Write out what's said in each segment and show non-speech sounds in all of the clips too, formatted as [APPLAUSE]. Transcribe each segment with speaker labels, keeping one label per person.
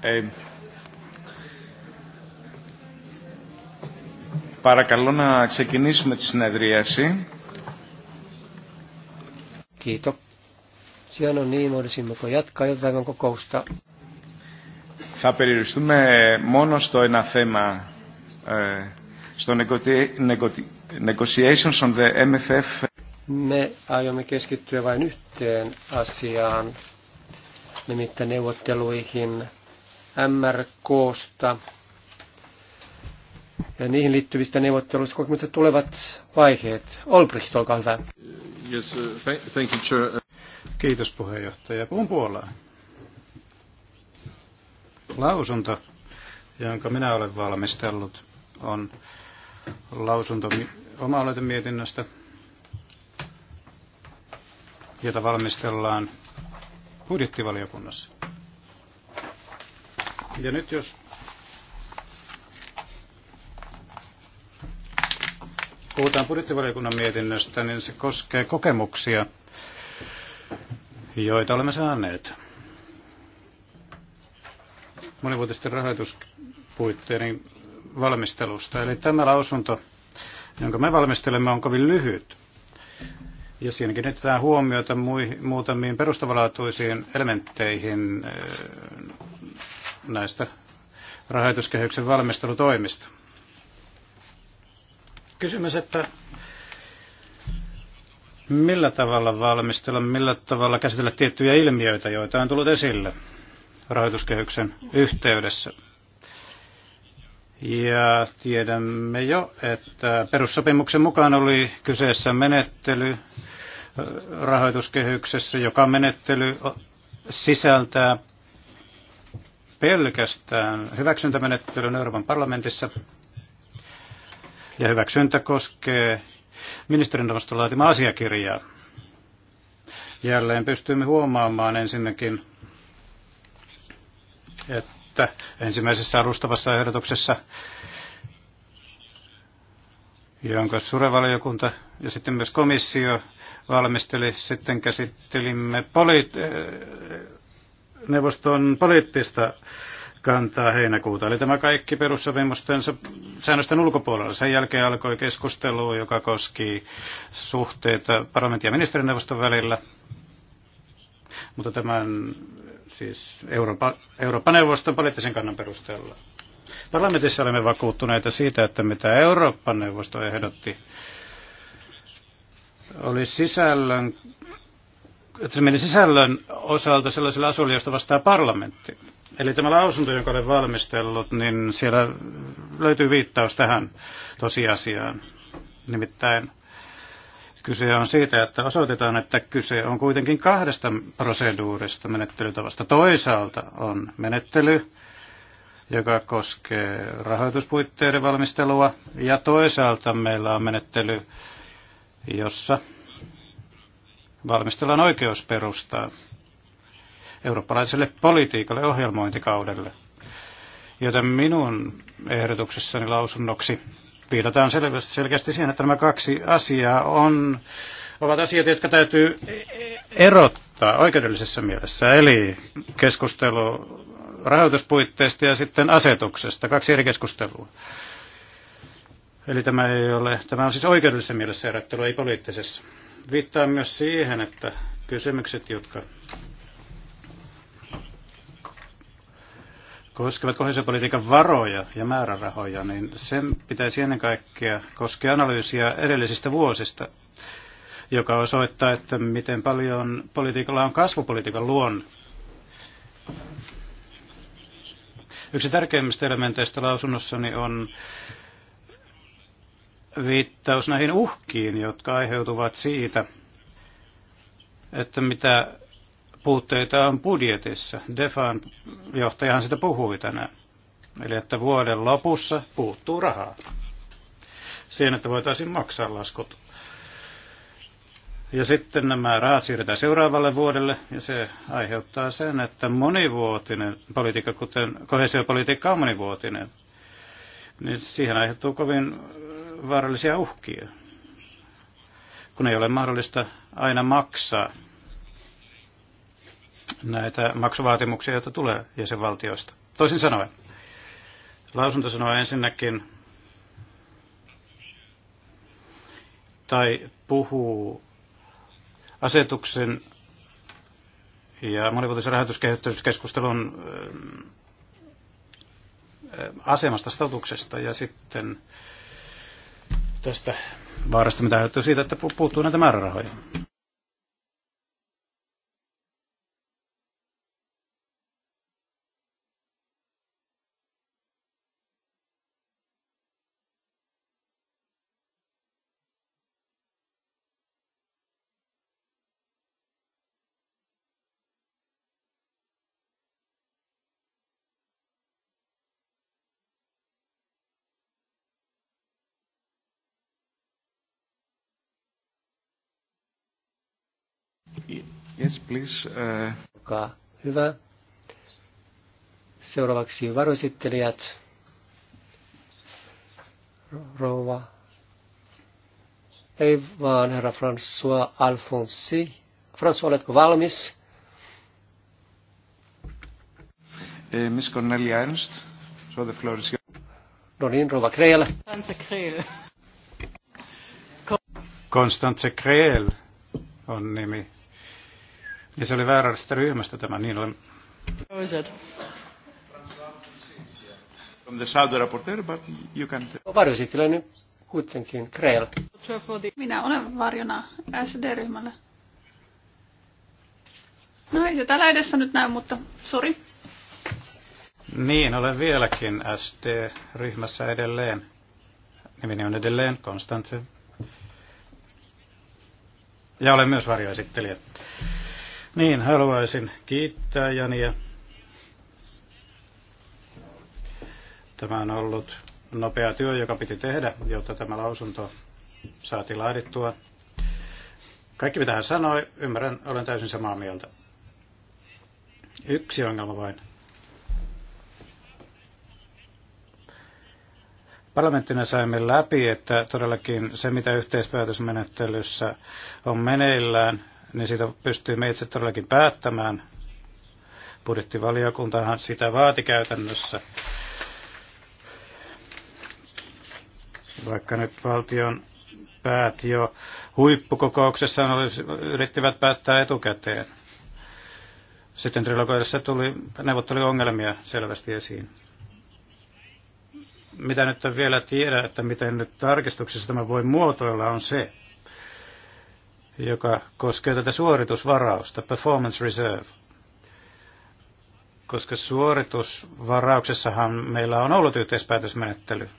Speaker 1: Ε, παρακαλώ να ξεκινήσουμε τη συνεδρίαση. Κοίτο.
Speaker 2: Siellä on niin, voisimmeko jatkaa
Speaker 1: Θα περιοριστούμε μόνο στο ένα θέμα, στο negotiations on the MFF.
Speaker 2: Me aiomme keskittyä vain yhteen asiaan, nimittäin neuvotteluihin MRKsta ja niihin liittyvistä neuvotteluista, kokemusta tulevat vaiheet. Olbricht, olkaa hyvä. Yes, uh,
Speaker 1: thank you, chair. Kiitos puheenjohtaja. Puhun Puolaa. Lausunto, jonka minä olen valmistellut, on lausunto oma mietinnöstä, jota valmistellaan budjettivaliokunnassa. Ja nyt jos puhutaan budjettivaliokunnan mietinnöstä, niin se koskee kokemuksia, joita olemme saaneet monivuotisten rahoituspuitteiden valmistelusta. Eli tämä lausunto, jonka me valmistelemme, on kovin lyhyt. Ja siinä kiinnitetään huomiota muutamiin perustavalaatuisiin elementteihin näistä rahoituskehyksen valmistelutoimista. Kysymys, että millä tavalla valmistella, millä tavalla käsitellä tiettyjä ilmiöitä, joita on tullut esille rahoituskehyksen yhteydessä. Ja tiedämme jo, että perussopimuksen mukaan oli kyseessä menettely rahoituskehyksessä, joka menettely sisältää pelkästään hyväksyntämenettelyn Euroopan parlamentissa. Ja hyväksyntä koskee ministerineuvoston laatimaa asiakirjaa. Jälleen pystymme huomaamaan ensinnäkin, että ensimmäisessä alustavassa ehdotuksessa, jonka surevaliokunta ja sitten myös komissio valmisteli, sitten käsittelimme poli- neuvoston poliittista kantaa heinäkuuta. Eli tämä kaikki perussopimusten säännösten ulkopuolella. Sen jälkeen alkoi keskustelu, joka koski suhteita parlamentin ja ministerineuvoston välillä. Mutta tämän siis Eurooppa, Eurooppa-neuvoston poliittisen kannan perusteella. Parlamentissa olemme vakuuttuneita siitä, että mitä Eurooppa-neuvosto ehdotti, oli sisällön että se meni sisällön osalta sellaiselle asuille, josta vastaa parlamentti. Eli tämä lausunto, jonka olen valmistellut, niin siellä löytyy viittaus tähän tosiasiaan. Nimittäin kyse on siitä, että osoitetaan, että kyse on kuitenkin kahdesta proseduurista menettelytavasta. Toisaalta on menettely, joka koskee rahoituspuitteiden valmistelua, ja toisaalta meillä on menettely, jossa valmistellaan oikeusperustaa eurooppalaiselle politiikalle ohjelmointikaudelle. Joten minun ehdotuksessani lausunnoksi viitataan selkeästi siihen, että nämä kaksi asiaa on, ovat asioita, jotka täytyy erottaa oikeudellisessa mielessä. Eli keskustelu rahoituspuitteista ja sitten asetuksesta, kaksi eri keskustelua. Eli tämä, ei ole, tämä on siis oikeudellisessa mielessä erottelu, ei poliittisessa. Viittaan myös siihen, että kysymykset, jotka koskevat kohesiopolitiikan varoja ja määrärahoja, niin sen pitäisi ennen kaikkea koskea analyysiä edellisistä vuosista, joka osoittaa, että miten paljon politiikalla on kasvupolitiikan luonne. Yksi tärkeimmistä elementeistä lausunnossani on viittaus näihin uhkiin, jotka aiheutuvat siitä, että mitä puutteita on budjetissa. Defan johtajahan sitä puhui tänään. Eli että vuoden lopussa puuttuu rahaa siihen, että voitaisiin maksaa laskut. Ja sitten nämä rahat siirretään seuraavalle vuodelle, ja se aiheuttaa sen, että monivuotinen politiikka, kuten kohesiopolitiikka on monivuotinen, niin siihen aiheutuu kovin vaarallisia uhkia, kun ei ole mahdollista aina maksaa näitä maksuvaatimuksia, joita tulee jäsenvaltioista. Toisin sanoen, lausunto sanoo ensinnäkin, tai puhuu asetuksen ja monivuotisen rahoituskehittelyskeskustelun asemasta, statuksesta ja sitten tästä vaarasta, mitä aiheutuu siitä, että puuttuu näitä määrärahoja.
Speaker 2: Yes, please. Uh... Olkaa hyvä. Seuraavaksi varoesittelijät. Rouva. Ei vaan herra François Alfonsi. François, oletko valmis?
Speaker 1: Eh, Miss Cornelia Ernst, so the floor is No niin, rouva Kreel. Konstantse Kreel on nimi. Ja se oli väärästä ryhmästä tämä, niin olen...
Speaker 2: From the Saudi but you can... No, kuitenkin, Kreel.
Speaker 3: Minä olen varjona SD-ryhmällä. No ei se täällä edessä nyt näy, mutta sori.
Speaker 1: Niin, olen vieläkin sd ryhmässä edelleen. Nimeni on edelleen Konstantin.
Speaker 2: Ja olen myös varjoesittelijä.
Speaker 1: Niin, haluaisin kiittää Jania. Tämä on ollut nopea työ, joka piti tehdä, jotta tämä lausunto saatiin laadittua. Kaikki mitä hän sanoi, ymmärrän, olen täysin samaa mieltä. Yksi ongelma vain. Parlamenttina saimme läpi, että todellakin se, mitä yhteispäätösmenettelyssä on meneillään, niin siitä pystyy itse todellakin päättämään. Budjettivaliokuntahan sitä vaati käytännössä. Vaikka nyt valtion päät jo huippukokouksessa yrittivät päättää etukäteen. Sitten trilogoidessa tuli neuvotteluongelmia selvästi esiin. Mitä nyt vielä tiedä, että miten nyt tarkistuksessa tämä voi muotoilla, on se, joka koskee tätä suoritusvarausta, performance reserve. Koska suoritusvarauksessahan meillä on ollut yhteispäätösmenettely.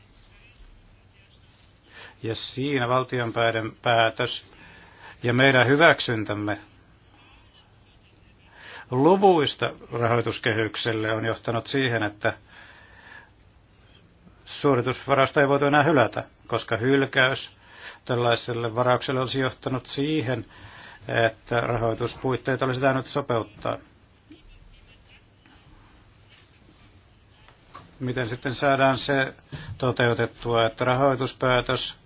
Speaker 1: Ja siinä valtionpäiden päätös ja meidän hyväksyntämme luvuista rahoituskehykselle on johtanut siihen, että suoritusvarausta ei voitu enää hylätä, koska hylkäys tällaiselle varaukselle olisi johtanut siihen, että rahoituspuitteita olisi täynnä sopeuttaa. Miten sitten saadaan se toteutettua, että rahoituspäätös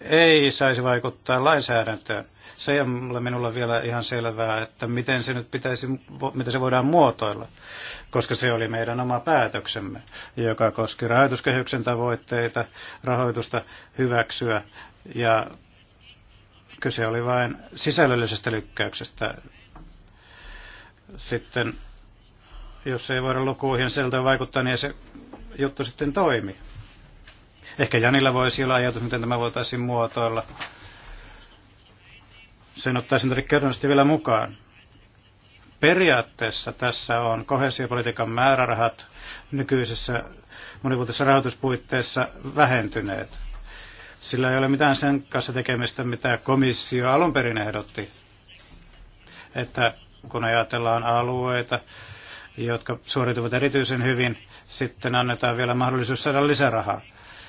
Speaker 1: ei saisi vaikuttaa lainsäädäntöön? Se ei ole minulla vielä ihan selvää, että miten se nyt pitäisi, miten se voidaan muotoilla, koska se oli meidän oma päätöksemme, joka koski rahoituskehyksen tavoitteita, rahoitusta hyväksyä ja kyse oli vain sisällöllisestä lykkäyksestä. Sitten, jos ei voida lukuihin sieltä vaikuttaa, niin se juttu sitten toimi. Ehkä Janilla voisi olla ajatus, miten tämä voitaisiin muotoilla sen ottaisin todennäköisesti vielä mukaan. Periaatteessa tässä on kohesiopolitiikan määrärahat nykyisessä monivuotisessa rahoituspuitteissa vähentyneet. Sillä ei ole mitään sen kanssa tekemistä, mitä komissio alun perin ehdotti. Että kun ajatellaan alueita, jotka suorituvat erityisen hyvin, sitten annetaan vielä mahdollisuus saada lisärahaa.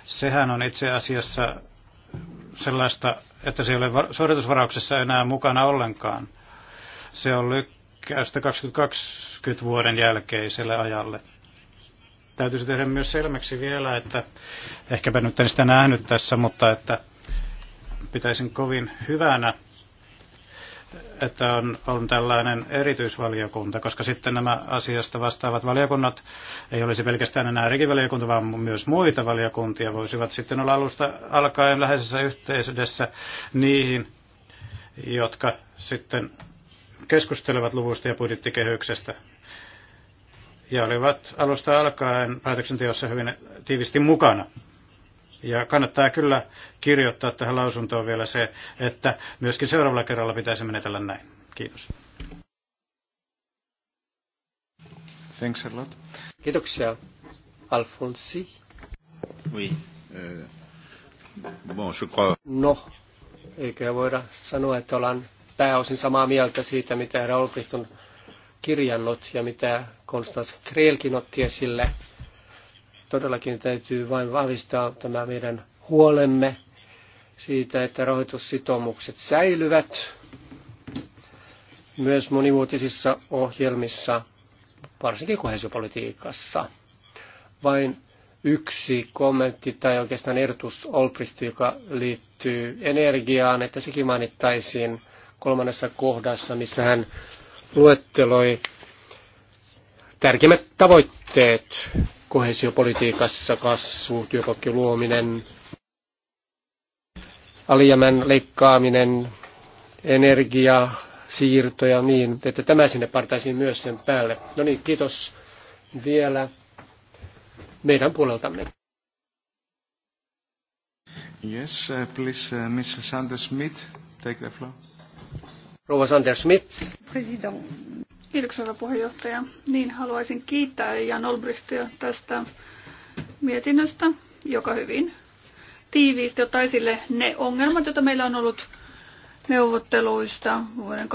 Speaker 1: Sehän on itse asiassa sellaista että se ei ole suoritusvarauksessa enää mukana ollenkaan. Se on lykkäystä 2020 vuoden jälkeiselle ajalle. Täytyisi tehdä myös selmäksi vielä, että ehkäpä nyt en sitä nähnyt tässä, mutta että pitäisin kovin hyvänä että on, on tällainen erityisvaliokunta, koska sitten nämä asiasta vastaavat valiokunnat, ei olisi pelkästään enää rikivaliokunta, vaan myös muita valiokuntia, voisivat sitten olla alusta alkaen läheisessä yhteisössä niihin, jotka sitten keskustelevat luvusta ja budjettikehyksestä. Ja olivat alusta alkaen päätöksenteossa hyvin tiivisti mukana. Ja kannattaa kyllä kirjoittaa tähän lausuntoon vielä se, että myöskin seuraavalla kerralla pitäisi menetellä näin. Kiitos. Thanks a lot.
Speaker 2: Kiitoksia. Alfonsi.
Speaker 1: Oui. Euh, bon, je crois...
Speaker 2: No, eikä voida sanoa, että ollaan pääosin samaa mieltä siitä, mitä Raul on kirjannut ja mitä Konstans Kreelkin otti esille. Todellakin täytyy vain vahvistaa tämä meidän huolemme siitä, että rahoitussitoumukset säilyvät myös monivuotisissa ohjelmissa, varsinkin kohesiopolitiikassa. Vain yksi kommentti tai oikeastaan ehdotus Olbricht, joka liittyy energiaan, että sekin mainittaisiin kolmannessa kohdassa, missä hän luetteloi tärkeimmät tavoitteet kohesiopolitiikassa kasvu, työpaikkien luominen, alijäämän leikkaaminen, energia, siirto ja niin, että tämä sinne partaisiin myös sen päälle. No niin, kiitos vielä meidän puoleltamme.
Speaker 1: Yes, uh, please, uh, Mrs. Sanders Smith, take the floor.
Speaker 2: Rouva Sanders Smith. President.
Speaker 3: Kiitoksia, hyvä puheenjohtaja. Niin, haluaisin kiittää Jan Olbrichtia tästä mietinnöstä, joka hyvin tiiviisti ottaa esille ne ongelmat, joita meillä on ollut neuvotteluista vuoden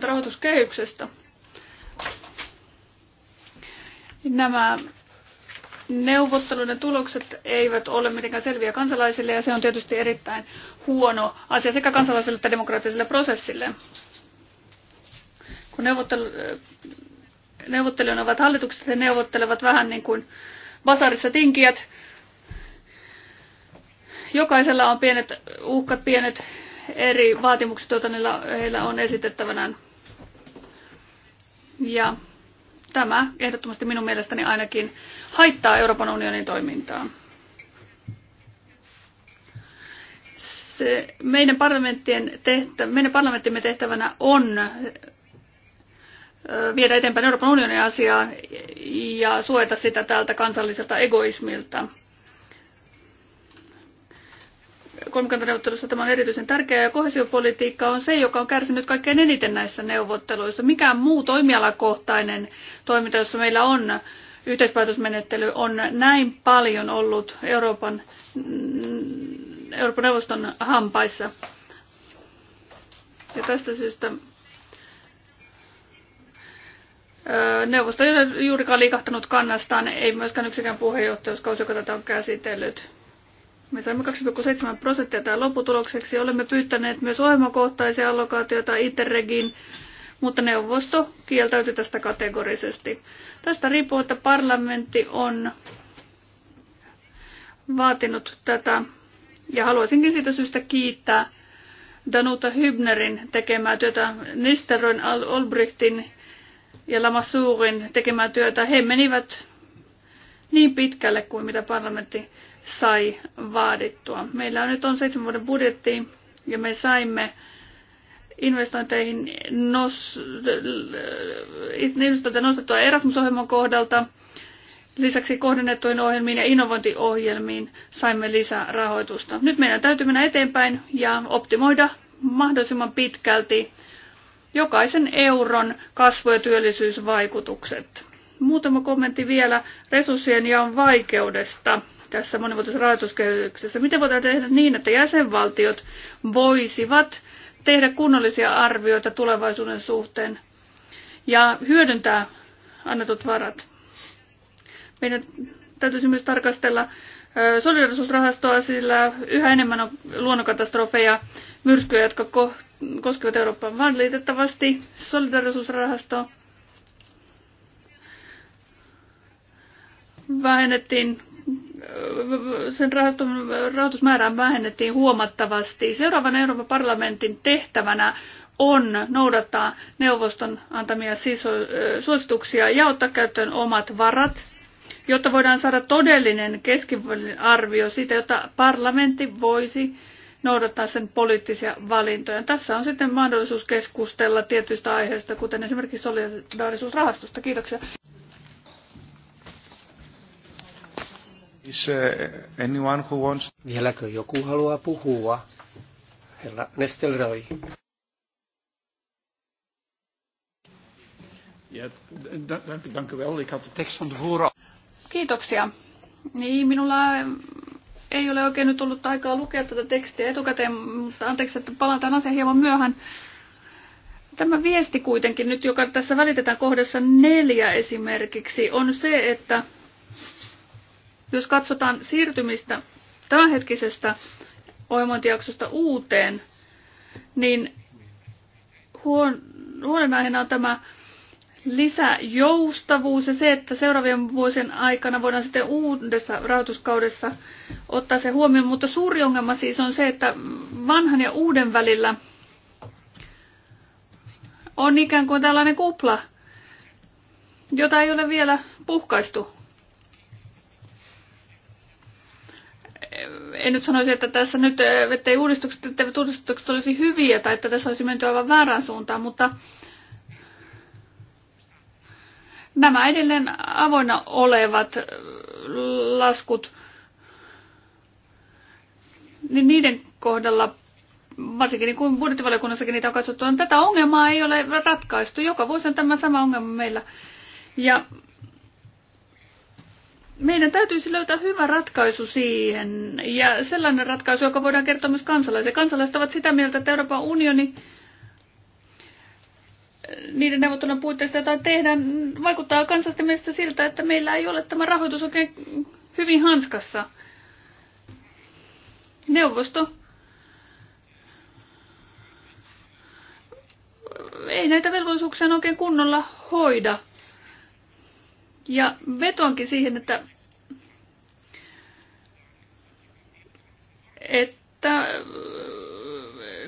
Speaker 3: 2014-2020 rahoituskehyksestä. Nämä neuvotteluiden tulokset eivät ole mitenkään selviä kansalaisille ja se on tietysti erittäin huono asia sekä kansalaisille että demokraattiselle prosessille kun neuvottelijoina ovat hallitukset, he neuvottelevat vähän niin kuin basarissa tinkijät. Jokaisella on pienet uhkat, pienet eri vaatimukset, joita heillä on esitettävänään. Ja tämä ehdottomasti minun mielestäni ainakin haittaa Euroopan unionin toimintaa. Se, meidän, parlamenttien tehtä, meidän parlamenttimme tehtävänä on viedä eteenpäin Euroopan unionin asiaa ja suojata sitä tältä kansalliselta egoismilta. Kolmikantaneuvottelussa tämä on erityisen tärkeää ja kohesiopolitiikka on se, joka on kärsinyt kaikkein eniten näissä neuvotteluissa. Mikään muu toimialakohtainen toiminta, jossa meillä on yhteispäätösmenettely, on näin paljon ollut Euroopan, Euroopan neuvoston hampaissa. Ja tästä syystä Neuvosto ei ole juurikaan liikahtanut kannastaan, ei myöskään yksikään puheenjohtajuuskausi, joka tätä on käsitellyt. Me saimme 2,7 prosenttia tämän lopputulokseksi. Olemme pyytäneet myös ohjelmakohtaisia allokaatioita interregiin, mutta neuvosto kieltäytyi tästä kategorisesti. Tästä riippuu, että parlamentti on vaatinut tätä ja haluaisinkin siitä syystä kiittää Danuta Hybnerin tekemää työtä Nisteroin Albrechtin ja Lamassuurin tekemää työtä. He menivät niin pitkälle kuin mitä parlamentti sai vaadittua. Meillä on nyt on seitsemän vuoden budjetti ja me saimme investointeihin nos, investointeja nostettua Erasmus-ohjelman kohdalta. Lisäksi kohdennettuihin ohjelmiin ja innovointiohjelmiin saimme lisää rahoitusta. Nyt meidän täytyy mennä eteenpäin ja optimoida mahdollisimman pitkälti jokaisen euron kasvu- ja työllisyysvaikutukset. Muutama kommentti vielä resurssien jaon vaikeudesta tässä monivuotisessa rahoituskehityksessä. Miten voidaan tehdä niin, että jäsenvaltiot voisivat tehdä kunnollisia arvioita tulevaisuuden suhteen ja hyödyntää annetut varat? Meidän täytyisi myös tarkastella solidarisuusrahastoa, sillä yhä enemmän on luonnonkatastrofeja, myrskyjä, jotka koskevat Euroopan valitettavasti solidarisuusrahasto vähennettiin, sen rahaston rahoitusmäärää vähennettiin huomattavasti. Seuraavan Euroopan parlamentin tehtävänä on noudattaa neuvoston antamia suosituksia ja ottaa käyttöön omat varat, jotta voidaan saada todellinen keskivälin arvio siitä, jotta parlamentti voisi noudattaa sen poliittisia valintoja. Tässä on sitten mahdollisuus keskustella tietyistä aiheista, kuten esimerkiksi solidaarisuusrahastosta. Kiitoksia.
Speaker 2: Is, uh, anyone who wants... Vieläkö joku haluaa puhua? Herra Nestelroi.
Speaker 3: Ja, dank, dank u wel. Kiitoksia. Niin, minulla ei ole oikein nyt ollut aikaa lukea tätä tekstiä etukäteen, mutta anteeksi, että palaan tämän asian hieman myöhään. Tämä viesti kuitenkin nyt, joka tässä välitetään kohdassa neljä esimerkiksi, on se, että jos katsotaan siirtymistä tämänhetkisestä oimointijaksosta uuteen, niin huon, huolenaiheena on tämä lisäjoustavuus ja se, että seuraavien vuosien aikana voidaan sitten uudessa rahoituskaudessa ottaa se huomioon. Mutta suuri ongelma siis on se, että vanhan ja uuden välillä on ikään kuin tällainen kupla, jota ei ole vielä puhkaistu. En nyt sanoisi, että tässä nyt, ettei uudistukset, etteivät uudistukset olisi hyviä tai että tässä olisi menty aivan väärään suuntaan, mutta nämä edelleen avoinna olevat laskut, niin niiden kohdalla, varsinkin niin kuin budjettivaliokunnassakin niitä on katsottu, on niin tätä ongelmaa ei ole ratkaistu. Joka vuosi on tämä sama ongelma meillä. Ja meidän täytyisi löytää hyvä ratkaisu siihen ja sellainen ratkaisu, joka voidaan kertoa myös kansalaisille. Kansalaiset ovat sitä mieltä, että Euroopan unioni niiden neuvottelujen puitteissa jotain tehdään, vaikuttaa kansallisten mielestä siltä, että meillä ei ole tämä rahoitus oikein hyvin hanskassa. Neuvosto ei näitä velvollisuuksia oikein kunnolla hoida. Ja vetoankin siihen, että, että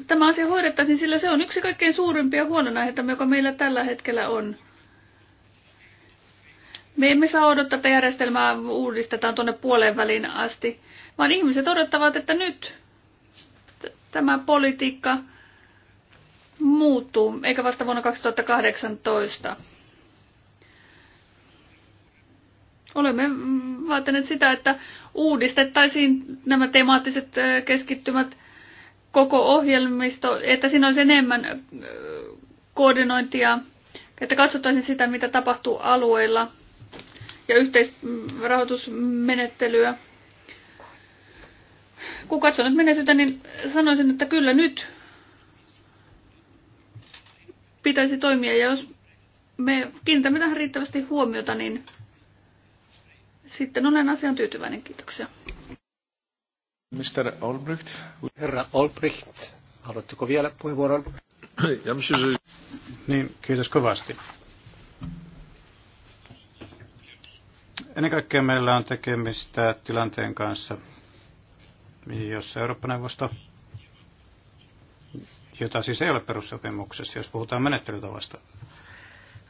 Speaker 3: tämä asia hoidettaisiin, sillä se on yksi kaikkein suurimpia huolonaiheita, joka meillä tällä hetkellä on. Me emme saa odottaa, että järjestelmää uudistetaan tuonne puoleen väliin asti, vaan ihmiset odottavat, että nyt tämä politiikka muuttuu, eikä vasta vuonna 2018. Olemme vaatineet sitä, että uudistettaisiin nämä temaattiset keskittymät – koko ohjelmisto, että siinä olisi enemmän koordinointia, että katsottaisiin sitä, mitä tapahtuu alueilla ja yhteisrahoitusmenettelyä. Kun katson nyt menneisyyttä, niin sanoisin, että kyllä nyt pitäisi toimia. Ja jos me kiinnitämme tähän riittävästi huomiota, niin sitten olen asian tyytyväinen. Kiitoksia.
Speaker 2: Mr. Olbricht. Herra Olbricht, haluatteko vielä puheenvuoron?
Speaker 1: [CLEARS THROAT] Ja niin, kiitos kovasti. Ennen kaikkea meillä on tekemistä tilanteen kanssa, jossa Eurooppa-neuvosto, jota siis ei ole perussopimuksessa, jos puhutaan menettelytavasta,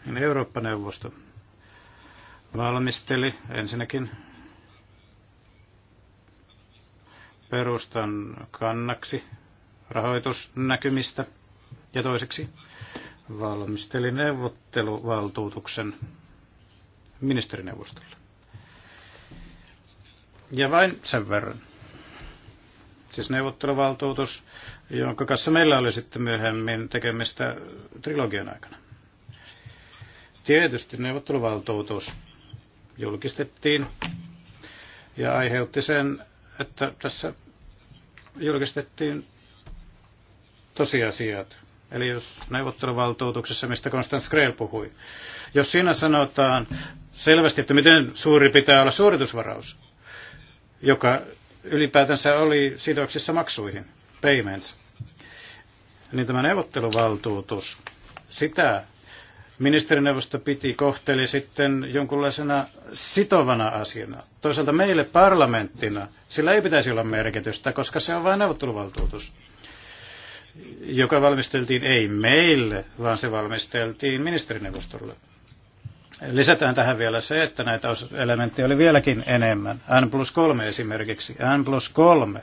Speaker 1: niin Eurooppa-neuvosto valmisteli ensinnäkin perustan kannaksi rahoitusnäkymistä ja toiseksi valmisteli neuvotteluvaltuutuksen ministerineuvostolle. Ja vain sen verran. Siis neuvotteluvaltuutus, jonka kanssa meillä oli sitten myöhemmin tekemistä trilogian aikana. Tietysti neuvotteluvaltuutus julkistettiin ja aiheutti sen, että tässä julkistettiin tosiasiat. Eli jos neuvotteluvaltuutuksessa, mistä Konstantin Skreel puhui, jos siinä sanotaan selvästi, että miten suuri pitää olla suoritusvaraus, joka ylipäätänsä oli sidoksissa maksuihin, payments, niin tämä neuvotteluvaltuutus, sitä ministerineuvosto piti kohteli sitten jonkunlaisena sitovana asiana. Toisaalta meille parlamenttina sillä ei pitäisi olla merkitystä, koska se on vain neuvotteluvaltuutus, joka valmisteltiin ei meille, vaan se valmisteltiin ministerineuvostolle. Lisätään tähän vielä se, että näitä elementtejä oli vieläkin enemmän. N plus 3 esimerkiksi. N plus 3.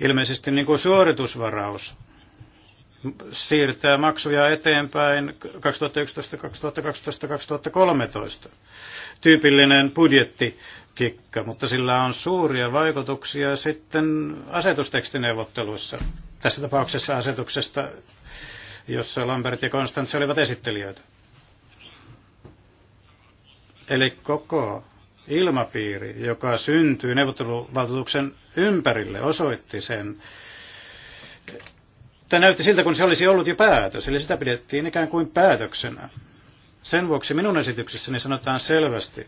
Speaker 1: Ilmeisesti niin kuin suoritusvaraus siirtää maksuja eteenpäin 2011, 2012, 2013. Tyypillinen budjettikikka, mutta sillä on suuria vaikutuksia sitten asetustekstineuvotteluissa. Tässä tapauksessa asetuksesta, jossa Lambert ja Konstantse olivat esittelijöitä. Eli koko ilmapiiri, joka syntyy neuvotteluvaltuutuksen ympärille, osoitti sen, Tämä näytti siltä, kun se olisi ollut jo päätös, eli sitä pidettiin ikään kuin päätöksenä. Sen vuoksi minun esityksessäni sanotaan selvästi,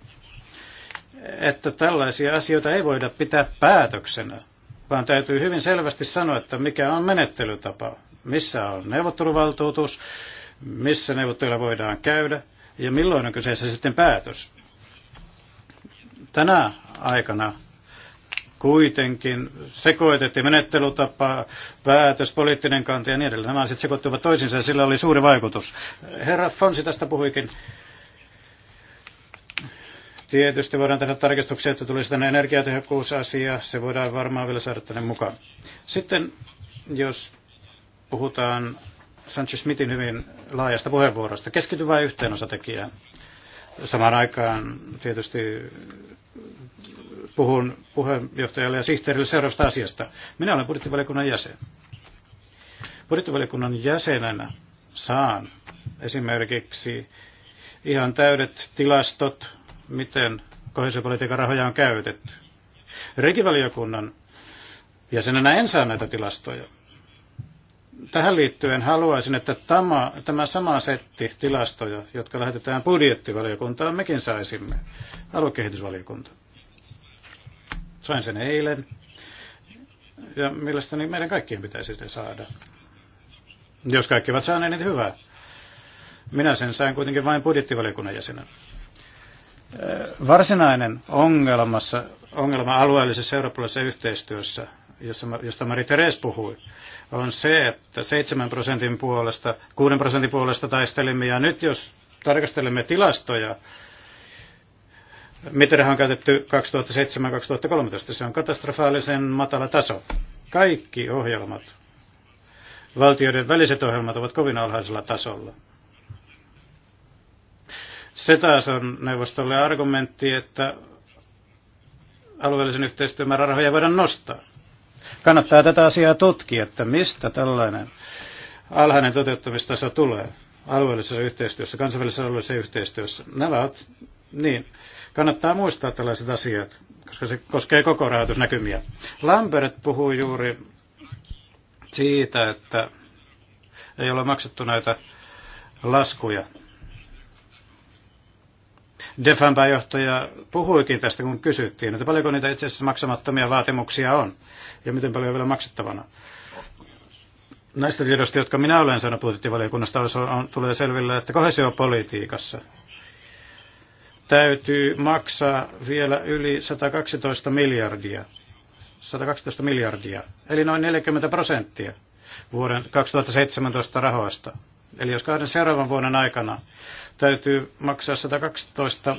Speaker 1: että tällaisia asioita ei voida pitää päätöksenä, vaan täytyy hyvin selvästi sanoa, että mikä on menettelytapa, missä on neuvotteluvaltuutus, missä neuvotteluja voidaan käydä ja milloin on kyseessä sitten päätös. Tänä aikana kuitenkin sekoitettiin menettelytapa, päätös, poliittinen kanta ja niin edelleen. Nämä asiat sekoittuivat toisiinsa ja sillä oli suuri vaikutus. Herra Fonsi tästä puhuikin. Tietysti voidaan tehdä tarkistuksia, että tulisi tänne energiatehokkuusasia. Se voidaan varmaan vielä saada tänne mukaan. Sitten jos puhutaan Sanchez Smithin hyvin laajasta puheenvuorosta, keskity vain yhteen osatekijään. Samaan aikaan tietysti puhun puheenjohtajalle ja sihteerille seuraavasta asiasta. Minä olen budjettivaliokunnan jäsen. Budjettivaliokunnan jäsenenä saan esimerkiksi ihan täydet tilastot, miten kohesiopolitiikan rahoja on käytetty. Rikivaliokunnan jäsenenä en saa näitä tilastoja. Tähän liittyen haluaisin, että tämä, tämä sama setti tilastoja, jotka lähetetään budjettivaliokuntaan, mekin saisimme, aluekehitysvaliokunta. Sain sen eilen, ja mielestäni meidän kaikkien pitäisi sitä saada. Jos kaikki ovat saaneet, niin hyvä. Minä sen sain kuitenkin vain budjettivaliokunnan jäsenä. Varsinainen ongelmassa, ongelma alueellisessa eurooppalaisessa yhteistyössä josta Mari Teres puhui, on se, että 7 prosentin puolesta, 6 prosentin puolesta taistelimme, ja nyt jos tarkastelemme tilastoja, miten on käytetty 2007-2013, se on katastrofaalisen matala taso. Kaikki ohjelmat, valtioiden väliset ohjelmat ovat kovin alhaisella tasolla. Se taas on neuvostolle argumentti, että alueellisen yhteistyön määrärahoja voidaan nostaa. Kannattaa tätä asiaa tutkia, että mistä tällainen alhainen toteuttamistaso tulee alueellisessa yhteistyössä, kansainvälisessä alueellisessa yhteistyössä. Nämä ovat, niin, kannattaa muistaa tällaiset asiat, koska se koskee koko rahoitusnäkymiä. Lambert puhuu juuri siitä, että ei ole maksettu näitä laskuja Defan pääjohtaja puhuikin tästä, kun kysyttiin, että paljonko niitä itse asiassa maksamattomia vaatimuksia on ja miten paljon on vielä maksettavana. Näistä tiedosta, jotka minä olen saanut budjettivaliokunnasta, on, tulee selville, että kohesiopolitiikassa täytyy maksaa vielä yli 112 miljardia. 112 miljardia, eli noin 40 prosenttia vuoden 2017 rahoista. Eli jos kahden seuraavan vuoden aikana täytyy maksaa 112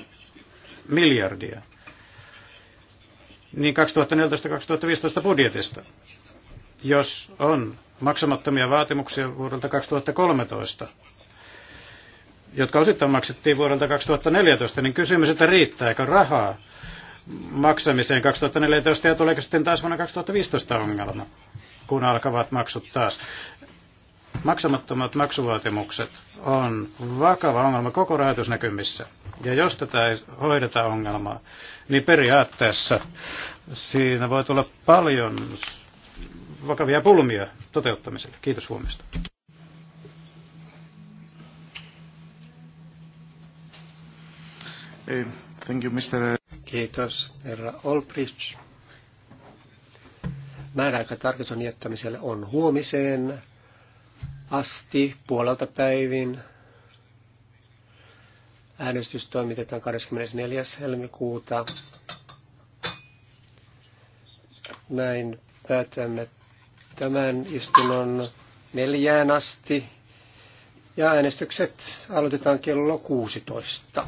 Speaker 1: miljardia, niin 2014-2015 budjetista, jos on maksamattomia vaatimuksia vuodelta 2013, jotka osittain maksettiin vuodelta 2014, niin kysymys, että riittääkö rahaa maksamiseen 2014 ja tuleeko sitten taas vuonna 2015 ongelma, kun alkavat maksut taas maksamattomat maksuvaatimukset on vakava ongelma koko rahoitusnäkymissä. Ja jos tätä ei hoideta ongelmaa, niin periaatteessa siinä voi tulla paljon vakavia pulmia toteuttamiselle. Kiitos huomiosta.
Speaker 2: Thank you, Mr. Kiitos, herra Olbrich. Määräaika tarkistuksen jättämiselle on huomiseen asti puolelta päivin. Äänestys toimitetaan 24. helmikuuta. Näin päätämme tämän istunnon neljään asti ja äänestykset aloitetaan kello 16.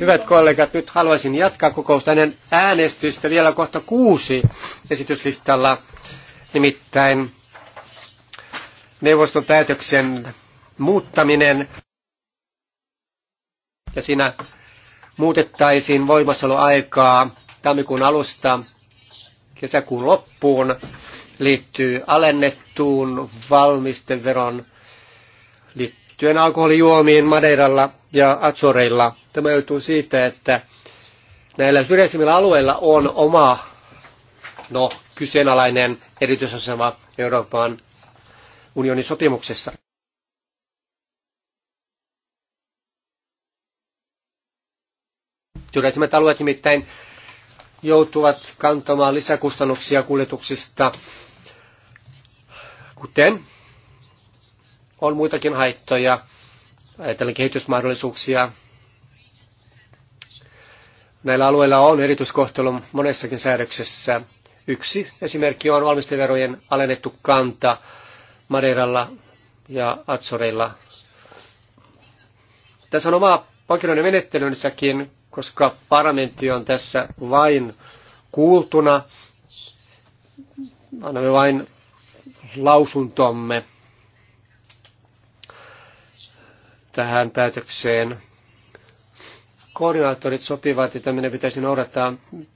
Speaker 2: Hyvät kollegat, nyt haluaisin jatkaa kokousta ennen äänestystä vielä kohta kuusi esityslistalla, nimittäin neuvoston päätöksen muuttaminen. Ja siinä muutettaisiin voimassaoloaikaa tammikuun alusta kesäkuun loppuun liittyy alennettuun valmisteveron liittyen liittyen alkoholijuomien Madeiralla ja Azoreilla. Tämä joutuu siitä, että näillä yleisimmillä alueilla on oma, no kyseenalainen erityisasema Euroopan unionin sopimuksessa. Yleisimmät alueet nimittäin joutuvat kantamaan lisäkustannuksia kuljetuksista, kuten on muitakin haittoja, ajatellen kehitysmahdollisuuksia. Näillä alueilla on erityiskohtelu monessakin säädöksessä. Yksi esimerkki on valmisteverojen alennettu kanta Madeiralla ja Atsoreilla. Tässä on oma oikeudellinen menettelynsäkin, koska parlamentti on tässä vain kuultuna. Annamme vain lausuntomme. tähän päätökseen. Koordinaattorit sopivat, että meidän pitäisi noudattaa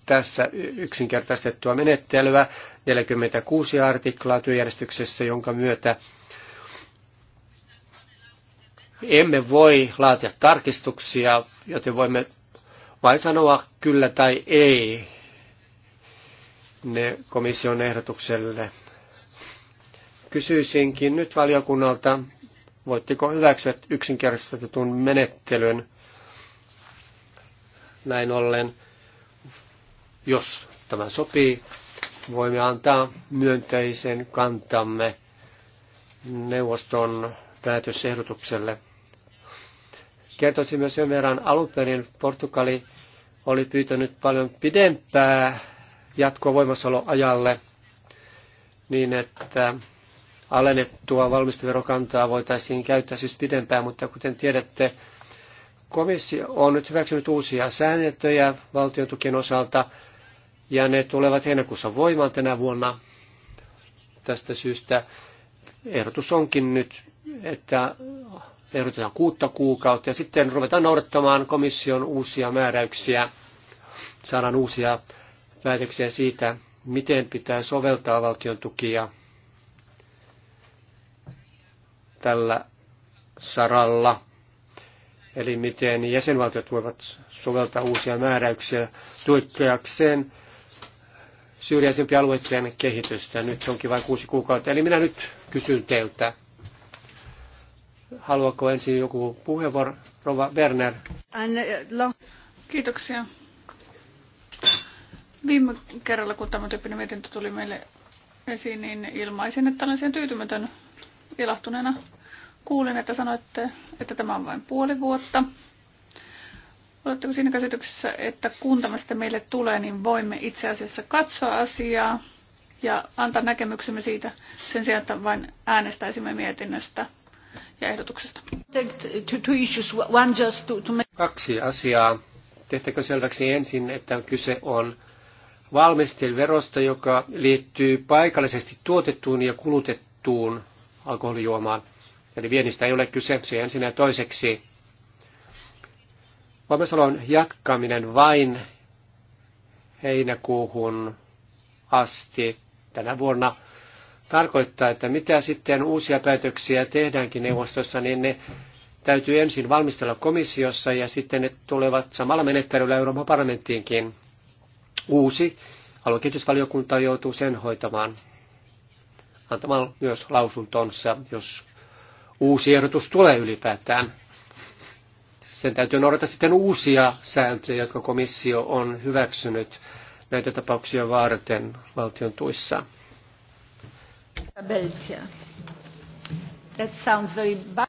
Speaker 2: tässä yksinkertaistettua menettelyä 46 artiklaa työjärjestyksessä, jonka myötä emme voi laatia tarkistuksia, joten voimme vain sanoa kyllä tai ei ne komission ehdotukselle. Kysyisinkin nyt valiokunnalta, Voitteko hyväksyä yksinkertaistetun menettelyn näin ollen, jos tämä sopii, voimme antaa myönteisen kantamme neuvoston päätösehdotukselle. Kertoisin myös sen verran, alun perin Portugali oli pyytänyt paljon pidempää jatkoa voimassaoloajalle niin, että alennettua valmisteverokantaa voitaisiin käyttää siis pidempään, mutta kuten tiedätte, komissio on nyt hyväksynyt uusia sääntöjä valtiotukien osalta, ja ne tulevat heinäkuussa voimaan tänä vuonna. Tästä syystä ehdotus onkin nyt, että ehdotetaan kuutta kuukautta, ja sitten ruvetaan noudattamaan komission uusia määräyksiä, saadaan uusia päätöksiä siitä, miten pitää soveltaa valtion tukia tällä saralla, eli miten jäsenvaltiot voivat soveltaa uusia määräyksiä tuikkeakseen syrjäisempien alueiden kehitystä. Nyt onkin vain kuusi kuukautta. Eli minä nyt kysyn teiltä. Haluaako ensin joku puheenvuoro? Rova Werner.
Speaker 3: Kiitoksia. Viime kerralla, kun tämä tyyppinen mietintö tuli meille esiin, niin ilmaisin, että olen siihen tyytymätön ilahtuneena Kuulin, että sanoitte, että tämä on vain puoli vuotta. Oletteko siinä käsityksessä, että kun tämä sitten meille tulee, niin voimme itse asiassa katsoa asiaa ja antaa näkemyksemme siitä sen sijaan, että vain äänestäisimme mietinnöstä ja ehdotuksesta?
Speaker 2: Kaksi asiaa. Tehtäkö selväksi ensin, että kyse on valmisteverosta, joka liittyy paikallisesti tuotettuun ja kulutettuun alkoholijuomaan – Eli viennistä ei ole kyse, se ja toiseksi. Voimassaolon jatkaminen vain heinäkuuhun asti tänä vuonna tarkoittaa, että mitä sitten uusia päätöksiä tehdäänkin neuvostossa, niin ne täytyy ensin valmistella komissiossa ja sitten ne tulevat samalla menettelyllä Euroopan parlamenttiinkin. Uusi aluekehitysvaliokunta joutuu sen hoitamaan, antamaan myös lausuntonsa, jos uusi ehdotus tulee ylipäätään. Sen täytyy noudata sitten uusia sääntöjä, jotka komissio on hyväksynyt näitä tapauksia varten valtion tuissa.
Speaker 3: Belgia. That sounds very bad.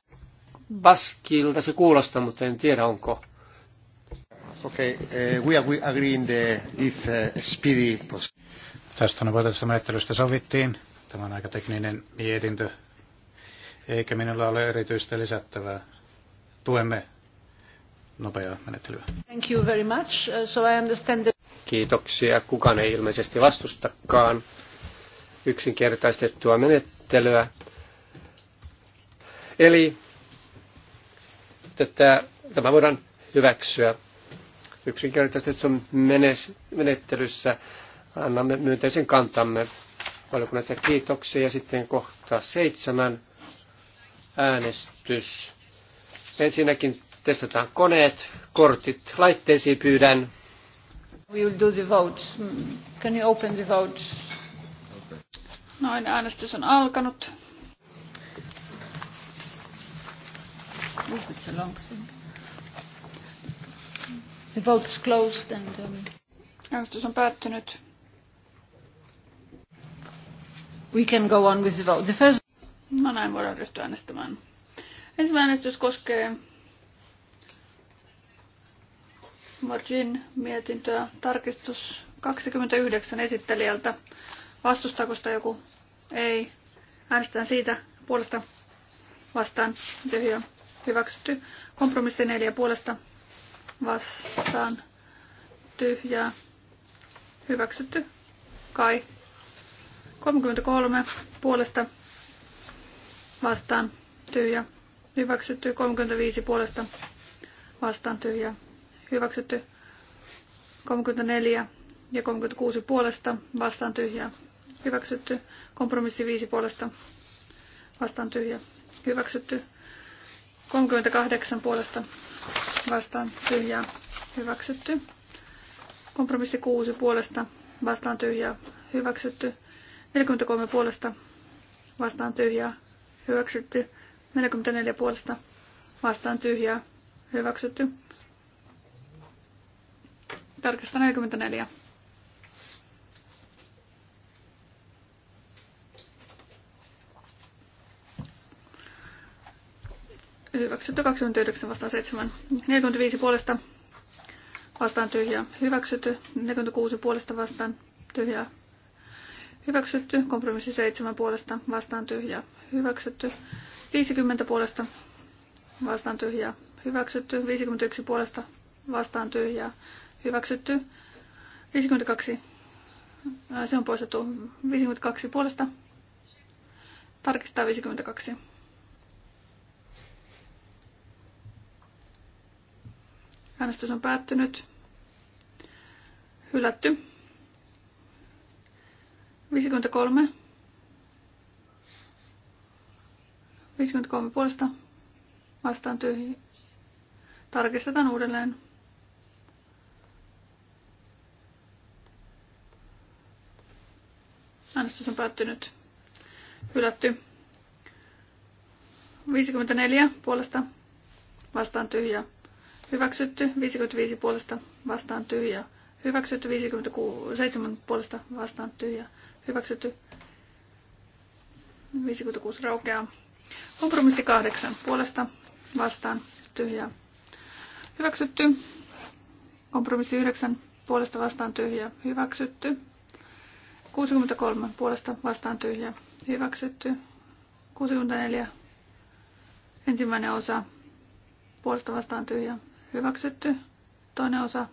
Speaker 2: Baskilta se kuulostaa, mutta en tiedä onko. Okay, uh, we are agreeing
Speaker 1: the, this uh, speedy Tästä nopeutessa menettelystä sovittiin. Tämä on aika tekninen mietintö eikä minulla ole erityistä lisättävää.
Speaker 2: Tuemme nopeaa menettelyä.
Speaker 3: Thank you very much. Uh, so I understand that...
Speaker 2: Kiitoksia. Kukaan ei ilmeisesti vastustakaan yksinkertaistettua menettelyä. Eli tätä, tämä voidaan hyväksyä yksinkertaistettua menettelyssä. Annamme myönteisen kantamme valiokunnat ja kiitoksia. Ja sitten kohta seitsemän äänestys. Ensinnäkin testataan koneet, kortit, laitteisiin pyydän.
Speaker 3: We will do the votes. Can you open the votes? Noin, äänestys on alkanut. It's a long thing. The vote is closed and... Um... Äänestys on päättynyt. We can go on with the vote. The first... No näin voidaan ryhtyä äänestämään. Ensimmäinen äänestys koskee Margin mietintöä. Tarkistus 29 esittelijältä. Vastustaako sitä joku? Ei. Äänestetään siitä puolesta vastaan. Tyhjä. Hyväksytty. Kompromissi neljä puolesta vastaan. tyhjä Hyväksytty. Kai. 33 puolesta vastaan tyhjä, hyväksytty 35 puolesta vastaan tyhjä, hyväksytty 34 ja 36 puolesta vastaan tyhjä, hyväksytty kompromissi 5 puolesta vastaan tyhjä, hyväksytty 38 puolesta vastaan tyhjää, hyväksytty. Kompromissi 6 puolesta vastaan tyhjää, hyväksytty. 43 puolesta vastaan tyhjää, hyväksytty. 44 puolesta vastaan tyhjää, hyväksytty. Tarkistan 44. Hyväksytty 29 vastaan 7. 45 puolesta vastaan tyhjää. Hyväksytty 46 puolesta vastaan tyhjää. Hyväksytty. Kompromissi 7 puolesta vastaan tyhjä. Hyväksytty. 50 puolesta vastaan tyhjä. Hyväksytty. 51 puolesta vastaan tyhjä. Hyväksytty. 52. Se on poistettu. 52 puolesta. Tarkistaa 52. Äänestys on päättynyt. Hylätty. 53. 53 puolesta vastaan tyhjä. Tarkistetaan uudelleen. Äänestys on päättynyt. Hylätty. 54 puolesta vastaan tyhjä. Hyväksytty 55 puolesta vastaan tyhjä. Hyväksytty 57 puolesta vastaan tyhjä. Hyväksytty. 56 raukeaa. Kompromissi 8 puolesta vastaan tyhjää. Hyväksytty. Kompromissi 9 puolesta vastaan tyhjää. Hyväksytty. 63 puolesta vastaan tyhjää. Hyväksytty. 64 ensimmäinen osa puolesta vastaan tyhjää. Hyväksytty. Toinen osa.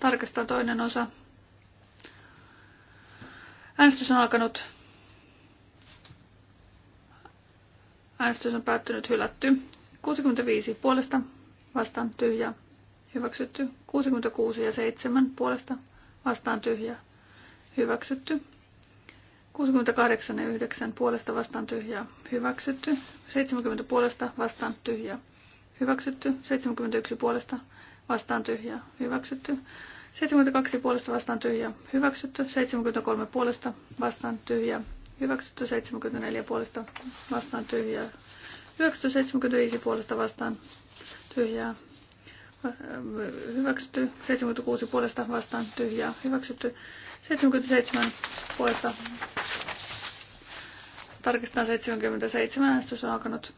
Speaker 3: Tarkistaa toinen osa Äänestys on alkanut. Äänestys on päättynyt hylätty. 65 puolesta vastaan tyhjä. Hyväksytty. 66 ja 7 puolesta vastaan tyhjä. Hyväksytty. 68 ja 9 puolesta vastaan tyhjä hyväksytty. 70 puolesta vastaan tyhjä hyväksytty. 71 puolesta vastaan tyhjä hyväksytty. 72 puolesta vastaan tyhjä hyväksytty, 73 puolesta vastaan tyhjä hyväksytty, 74 puolesta vastaan tyhjä hyväksytty, 75 puolesta vastaan tyhjää hyväksytty, 76 puolesta vastaan tyhjää hyväksytty, 77 puolesta tarkistetaan 77 äänestys on alkanut.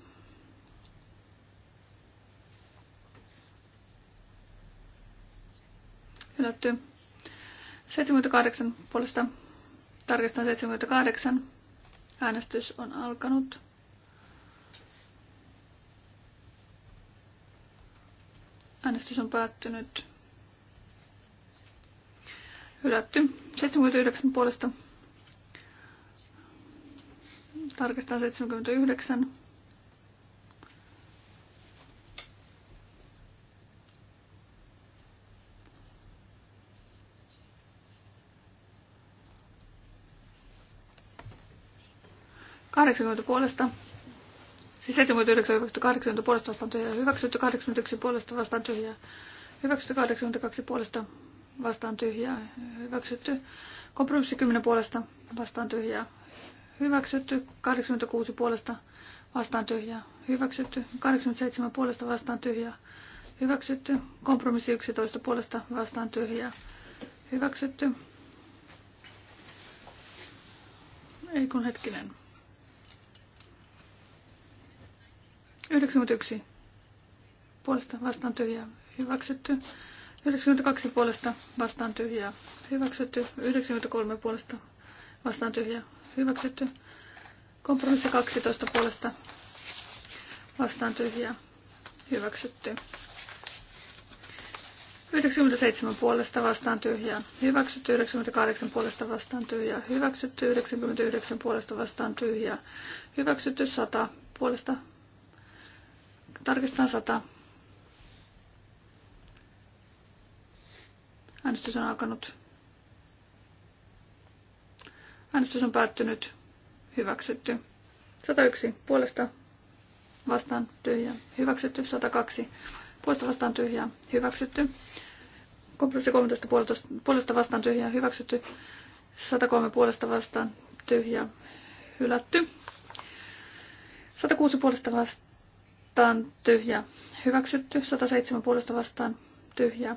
Speaker 3: Hylätty. 78 puolesta. Tarkistan 78. Äänestys on alkanut. Äänestys on päättynyt. Hylätty. 79 puolesta. Tarkistan 79. 80 puolesta. Siis 79 hyväksytty, 80 puolesta vastaan tyhjää hyväksytty, 81 puolesta vastaan tyhjää hyväksytty, 82 puolesta vastaan tyhjää hyväksytty, kompromissi 10 puolesta vastaan tyhjää hyväksytty, 86 puolesta vastaan tyhjää hyväksytty, 87 puolesta vastaan tyhjää hyväksytty, kompromissi 11 puolesta vastaan tyhjää hyväksytty. Ei kun hetkinen. 91 puolesta vastaan tyhjää hyväksytty. 92 puolesta vastaan tyhjää hyväksytty. 93 puolesta vastaan tyhjää hyväksytty. Kompromissi 12 puolesta vastaan tyhjää hyväksytty. 97 puolesta vastaan tyhjää hyväksytty. 98 puolesta vastaan tyhjää hyväksytty. 99 puolesta vastaan tyhjää hyväksytty. 100 puolesta Tarkistetaan 100. Äänestys on alkanut. Äänestys on päättynyt. Hyväksytty. 101 puolesta vastaan tyhjä. Hyväksytty. 102 puolesta vastaan tyhjä. Hyväksytty. Kompromissi 13 puolesta vastaan tyhjä. Hyväksytty. 103 puolesta vastaan tyhjä. Hylätty. 106 puolesta vastaan vastaan tyhjä hyväksytty, 107 puolesta vastaan tyhjä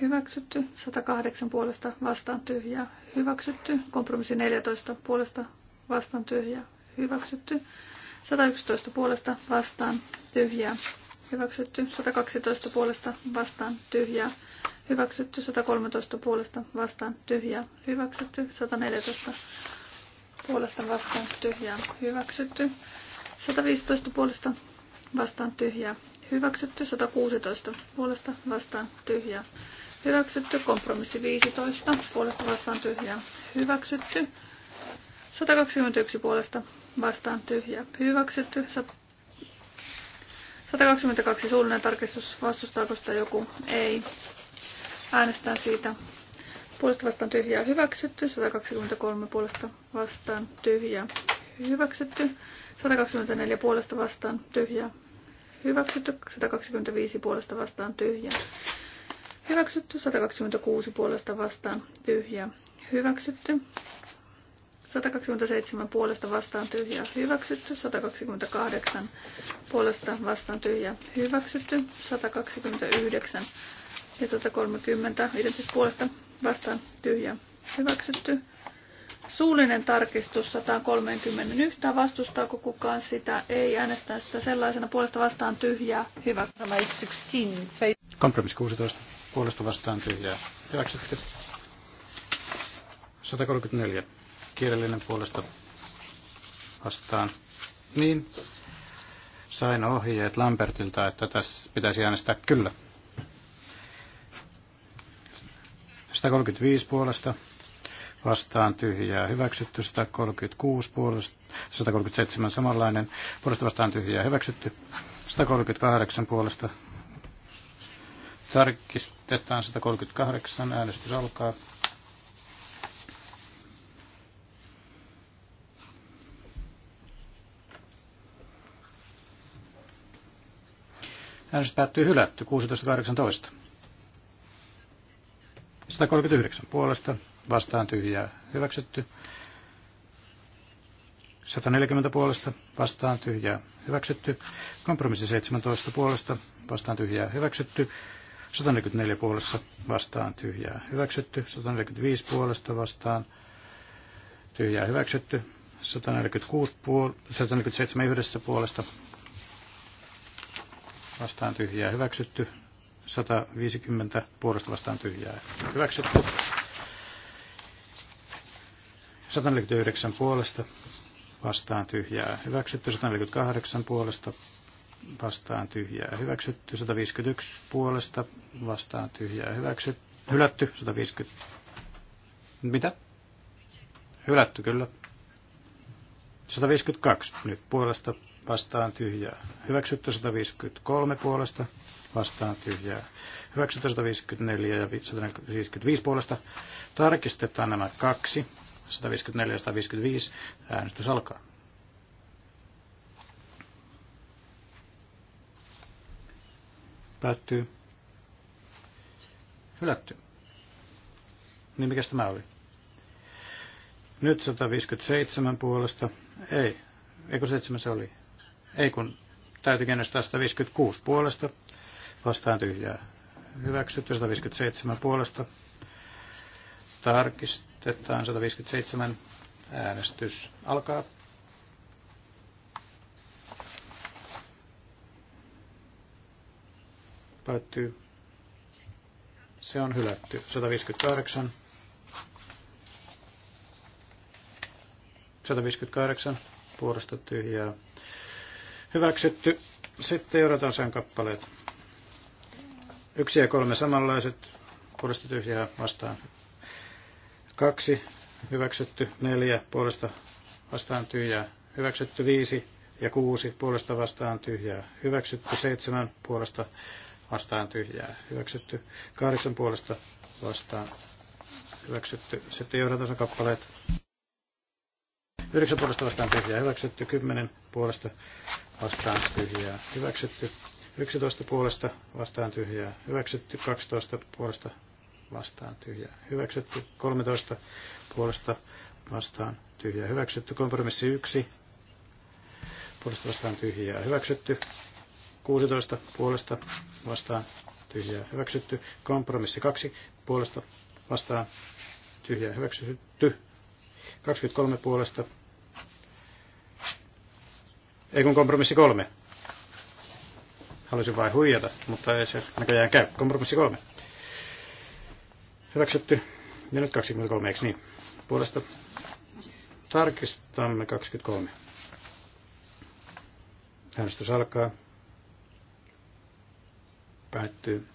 Speaker 3: hyväksytty, 108 puolesta vastaan tyhjä hyväksytty, kompromissi 14 puolesta vastaan tyhjä hyväksytty, 111 puolesta vastaan tyhjä hyväksytty, 112 puolesta vastaan tyhjä hyväksytty, 113 puolesta vastaan tyhjä hyväksytty, 114 puolesta vastaan tyhjä hyväksytty, 115 puolesta vastaan tyhjää. Hyväksytty 116 puolesta vastaan tyhjää. Hyväksytty kompromissi 15 puolesta vastaan tyhjää. Hyväksytty 121 puolesta vastaan tyhjää. Hyväksytty 122 suullinen tarkistus. Vastustaako sitä joku? Ei. Äänestää siitä. Puolesta vastaan tyhjää hyväksytty. 123 puolesta vastaan tyhjää hyväksytty. 124 puolesta vastaan tyhjä Hyväksytty 125 puolesta vastaan tyhjä Hyväksytty 126 puolesta vastaan tyhjä Hyväksytty 127 puolesta vastaan tyhjä hyväksytty, 128 puolesta vastaan tyhjä hyväksytty, 129 ja 130 identtis puolesta vastaan tyhjä hyväksytty, Suullinen tarkistus 131. Vastustaako kukaan sitä? Ei äänestää sitä sellaisena. Puolesta vastaan tyhjää. Hyvä.
Speaker 1: Kompromissi 16. Puolesta vastaan tyhjää. Hyväksytty. 134. Kielellinen puolesta vastaan. Niin. Sain ohjeet Lambertilta, että tässä pitäisi äänestää kyllä. 135 puolesta vastaan tyhjää hyväksytty, 136 puolesta, 137 samanlainen, puolesta vastaan tyhjää hyväksytty, 138 puolesta tarkistetaan, 138 äänestys alkaa. Äänestys päättyy hylätty 16.18. 139 puolesta vastaan tyhjää hyväksytty. 140 puolesta vastaan tyhjää hyväksytty. Kompromissi 17 puolesta vastaan tyhjää hyväksytty. 144 puolesta vastaan tyhjää hyväksytty. 145 puolesta vastaan tyhjää hyväksytty. 146 puol- 147 yhdessä puolesta vastaan tyhjää hyväksytty. 150 puolesta vastaan tyhjää hyväksytty. 149 puolesta vastaan tyhjää hyväksytty, 148 puolesta vastaan tyhjää hyväksytty, 151 puolesta vastaan tyhjää hyväksytty, hylätty, 150. Mitä? Hylätty kyllä. 152 nyt puolesta vastaan tyhjää. Hyväksytty 153 puolesta vastaan tyhjää. Hyväksytty 154 ja 155 puolesta. Tarkistetaan nämä kaksi 154-155. Äänestys alkaa. Päättyy. Hylätty. Niin mikä tämä oli? Nyt 157 puolesta. Ei. Eikö 7 se oli? Ei kun täytyy kenestää 156 puolesta. Vastaan tyhjää. Hyväksytty 157 puolesta Tarkistetaan 157. Äänestys alkaa. Päättyy. Se on hylätty. 158. 158 puolesta tyhjää. Hyväksytty. Sitten joudutaan sen kappaleet. Yksi ja kolme samanlaiset. Puolesta tyhjää vastaan 2 hyväksytty, 4 puolesta vastaan tyhjää, hyväksytty 5 ja 6 puolesta vastaan tyhjää, hyväksytty 7 puolesta vastaan tyhjää, hyväksytty 8 puolesta vastaan hyväksytty. Sitten kappaleet. 9 puolesta vastaan tyhjää hyväksytty, 10 puolesta vastaan tyhjää hyväksytty, 11 puolesta vastaan tyhjää hyväksytty, 12 puolesta vastaan tyhjä hyväksytty. 13 puolesta vastaan tyhjä hyväksytty. Kompromissi 1 puolesta vastaan tyhjä hyväksytty. 16 puolesta vastaan tyhjä hyväksytty. Kompromissi 2 puolesta vastaan tyhjä hyväksytty. 23 puolesta. Ei kun kompromissi 3. Haluaisin vain huijata, mutta ei se näköjään käy. Kompromissi 3 Hyväksytty. Ja nyt 23, eikö niin? Puolesta tarkistamme 23. Äänestys alkaa. Päättyy.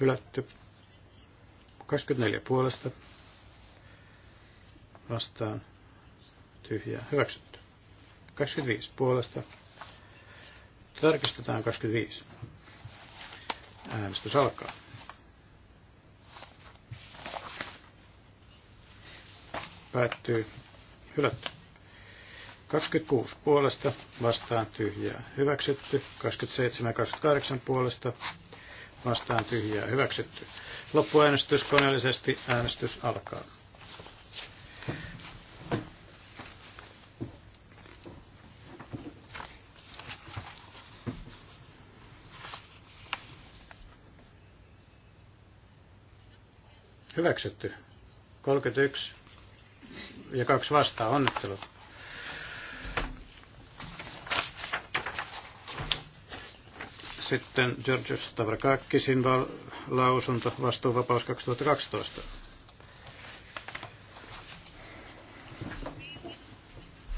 Speaker 1: Hylätty. 24 puolesta. Vastaan. Tyhjää. Hyväksytty. 25 puolesta. Tarkistetaan 25. Äänestys alkaa. päättyy hylätty. 26 puolesta vastaan tyhjää hyväksytty. 27 ja 28 puolesta vastaan tyhjää hyväksytty. Loppuäänestys koneellisesti. Äänestys alkaa. Hyväksytty. 31 ja kaksi vastaa. Onnittelut. Sitten Georgios Stavrakakkisin val- lausunto, vastuuvapaus 2012.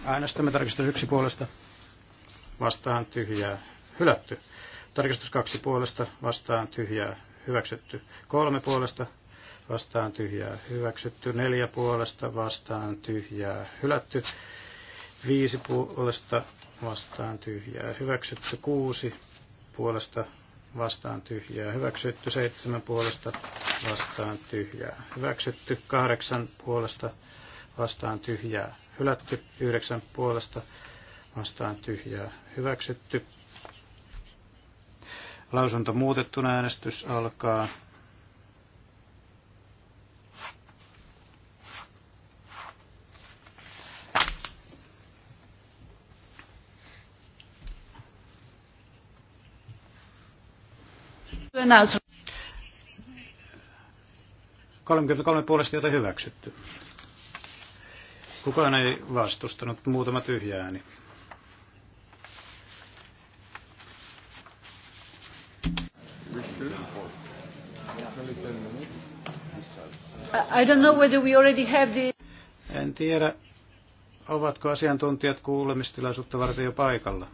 Speaker 1: Äänestämme tarkistus yksi puolesta. Vastaan tyhjää. Hylätty. Tarkistus kaksi puolesta. Vastaan tyhjää. Hyväksytty. Kolme puolesta vastaan tyhjää hyväksytty, neljä puolesta vastaan tyhjää hylätty, viisi puolesta vastaan tyhjää hyväksytty, kuusi puolesta vastaan tyhjää hyväksytty, seitsemän puolesta vastaan tyhjää hyväksytty, kahdeksan puolesta vastaan tyhjää hylätty, yhdeksän puolesta vastaan tyhjää hyväksytty. Lausunto muutettuna äänestys alkaa. Announcement. 33 puolesta, jota hyväksytty. Kukaan ei vastustanut, muutama tyhjä ääni.
Speaker 2: I don't
Speaker 3: know whether we already have the...
Speaker 1: En tiedä, ovatko asiantuntijat kuulemistilaisuutta varten jo paikalla.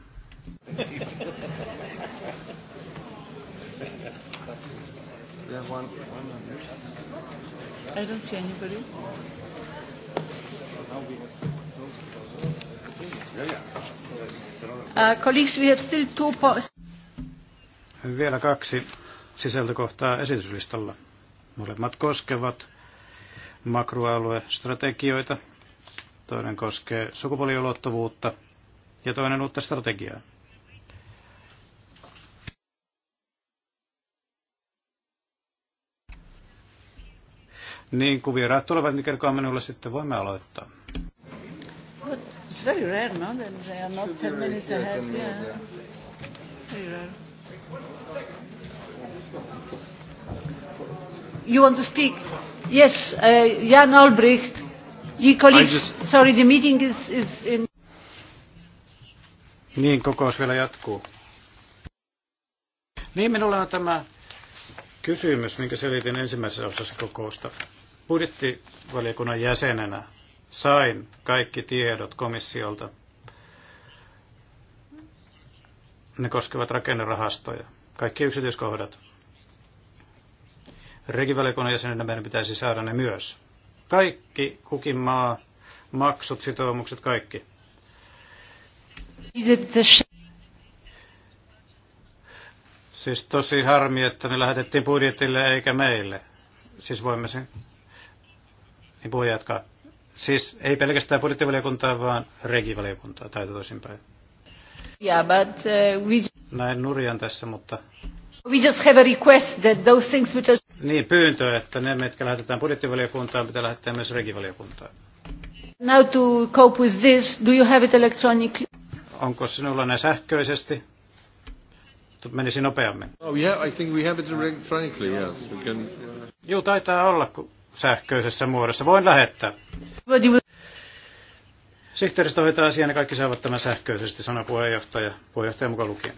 Speaker 2: Yeah, one, one minute.
Speaker 3: I don't see anybody.
Speaker 2: Uh, colleagues, we have still
Speaker 3: two
Speaker 1: Vielä kaksi sisältökohtaa esityslistalla. Molemmat koskevat makroaluestrategioita, toinen koskee sukupuoliulottuvuutta ja toinen uutta strategiaa. Niin, kun vieraat tulevat, niin kertokaa minulle sitten, voimme aloittaa.
Speaker 3: No? You want to speak? Yes, uh, Jan Albrecht. Your colleagues, just... sorry, the meeting is, is in...
Speaker 1: Niin, kokous vielä jatkuu. Niin, minulla on tämä kysymys, minkä selitin ensimmäisessä osassa kokousta budjettivaliokunnan jäsenenä sain kaikki tiedot komissiolta. Ne koskevat rakennerahastoja, kaikki yksityiskohdat. Regivaliokunnan jäsenenä meidän pitäisi saada ne myös. Kaikki, kukin maa, maksut, sitoumukset, kaikki. Siis tosi harmi, että ne lähetettiin budjetille eikä meille. Siis voimme sen niin puhun jatkaa. Siis ei pelkästään budjettivaliokuntaa, vaan regivaliokuntaa tai tuota toisinpäin.
Speaker 3: Yeah, but, uh, we...
Speaker 1: Näin nurjan tässä, mutta... We just have a
Speaker 3: request that those things which are...
Speaker 1: Niin, pyyntö, että ne, mitkä lähetetään budjettivaliokuntaan, pitää lähettää myös regivaliokuntaan.
Speaker 3: Now to cope with this, do you have it electronically?
Speaker 1: Onko sinulla ne sähköisesti? Menisi nopeammin. Oh yeah, I think we have it electronically, yes. We can... Juu, taitaa olla, kun sähköisessä muodossa. Voin lähettää. Sihteeristö hoitaa asian ja kaikki saavat tämän sähköisesti, sanoi puheenjohtaja, puheenjohtaja mukaan lukien.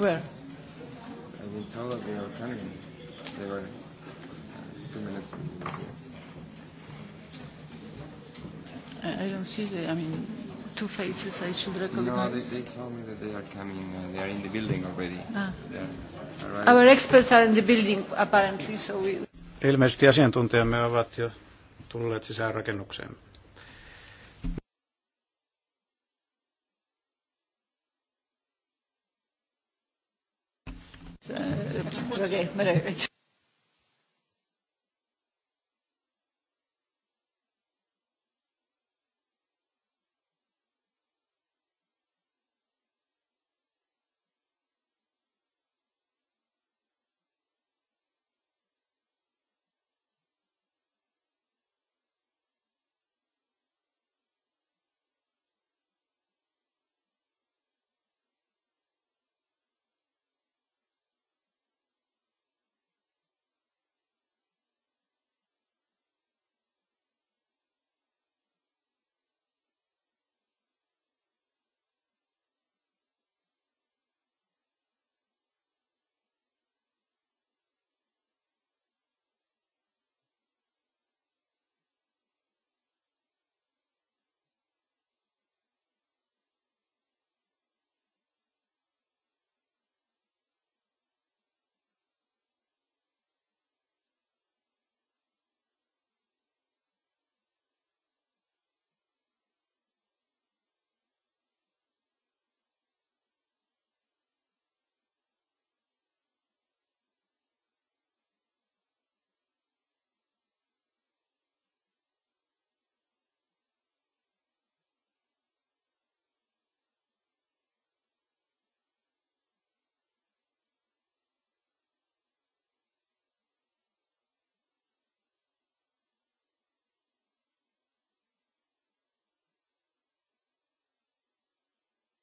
Speaker 3: Where?
Speaker 2: I've been told they are coming. They were uh, two minutes.
Speaker 3: I, I don't see the. I mean two faces, I should recognize. No, they,
Speaker 2: they told me that they are coming. Uh, they are in the building already. Ah.
Speaker 3: Our experts are in the building, apparently, so we...
Speaker 1: Ilmeisesti asiantuntijamme ovat jo tulleet sisään rakennukseen.
Speaker 2: Uh,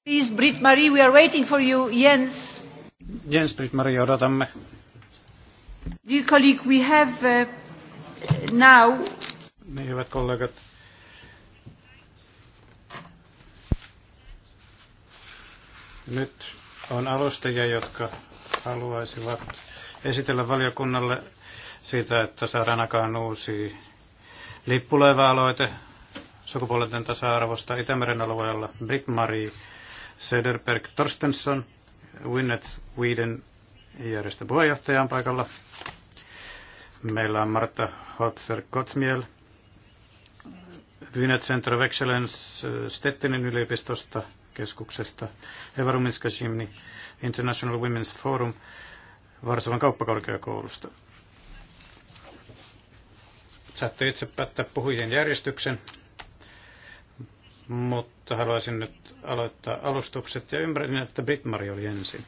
Speaker 3: Please, Britt-Marie, we are waiting for you. Jens.
Speaker 1: Jens, Britt-Marie, odotamme.
Speaker 3: Dear colleague, we have uh, now...
Speaker 1: Niin, hyvät kollegat. Nyt on alustajia, jotka haluaisivat esitellä valiokunnalle siitä, että saadaan aikaan uusi lippuleva-aloite sukupuolten tasa-arvosta Itämeren alueella. Britt Marie Sederberg Torstensson, Winnet Sweden järjestön puheenjohtaja on paikalla. Meillä on Marta Hotzer-Kotsmiel, Winnet Center of Excellence äh, Stettinin yliopistosta keskuksesta, Evaruminska ruminska International Women's Forum Varsovan kauppakorkeakoulusta. Saatte itse päättää puhujien järjestyksen mutta haluaisin nyt aloittaa alustukset ja ymmärrän, että Britt-Mari oli ensin.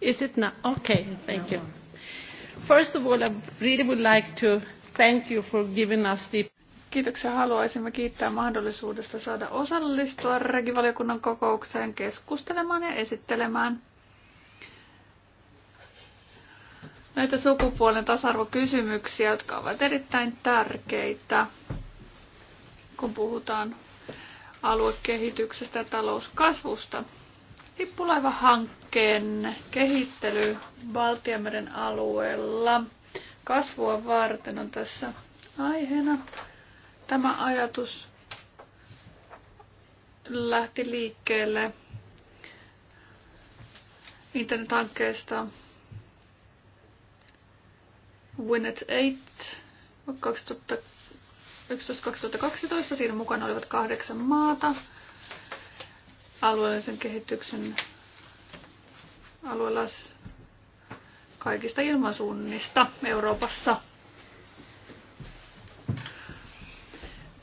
Speaker 3: Is it now? Okay, thank you. First of all, I really would like to thank you for giving us the... Kiitoksia. Haluaisimme kiittää mahdollisuudesta saada osallistua regivaliokunnan kokoukseen keskustelemaan ja esittelemään näitä sukupuolen tasa-arvokysymyksiä, jotka ovat erittäin tärkeitä, kun puhutaan aluekehityksestä ja talouskasvusta. Lippulaivahankkeen kehittely Baltianmeren alueella kasvua varten on tässä aiheena. Tämä ajatus lähti liikkeelle internethankkeesta Winnet 8 2011-2012. Siinä mukana olivat kahdeksan maata alueellisen kehityksen alueella kaikista ilmansuunnista Euroopassa.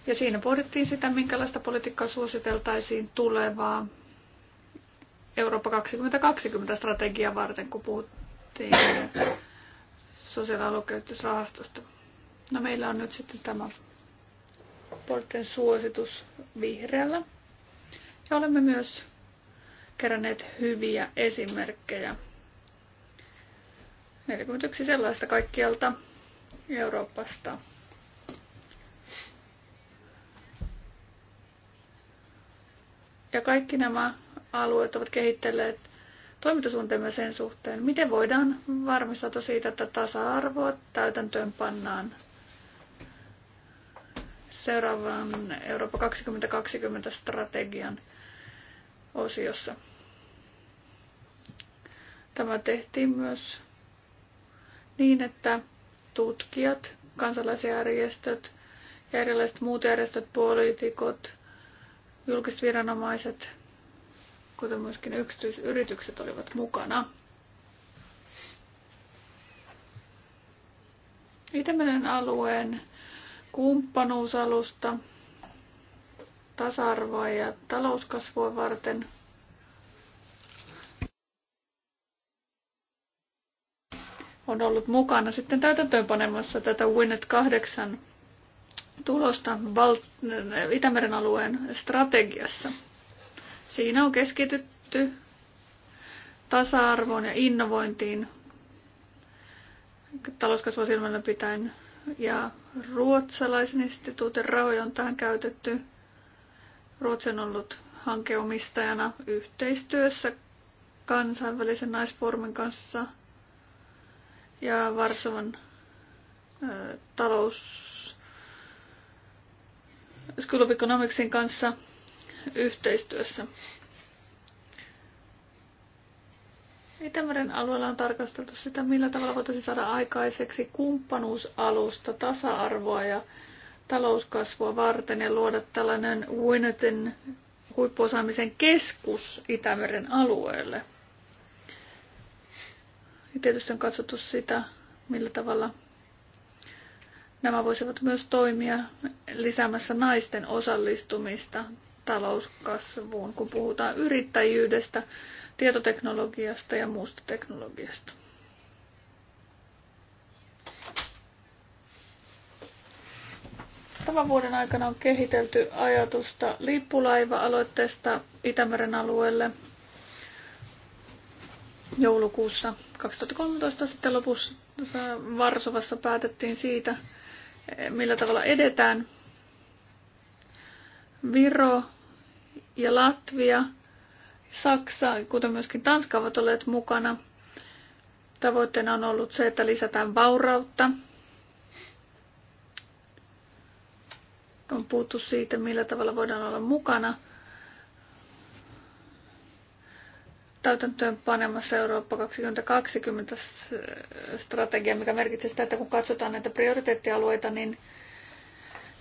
Speaker 3: Ja siinä pohdittiin sitä, minkälaista politiikkaa suositeltaisiin tulevaa Eurooppa 2020 strategiaa varten, kun puhuttiin sosiaalialuekehitysrahastosta. No meillä on nyt sitten tämä Porten suositus vihreällä ja olemme myös keränneet hyviä esimerkkejä. 41 sellaista kaikkialta Euroopasta. Ja kaikki nämä alueet ovat kehittelleet toimintasuunnitelmia sen suhteen, miten voidaan varmistautua siitä, että tasa-arvoa täytäntöön pannaan seuraavan Eurooppa 2020 strategian osiossa. Tämä tehtiin myös niin, että tutkijat, kansalaisjärjestöt ja erilaiset muut järjestöt, poliitikot, julkiset viranomaiset, kuten myöskin yksityisyritykset olivat mukana. Itämeren alueen kumppanuusalusta tasa-arvoa ja talouskasvua varten. On ollut mukana sitten täytäntöönpanemassa tätä Winnet 8 tulosta Balt- Itämeren alueen strategiassa. Siinä on keskitytty tasa-arvoon ja innovointiin talouskasvua silmällä pitäen. Ja ruotsalaisen instituutin rahoja on tähän käytetty Ruotsi on ollut hankeomistajana yhteistyössä kansainvälisen naisformin kanssa ja Varsovan ö, talous School of Economicsin kanssa yhteistyössä. Itämeren alueella on tarkasteltu sitä, millä tavalla voitaisiin saada aikaiseksi kumppanuusalusta, tasa-arvoa ja talouskasvua varten ja luoda tällainen Winnetin huippuosaamisen keskus Itämeren alueelle. Ja tietysti on katsottu sitä, millä tavalla nämä voisivat myös toimia lisäämässä naisten osallistumista talouskasvuun, kun puhutaan yrittäjyydestä, tietoteknologiasta ja muusta teknologiasta. Tämän vuoden aikana on kehitelty ajatusta lippulaiva-aloitteesta Itämeren alueelle joulukuussa 2013 sitten lopussa Varsovassa päätettiin siitä, millä tavalla edetään. Viro ja Latvia, Saksa, kuten myöskin Tanska ovat olleet mukana. Tavoitteena on ollut se, että lisätään vaurautta On puhuttu siitä, millä tavalla voidaan olla mukana täytäntöön panemassa Eurooppa 2020 strategia, mikä merkitsee sitä, että kun katsotaan näitä prioriteettialueita, niin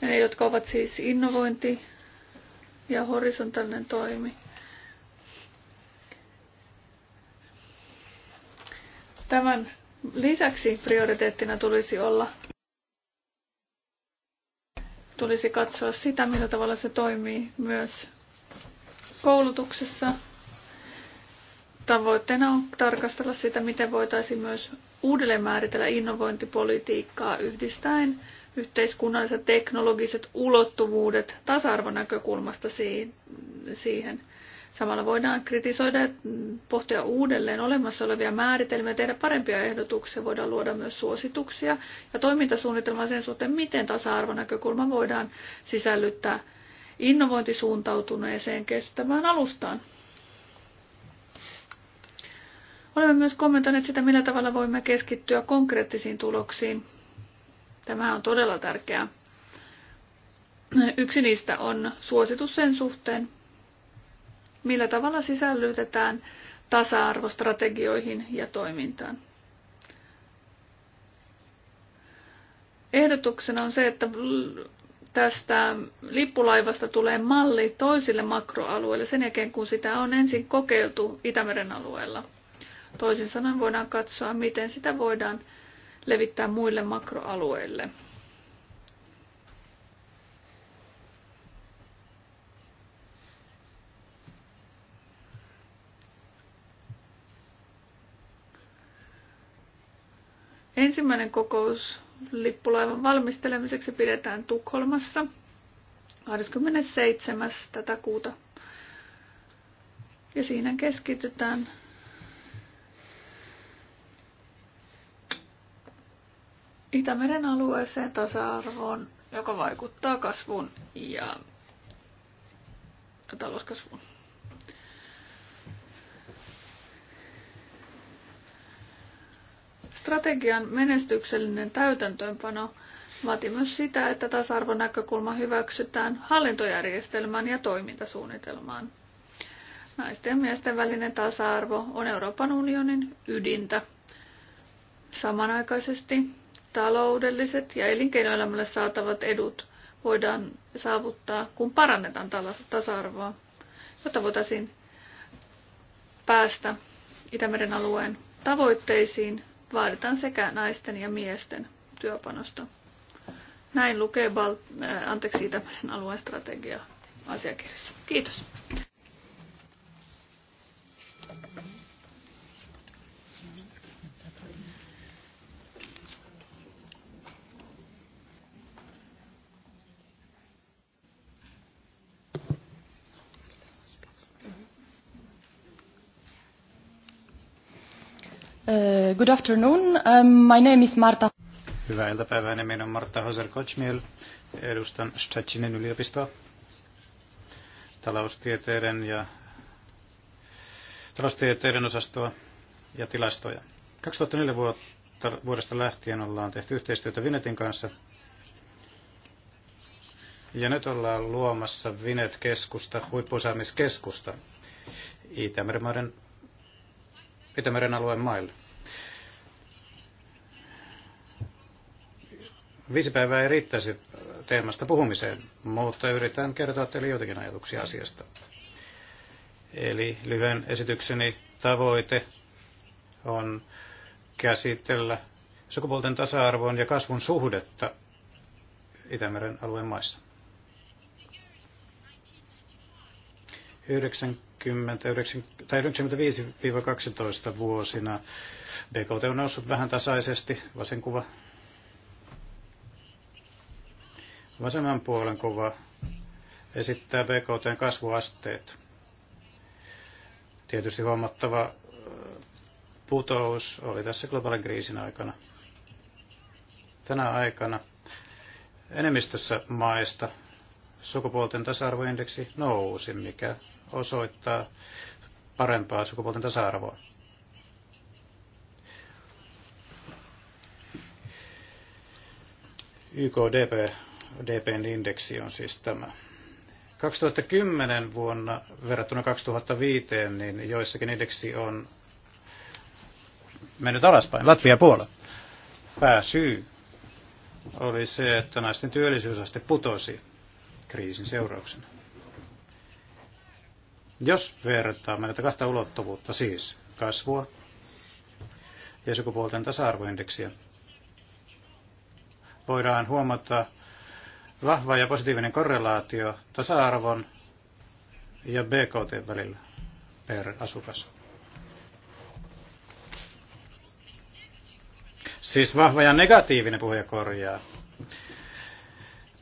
Speaker 3: ne, jotka ovat siis innovointi ja horisontaalinen toimi, Tämän lisäksi prioriteettina tulisi olla tulisi katsoa sitä, millä tavalla se toimii myös koulutuksessa. Tavoitteena on tarkastella sitä, miten voitaisiin myös uudelleen määritellä innovointipolitiikkaa yhdistäen yhteiskunnalliset teknologiset ulottuvuudet tasa-arvonäkökulmasta siihen. Samalla voidaan kritisoida ja pohtia uudelleen olemassa olevia määritelmiä, tehdä parempia ehdotuksia, voidaan luoda myös suosituksia ja toimintasuunnitelmaa sen suhteen, miten tasa-arvonäkökulma voidaan sisällyttää innovointisuuntautuneeseen kestävään alustaan. Olemme myös kommentoineet sitä, millä tavalla voimme keskittyä konkreettisiin tuloksiin. Tämä on todella tärkeää. Yksi niistä on suositus sen suhteen, millä tavalla sisällytetään tasa-arvostrategioihin ja toimintaan. Ehdotuksena on se, että tästä lippulaivasta tulee malli toisille makroalueille sen jälkeen, kun sitä on ensin kokeiltu Itämeren alueella. Toisin sanoen voidaan katsoa, miten sitä voidaan levittää muille makroalueille. Ensimmäinen kokous lippulaivan valmistelemiseksi pidetään Tukholmassa 27. tätä kuuta. Ja siinä keskitytään Itämeren alueeseen tasa-arvoon, joka vaikuttaa kasvuun ja talouskasvuun. Strategian menestyksellinen täytäntöönpano vaatii myös sitä, että tasa-arvon näkökulma hyväksytään hallintojärjestelmään ja toimintasuunnitelmaan. Naisten ja miesten välinen tasa-arvo on Euroopan unionin ydintä. Samanaikaisesti taloudelliset ja elinkeinoelämälle saatavat edut voidaan saavuttaa, kun parannetaan tasa-arvoa, jotta voitaisiin päästä Itämeren alueen tavoitteisiin vaaditaan sekä naisten ja miesten työpanosta. Näin lukee Balt- äh, anteeksi, Itämeren alueen strategia asiakirjassa. Kiitos. Eh, good afternoon. Um, my name is Marta.
Speaker 1: Hyvää iltapäivää. Nimeni on Marta Hoser-Kochmiel. Edustan Szczecinin yliopistoa taloustieteiden ja taloustieteiden osastoa ja tilastoja. 2004 vuotta, vuodesta lähtien ollaan tehty yhteistyötä Vinetin kanssa. Ja nyt ollaan luomassa Vinet-keskusta, huippuosaamiskeskusta Itämeren, Itämeren alueen maille. Viisi päivää ei riittäisi teemasta puhumiseen, mutta yritän kertoa teille joitakin ajatuksia asiasta. Eli lyhyen esitykseni tavoite on käsitellä sukupuolten tasa-arvon ja kasvun suhdetta Itämeren alueen maissa. 90-95-12 vuosina BKT on noussut vähän tasaisesti, vasen kuva Vasemman puolen kuva esittää BKTn kasvuasteet. Tietysti huomattava putous oli tässä globaalin kriisin aikana. Tänä aikana enemmistössä maista sukupuolten tasa-arvoindeksi nousi, mikä osoittaa parempaa sukupuolten tasa-arvoa. YKDP DPn indeksi on siis tämä. 2010 vuonna verrattuna 2005, niin joissakin indeksi on mennyt alaspäin. Latvia Puola. Pääsyy oli se, että naisten työllisyysaste putosi kriisin seurauksena. Jos verrataan näitä kahta ulottuvuutta, siis kasvua ja sukupuolten tasa-arvoindeksiä, voidaan huomata vahva ja positiivinen korrelaatio tasa-arvon ja BKT välillä per asukas. Siis vahva ja negatiivinen puhuja korjaa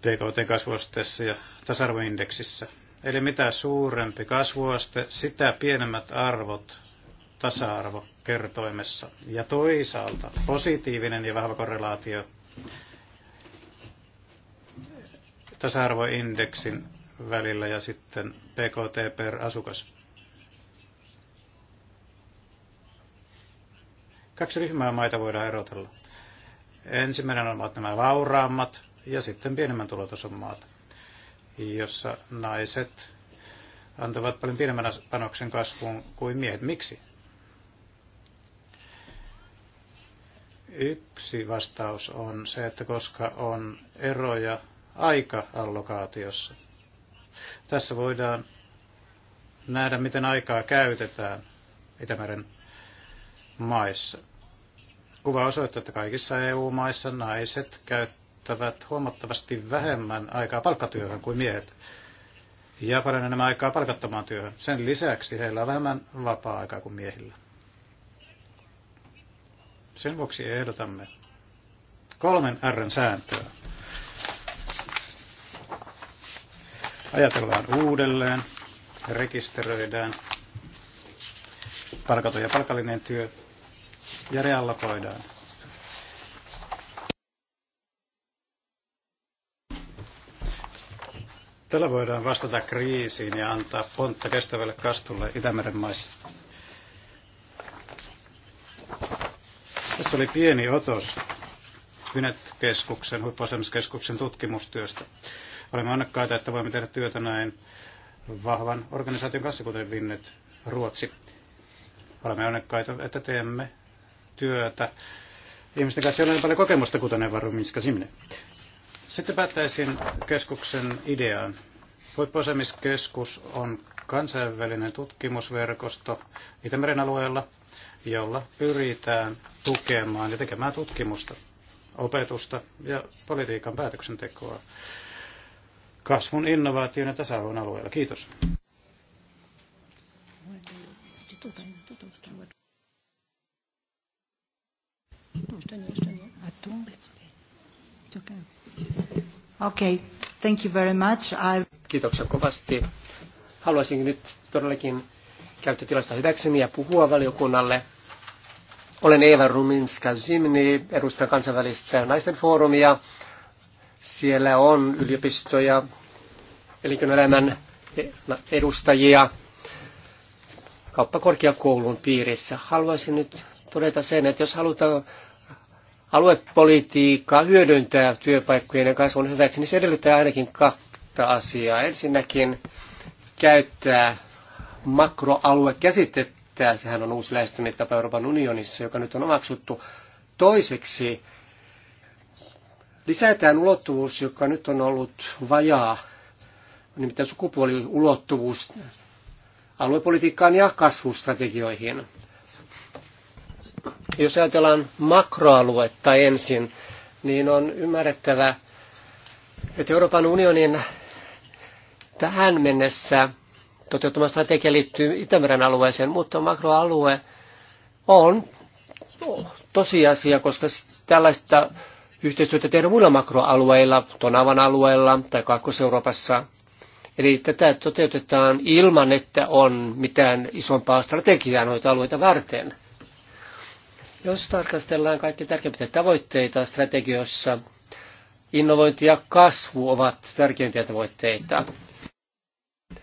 Speaker 1: BKT-kasvuasteessa ja tasa-arvoindeksissä. Eli mitä suurempi kasvuaste, sitä pienemmät arvot tasa-arvo kertoimessa. Ja toisaalta positiivinen ja vahva korrelaatio tasa-arvoindeksin välillä ja sitten PKT per asukas. Kaksi ryhmää maita voidaan erotella. Ensimmäinen on nämä vauraammat ja sitten pienemmän tulotason maat, jossa naiset antavat paljon pienemmän panoksen kasvuun kuin miehet. Miksi? Yksi vastaus on se, että koska on eroja aika-allokaatiossa. Tässä voidaan nähdä, miten aikaa käytetään Itämeren maissa. Kuva osoittaa, että kaikissa EU-maissa naiset käyttävät huomattavasti vähemmän aikaa palkkatyöhön kuin miehet ja paljon enemmän aikaa palkattomaan työhön. Sen lisäksi heillä on vähemmän vapaa-aikaa kuin miehillä. Sen vuoksi ehdotamme kolmen r sääntöä. ajatellaan uudelleen, rekisteröidään palkaton ja palkallinen työ ja reallokoidaan. Tällä voidaan vastata kriisiin ja antaa pontta kestävälle kastulle Itämeren maissa. Tässä oli pieni otos Hynet-keskuksen, huippuasemiskeskuksen tutkimustyöstä. Olemme onnekkaita, että voimme tehdä työtä näin vahvan organisaation kanssa, kuten Vinnet Ruotsi. Olemme onnekkaita, että teemme työtä ihmisten kanssa, joilla on paljon kokemusta, kuten Eva Ruminska Simne. Sitten päättäisin keskuksen ideaan. Huippuosaamiskeskus on kansainvälinen tutkimusverkosto Itämeren alueella, jolla pyritään tukemaan ja tekemään tutkimusta, opetusta ja politiikan päätöksentekoa kasvun, innovaation ja tasa-arvon alueella. Kiitos.
Speaker 3: Okay, thank you very
Speaker 2: much. I... Kiitoksia kovasti. Haluaisin nyt todellakin käyttää tilasta hyväkseni ja puhua valiokunnalle. Olen Eeva Ruminska-Zimni, edustan kansainvälistä naisten foorumia. Siellä on yliopistoja, elinkeinoelämän edustajia kauppakorkeakoulun piirissä. Haluaisin nyt todeta sen, että jos halutaan aluepolitiikkaa hyödyntää työpaikkojen ja kasvun hyväksi, niin se edellyttää ainakin kahta asiaa. Ensinnäkin käyttää makroaluekäsitettä, sehän on uusi lähestymistapa Euroopan unionissa, joka nyt on omaksuttu. Toiseksi Lisätään ulottuvuus, joka nyt on ollut vajaa, nimittäin sukupuoliulottuvuus aluepolitiikkaan ja kasvustrategioihin. Jos ajatellaan makroaluetta ensin, niin on ymmärrettävä, että Euroopan unionin tähän mennessä toteuttama strategia liittyy Itämeren alueeseen, mutta makroalue on tosiasia, koska tällaista yhteistyötä tehdä muilla makroalueilla, Tonavan alueella tai Kaakkois-Euroopassa. Eli tätä toteutetaan ilman, että on mitään isompaa strategiaa noita alueita varten. Jos tarkastellaan kaikki tärkeimpiä tavoitteita strategiossa, innovointi ja kasvu ovat tärkeimpiä tavoitteita.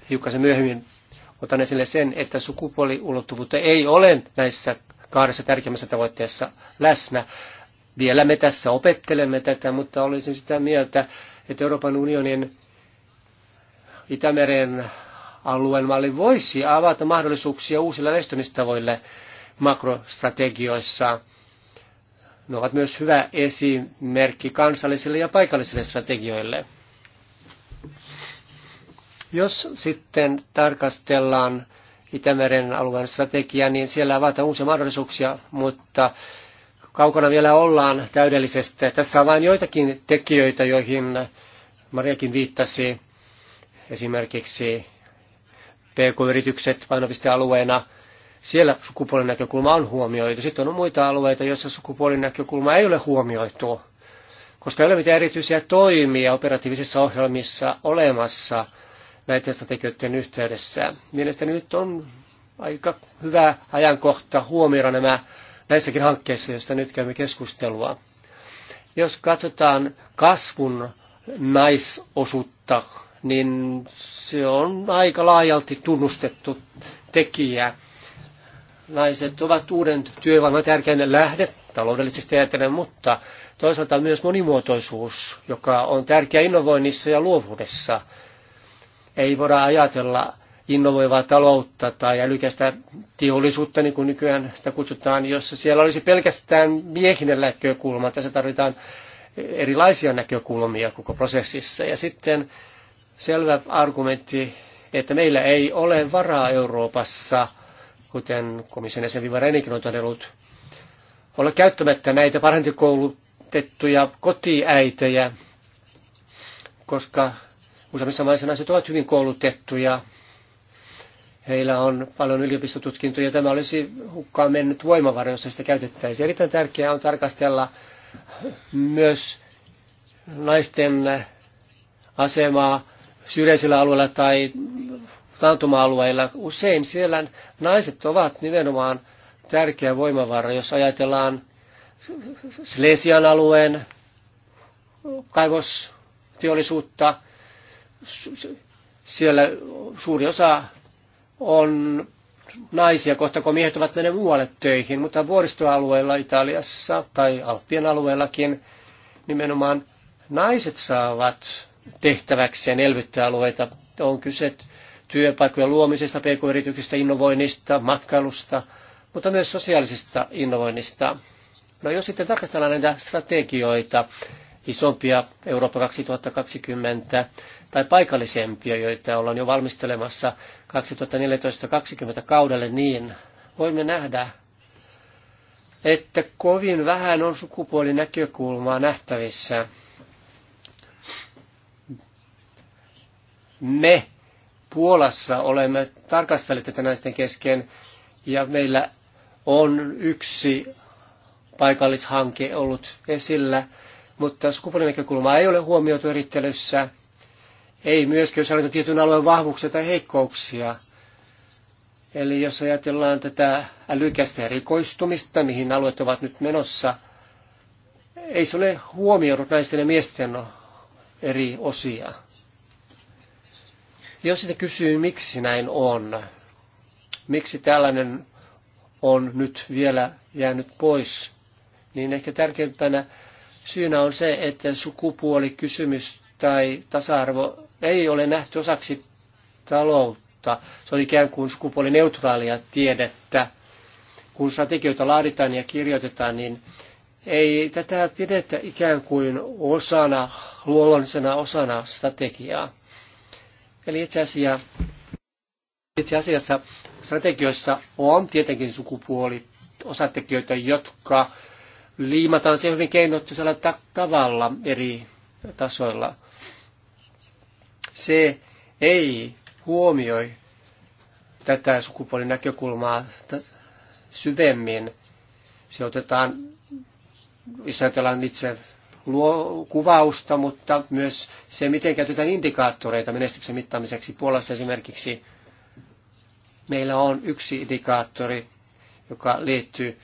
Speaker 2: Hiukkasen myöhemmin otan esille sen, että sukupuoliulottuvuutta ei ole näissä kahdessa tärkeimmässä tavoitteessa läsnä. Vielä me tässä opettelemme tätä, mutta olisin sitä mieltä, että Euroopan unionin Itämeren alueen malli voisi avata mahdollisuuksia uusille lähestymistavoille makrostrategioissa. Ne ovat myös hyvä esimerkki kansallisille ja paikallisille strategioille. Jos sitten tarkastellaan Itämeren alueen strategiaa, niin siellä avataan uusia mahdollisuuksia, mutta kaukana vielä ollaan täydellisestä. Tässä on vain joitakin tekijöitä, joihin Mariakin viittasi, esimerkiksi PK-yritykset painopistealueena. Siellä sukupuolen näkökulma on huomioitu. Sitten on muita alueita, joissa sukupuolen näkökulma ei ole huomioitu, koska ei ole mitään erityisiä toimia operatiivisissa ohjelmissa olemassa näiden strategioiden yhteydessä. Mielestäni nyt on aika hyvä ajankohta huomioida nämä näissäkin hankkeissa, joista nyt käymme keskustelua. Jos katsotaan kasvun naisosuutta, niin se on aika laajalti tunnustettu tekijä. Naiset ovat uuden työvoiman tärkeinen lähde taloudellisesti ajatellen, mutta toisaalta myös monimuotoisuus, joka on tärkeä innovoinnissa ja luovuudessa. Ei voida ajatella innovoivaa taloutta tai älykästä teollisuutta, niin kuin nykyään sitä kutsutaan, jossa siellä olisi pelkästään miehinen näkökulma. Tässä tarvitaan erilaisia näkökulmia koko prosessissa. Ja sitten selvä argumentti, että meillä ei ole varaa Euroopassa, kuten komission jäsen Viva Renikin on todennut, olla käyttämättä näitä parhaiten koulutettuja kotiäitejä, koska useimmissa maissa naiset ovat hyvin koulutettuja Heillä on paljon yliopistotutkintoja. Tämä olisi hukkaan mennyt voimavara, jos sitä käytettäisiin. Erittäin tärkeää on tarkastella myös naisten asemaa syrjäisillä alueilla tai taantuma-alueilla. Usein siellä naiset ovat nimenomaan tärkeä voimavara, jos ajatellaan Slesian alueen kaivosteollisuutta. Siellä suuri osa on naisia kohta, kun miehet ovat menneet muualle töihin, mutta vuoristoalueella Italiassa tai Alppien alueellakin nimenomaan naiset saavat tehtäväkseen elvyttää alueita. On kyse työpaikkojen luomisesta, pk-yrityksistä, innovoinnista, matkailusta, mutta myös sosiaalisista innovoinnista. No jos sitten tarkastellaan näitä strategioita, isompia Eurooppa 2020, tai paikallisempia, joita ollaan jo valmistelemassa 2014-2020 kaudelle, niin voimme nähdä, että kovin vähän on sukupuolinäkökulmaa nähtävissä. Me Puolassa olemme tarkastelleet tätä naisten kesken ja meillä on yksi paikallishanke ollut esillä, mutta sukupuolinäkökulmaa ei ole huomioitu erittelyssä – ei myöskään, jos ajatellaan tietyn alueen vahvuuksia tai heikkouksia. Eli jos ajatellaan tätä älykästä erikoistumista, mihin alueet ovat nyt menossa, ei se ole huomioinut naisten ja miesten eri osia. Jos sitä kysyy, miksi näin on, miksi tällainen on nyt vielä jäänyt pois, niin ehkä tärkeimpänä syynä on se, että sukupuolikysymys tai tasa-arvo ei ole nähty osaksi taloutta. Se oli ikään kuin sukupuolineutraalia tiedettä. Kun strategioita laaditaan ja kirjoitetaan, niin ei tätä pidetä ikään kuin osana, luonnollisena osana strategiaa. Eli itse asiassa, itse asiassa strategioissa on tietenkin sukupuoli osatekijöitä, jotka liimataan se hyvin keinoittisella tavalla eri tasoilla – se ei huomioi tätä sukupuolen näkökulmaa syvemmin. Se otetaan, jos ajatellaan itse luo kuvausta, mutta myös se, miten käytetään indikaattoreita menestyksen mittaamiseksi. Puolassa esimerkiksi meillä on yksi indikaattori, joka liittyy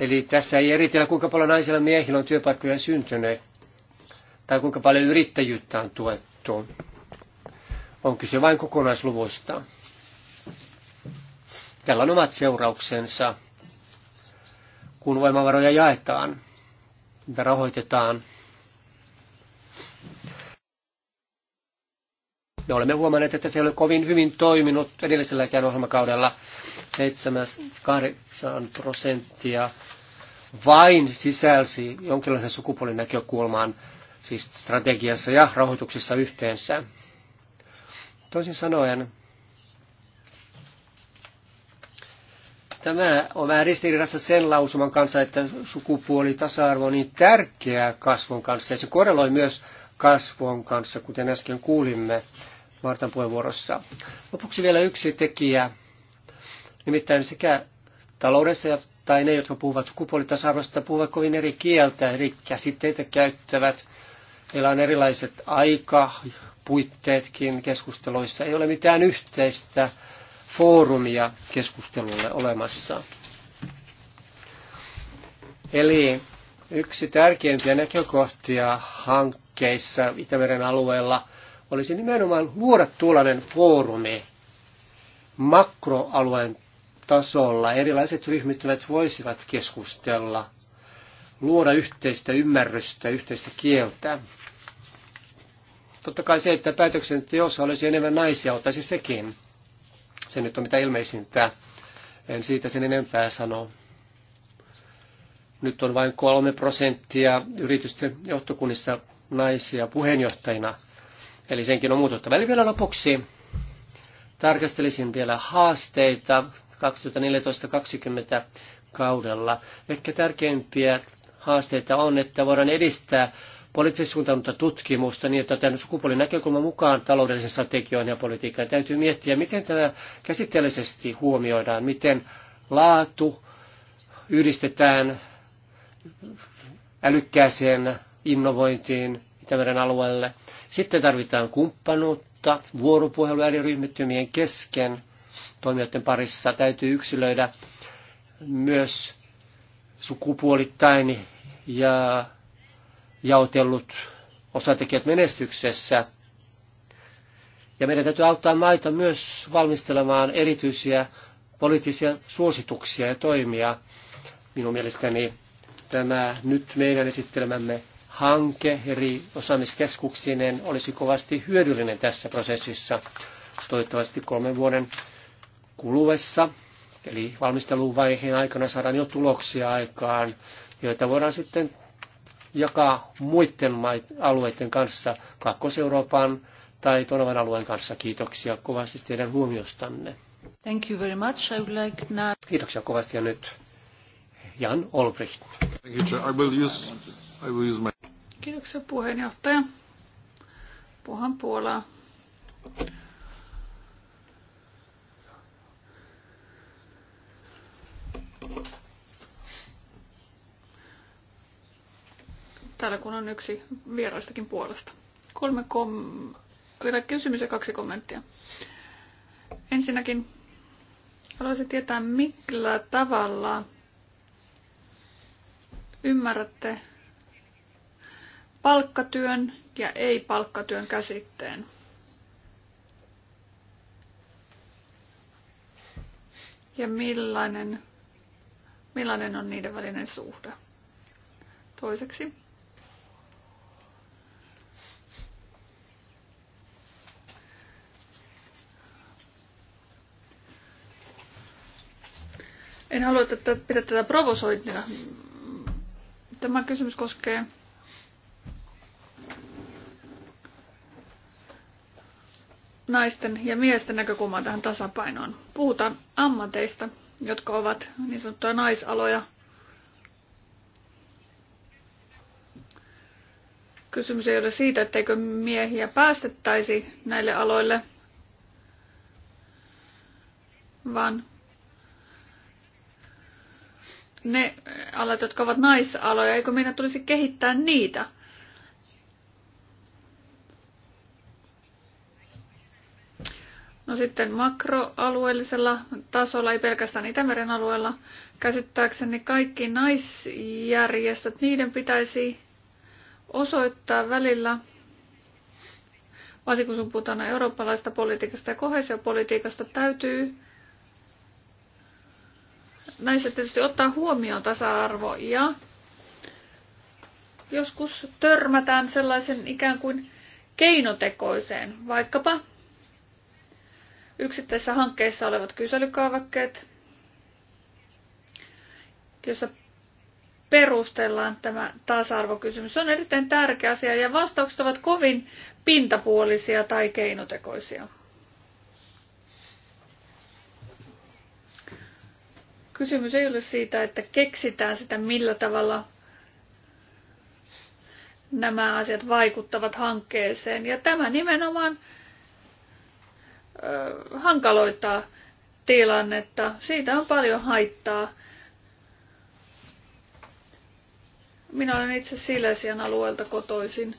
Speaker 2: Eli tässä ei eritellä, kuinka paljon naisilla ja miehillä on työpaikkoja syntyneet tai kuinka paljon yrittäjyyttä on tuettu. On kyse vain kokonaisluvusta. Tällä on omat seurauksensa, kun voimavaroja jaetaan ja rahoitetaan – Me olemme huomanneet, että se ei ole kovin hyvin toiminut edelliselläkään ohjelmakaudella 7-8 prosenttia vain sisälsi jonkinlaisen sukupuolinäkökulman siis strategiassa ja rahoituksessa yhteensä. Toisin sanoen, tämä on vähän ristiriidassa sen lausuman kanssa, että sukupuoli tasa arvo on niin tärkeää kasvun kanssa ja se korreloi myös kasvun kanssa, kuten äsken kuulimme. Martan puheenvuorossa. Lopuksi vielä yksi tekijä, nimittäin sekä taloudessa tai ne, jotka puhuvat sukupuolitasa-arvosta, puhuvat kovin eri kieltä, eri käsitteitä käyttävät. Heillä on erilaiset aika, puitteetkin keskusteluissa. Ei ole mitään yhteistä foorumia keskustelulle olemassa. Eli yksi tärkeimpiä näkökohtia hankkeissa Itämeren alueella – olisi nimenomaan luoda tuollainen foorumi makroalueen tasolla. Erilaiset ryhmittymät voisivat keskustella, luoda yhteistä ymmärrystä, yhteistä kieltä. Totta kai se, että päätöksenteossa olisi enemmän naisia, ottaisi sekin. Se nyt on mitä ilmeisintä. En siitä sen enempää sano. Nyt on vain kolme prosenttia yritysten johtokunnissa naisia puheenjohtajina – Eli senkin on muututtava. Eli vielä lopuksi tarkastelisin vielä haasteita 2014-2020 kaudella. Ehkä tärkeimpiä haasteita on, että voidaan edistää poliittisesti suuntautunutta tutkimusta niin, että tämän sukupuolin näkökulma mukaan taloudellisen strategioon ja politiikkaan. Täytyy miettiä, miten tämä käsitteellisesti huomioidaan, miten laatu yhdistetään älykkääseen innovointiin Itämeren alueelle – sitten tarvitaan kumppanuutta, vuoropuhelu eri ryhmittymien kesken. Toimijoiden parissa täytyy yksilöidä myös sukupuolittain ja jaotellut osatekijät menestyksessä. Ja meidän täytyy auttaa maita myös valmistelemaan erityisiä poliittisia suosituksia ja toimia. Minun mielestäni tämä nyt meidän esittelemämme hanke eri osaamiskeskuksineen olisi kovasti hyödyllinen tässä prosessissa. Toivottavasti kolmen vuoden kuluessa, eli valmisteluvaiheen aikana saadaan jo tuloksia aikaan, joita voidaan sitten jakaa muiden alueiden kanssa, Kaakkois-Euroopan tai Tonavan alueen kanssa. Kiitoksia kovasti teidän huomiostanne.
Speaker 3: Thank you very much. I would like
Speaker 2: now... Kiitoksia kovasti ja nyt Jan Olbricht. Thank you, I will use, I will use my...
Speaker 3: Kiitoksia puheenjohtaja. Puhan Puolaa. Täällä kun on yksi vieraistakin puolesta. Kolme kom... kysymys ja kaksi kommenttia. Ensinnäkin haluaisin tietää, millä tavalla ymmärrätte palkkatyön ja ei-palkkatyön käsitteen. Ja millainen, millainen on niiden välinen suhde. Toiseksi. En halua että pidä tätä provosointina. Tämä kysymys koskee naisten ja miesten näkökulmaa tähän tasapainoon. Puhutaan ammateista, jotka ovat niin sanottuja naisaloja. Kysymys ei ole siitä, etteikö miehiä päästettäisi näille aloille, vaan ne alat, jotka ovat naisaloja, eikö meidän tulisi kehittää niitä – No sitten makroalueellisella tasolla, ei pelkästään Itämeren alueella, käsittääkseni kaikki naisjärjestöt, niiden pitäisi osoittaa välillä, varsinkin kun puhutaan eurooppalaista politiikasta ja kohesiopolitiikasta, täytyy näissä tietysti ottaa huomioon tasa-arvo ja joskus törmätään sellaisen ikään kuin keinotekoiseen, vaikkapa yksittäisissä hankkeissa olevat kyselykaavakkeet, jossa perustellaan tämä tasa-arvokysymys. Se on erittäin tärkeä asia ja vastaukset ovat kovin pintapuolisia tai keinotekoisia. Kysymys ei ole siitä, että keksitään sitä, millä tavalla nämä asiat vaikuttavat hankkeeseen. Ja tämä nimenomaan hankaloittaa tilannetta. Siitä on paljon haittaa. Minä olen itse Silesian alueelta kotoisin.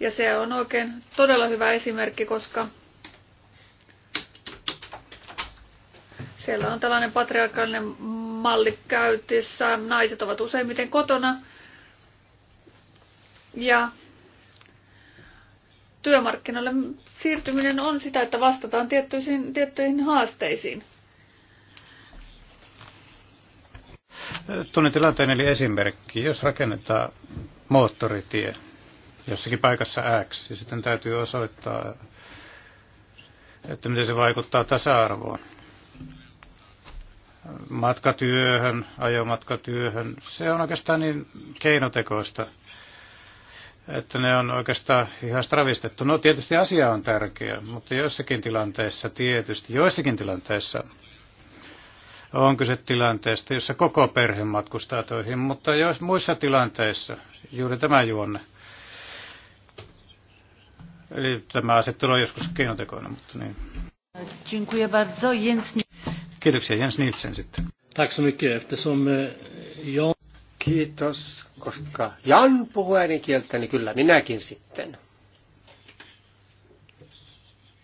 Speaker 3: Ja se on oikein todella hyvä esimerkki, koska siellä on tällainen patriarkaalinen malli käytissä. Naiset ovat useimmiten kotona. Ja työmarkkinoille siirtyminen on sitä, että vastataan tiettyihin, tiettyihin haasteisiin.
Speaker 1: Tunnen tilanteen eli esimerkki. Jos rakennetaan moottoritie jossakin paikassa X ja niin sitten täytyy osoittaa, että miten se vaikuttaa tasa-arvoon. Matkatyöhön, ajomatkatyöhön, se on oikeastaan niin keinotekoista – että ne on oikeastaan ihan stravistettu. No tietysti asia on tärkeä, mutta joissakin tilanteissa tietysti, joissakin tilanteissa on kyse tilanteesta, jossa koko perhe matkustaa toihin, mutta jos muissa tilanteissa juuri tämä juonne. Eli tämä asettelu on joskus keinotekoinen, mutta niin. Kiitoksia Jens Nielsen sitten.
Speaker 2: Tack så mycket eftersom eh, jag... Kiitos, koska Jan puhuu äänikieltä, niin kyllä minäkin sitten.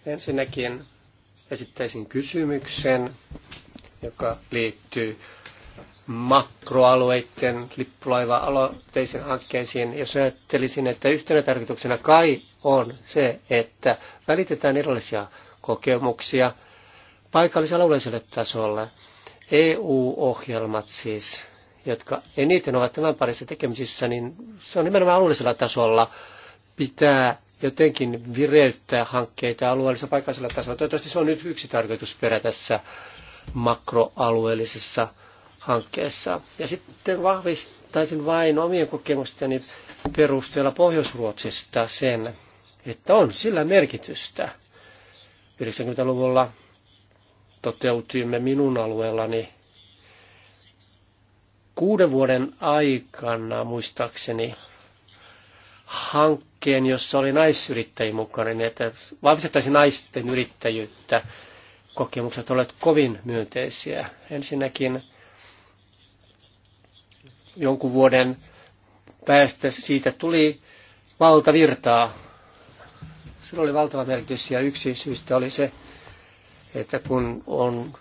Speaker 2: Ensinnäkin esittäisin kysymyksen, joka liittyy makroalueiden lippulaiva aloitteisen hankkeisiin. Jos ajattelisin, että yhtenä tarkoituksena kai on se, että välitetään erilaisia kokemuksia paikallisella alueelliselle tasolle. EU-ohjelmat siis jotka eniten ovat tämän parissa tekemisissä, niin se on nimenomaan alueellisella tasolla pitää jotenkin vireyttää hankkeita alueellisella paikallisella tasolla. Toivottavasti se on nyt yksi tarkoitusperä tässä makroalueellisessa hankkeessa. Ja sitten vahvistaisin vain omien kokemusteni perusteella Pohjois-Ruotsista sen, että on sillä merkitystä. 90-luvulla toteutimme minun alueellani kuuden vuoden aikana muistaakseni hankkeen, jossa oli naisyrittäjiä mukana, niin että vahvistettaisiin naisten yrittäjyyttä. Kokemukset olivat kovin myönteisiä. Ensinnäkin jonkun vuoden päästä siitä tuli valtavirtaa. Sillä oli valtava merkitys ja yksi syystä oli se, että kun on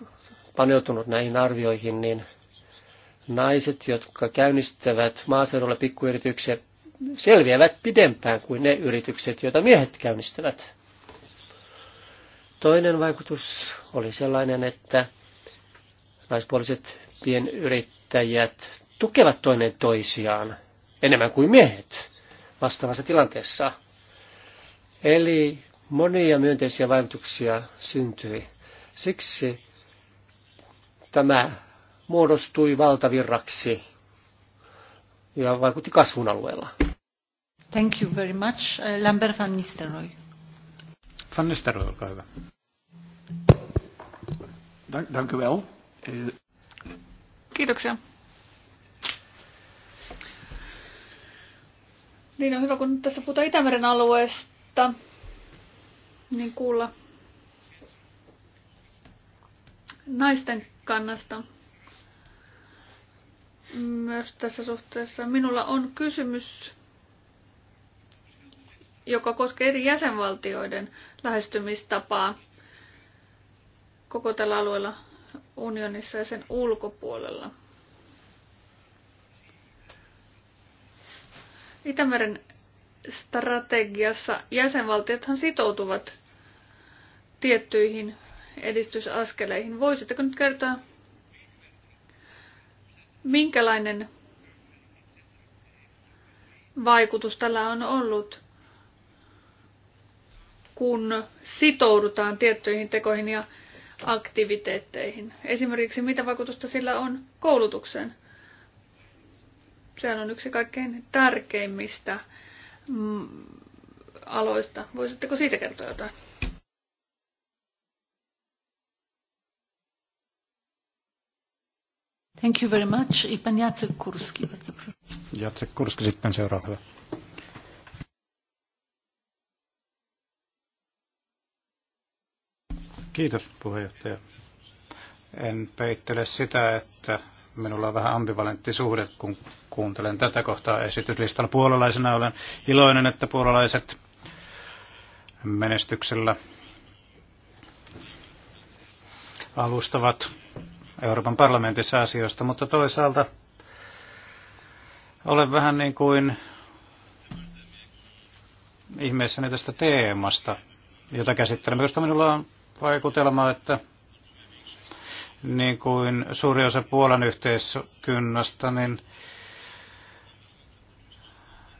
Speaker 2: paneutunut näihin arvioihin, niin naiset, jotka käynnistävät maaseudulla pikkuyrityksiä, selviävät pidempään kuin ne yritykset, joita miehet käynnistävät. Toinen vaikutus oli sellainen, että naispuoliset pienyrittäjät tukevat toinen toisiaan enemmän kuin miehet vastaavassa tilanteessa. Eli monia myönteisiä vaikutuksia syntyi. Siksi tämä muodostui valtavirraksi ja vaikutti kasvun alueella.
Speaker 3: Thank you very much. Uh, Lambert van Nistelrooy.
Speaker 2: Van Nistelrooy, olkaa hyvä. Dank, u wel. Eh,
Speaker 3: Kiitoksia. Niin on hyvä, kun tässä puhutaan Itämeren alueesta, niin kuulla naisten kannasta myös tässä suhteessa. Minulla on kysymys, joka koskee eri jäsenvaltioiden lähestymistapaa koko tällä alueella unionissa ja sen ulkopuolella. Itämeren strategiassa jäsenvaltiothan sitoutuvat tiettyihin edistysaskeleihin. Voisitteko nyt kertoa minkälainen vaikutus tällä on ollut, kun sitoudutaan tiettyihin tekoihin ja aktiviteetteihin. Esimerkiksi mitä vaikutusta sillä on koulutukseen. Sehän on yksi kaikkein tärkeimmistä mm, aloista. Voisitteko siitä kertoa jotain? Thank you very much. I pan Jacek Kurski.
Speaker 1: Jacek Kurski sitten seuraava. Kiitos puheenjohtaja. En peittele sitä, että minulla on vähän ambivalentti suhde, kun kuuntelen tätä kohtaa esityslistalla. Puolalaisena olen iloinen, että puolalaiset menestyksellä alustavat Euroopan parlamentissa asioista, mutta toisaalta olen vähän niin kuin ihmeessäni tästä teemasta, jota käsittelemme, koska minulla on vaikutelma, että niin kuin suuri osa Puolan yhteiskunnasta, niin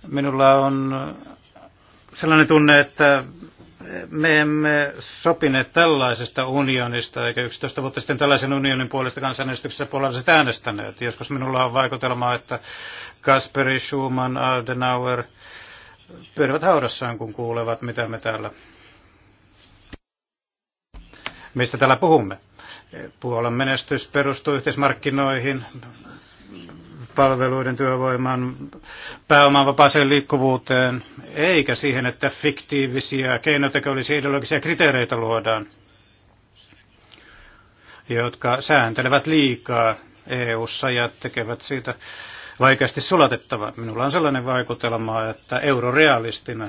Speaker 1: minulla on sellainen tunne, että me emme sopineet tällaisesta unionista, eikä 11 vuotta sitten tällaisen unionin puolesta kansanäänestyksessä puolalaiset äänestäneet. Joskus minulla on vaikutelma, että Kasperi, Schumann, Adenauer pyörivät haudassaan, kun kuulevat, mitä me täällä, mistä täällä puhumme. Puolan menestys perustuu yhteismarkkinoihin, palveluiden työvoiman pääoman vapaaseen liikkuvuuteen, eikä siihen, että fiktiivisiä keinotekoisia ideologisia kriteereitä luodaan, jotka sääntelevät liikaa EU-ssa ja tekevät siitä vaikeasti sulatettava. Minulla on sellainen vaikutelma, että eurorealistina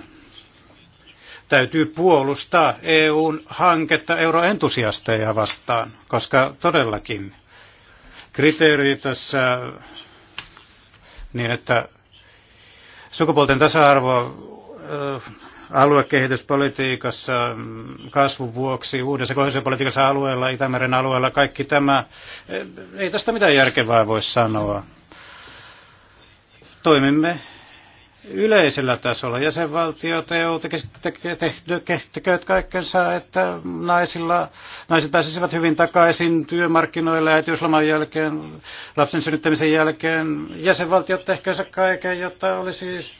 Speaker 1: täytyy puolustaa EUn hanketta euroentusiasteja vastaan, koska todellakin kriteeri tässä niin että sukupuolten tasa-arvo äh, aluekehityspolitiikassa mm, kasvun vuoksi, uudessa kohdallisuuspolitiikassa alueella, Itämeren alueella, kaikki tämä, äh, ei tästä mitään järkevää voi sanoa. Toimimme yleisellä tasolla. Jäsenvaltiot EU tekevät kaikkensa, että naisilla, naiset pääsisivät hyvin takaisin työmarkkinoille äitiysloman jälkeen, lapsen synnyttämisen jälkeen. Jäsenvaltiot tehkönsä kaiken, jotta olisi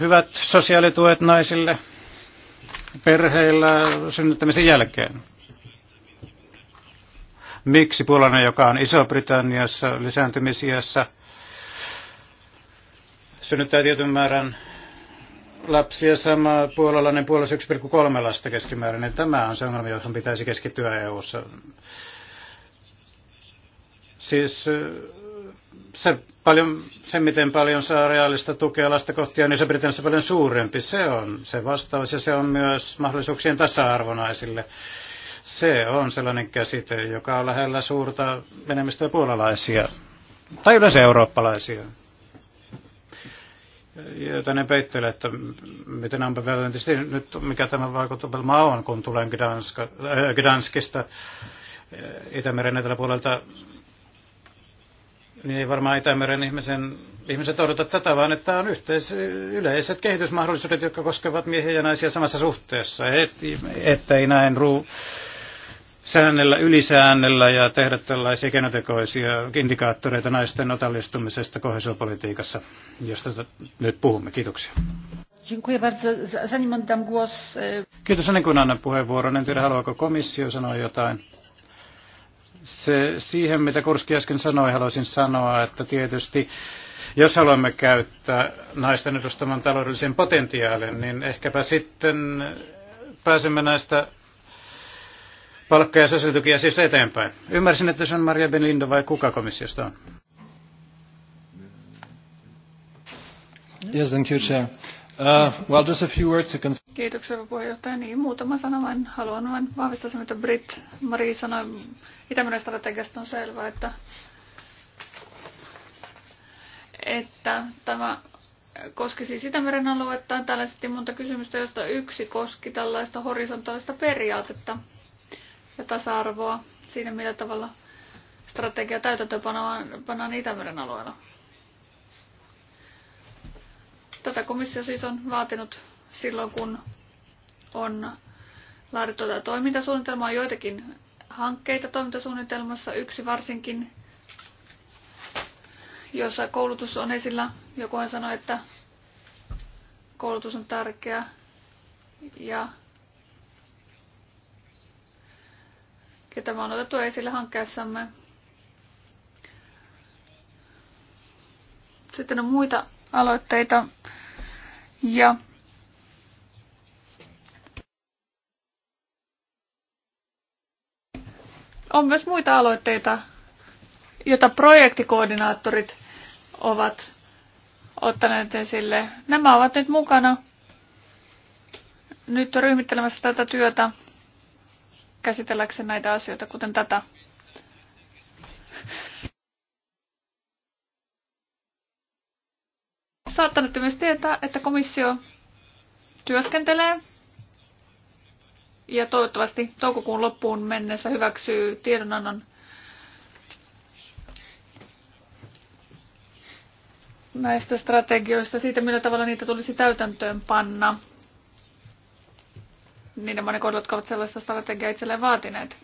Speaker 1: hyvät sosiaalituet naisille perheillä synnyttämisen jälkeen. Miksi Puolana, joka on Iso-Britanniassa lisääntymisiässä, synnyttää tietyn määrän lapsia sama puolalainen puolessa 1,3 lasta keskimäärin. Niin tämä on se ongelma, johon pitäisi keskittyä EU-ssa. Siis eh, se, paljon, se, miten paljon saa reaalista tukea lasta kohti, on iso niin britanniassa paljon suurempi. Se on se vastaus ja se on myös mahdollisuuksien tasa-arvonaisille. Se on sellainen käsite, joka on lähellä suurta enemmistöä puolalaisia tai yleensä eurooppalaisia joita ne peittelee, että miten ambivalentisti nyt, mikä tämä vaikutelma on, kun tulen Gdanska, äh, Gdanskista äh, Itämeren eteläpuolelta, niin ei varmaan Itämeren ihmisen, ihmiset odota tätä, vaan että on yhteis, yleiset kehitysmahdollisuudet, jotka koskevat miehiä ja naisia samassa suhteessa, et, ettei näin ruu, säännellä, ylisäännellä ja tehdä tällaisia kenotekoisia indikaattoreita naisten osallistumisesta kohesiopolitiikassa, josta nyt puhumme. Kiitoksia. E, Kiitos ennen kuin annan puheenvuoron. En tiedä, haluaako komissio sanoa jotain. Se, siihen, mitä Kurski äsken sanoi, haluaisin sanoa, että tietysti jos haluamme käyttää naisten edustaman taloudellisen potentiaalin, niin ehkäpä sitten pääsemme näistä palkka- ja sosiaalitukia siis eteenpäin. Ymmärsin, että se on Maria Benlindo vai kuka komissiosta on? Yes, thank you, Chair. Uh, well, just a few words to confirm.
Speaker 3: Kiitoksia puheenjohtaja. Niin, muutama sana vain. Haluan vain vahvistaa se, mitä Brit Marie sanoi. Itämeren strategiasta on selvää, että, että tämä koski siis Itämeren aluetta. Täällä esitti monta kysymystä, joista yksi koski tällaista horisontaalista periaatetta – ja tasa-arvoa siinä, millä tavalla strategia täytäntöönpannaan Itämeren alueella. Tätä komissio siis on vaatinut silloin, kun on laadittu tätä toimintasuunnitelmaa, joitakin hankkeita toimintasuunnitelmassa, yksi varsinkin, jossa koulutus on esillä. Jokuhan sanoi, että koulutus on tärkeä ja Ja tämä on otettu esille hankkeessamme. Sitten on muita aloitteita. Ja on myös muita aloitteita, joita projektikoordinaattorit ovat ottaneet esille. Nämä ovat nyt mukana nyt ryhmittelemässä tätä työtä käsitelläkseen näitä asioita, kuten tätä. Saattanette myös tietää, että komissio työskentelee ja toivottavasti toukokuun loppuun mennessä hyväksyy tiedonannon näistä strategioista, siitä millä tavalla niitä tulisi täytäntöön panna niiden monen kohdalla, jotka ovat sellaista strategiaa itselleen vaatineet.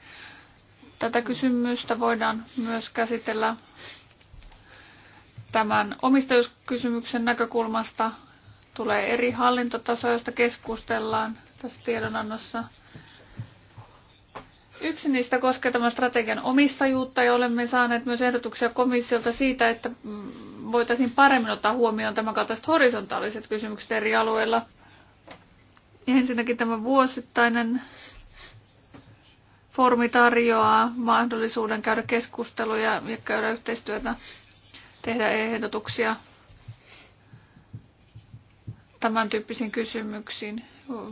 Speaker 3: Tätä kysymystä voidaan myös käsitellä tämän omistajuuskysymyksen näkökulmasta. Tulee eri hallintotasoja, joista keskustellaan tässä tiedonannossa. Yksi niistä koskee tämän strategian omistajuutta ja olemme saaneet myös ehdotuksia komissiolta siitä, että voitaisiin paremmin ottaa huomioon tämän kaltaiset horisontaaliset kysymykset eri alueilla – Ensinnäkin tämä vuosittainen foorumi tarjoaa mahdollisuuden käydä keskusteluja ja käydä yhteistyötä, tehdä ehdotuksia tämän tyyppisiin kysymyksiin.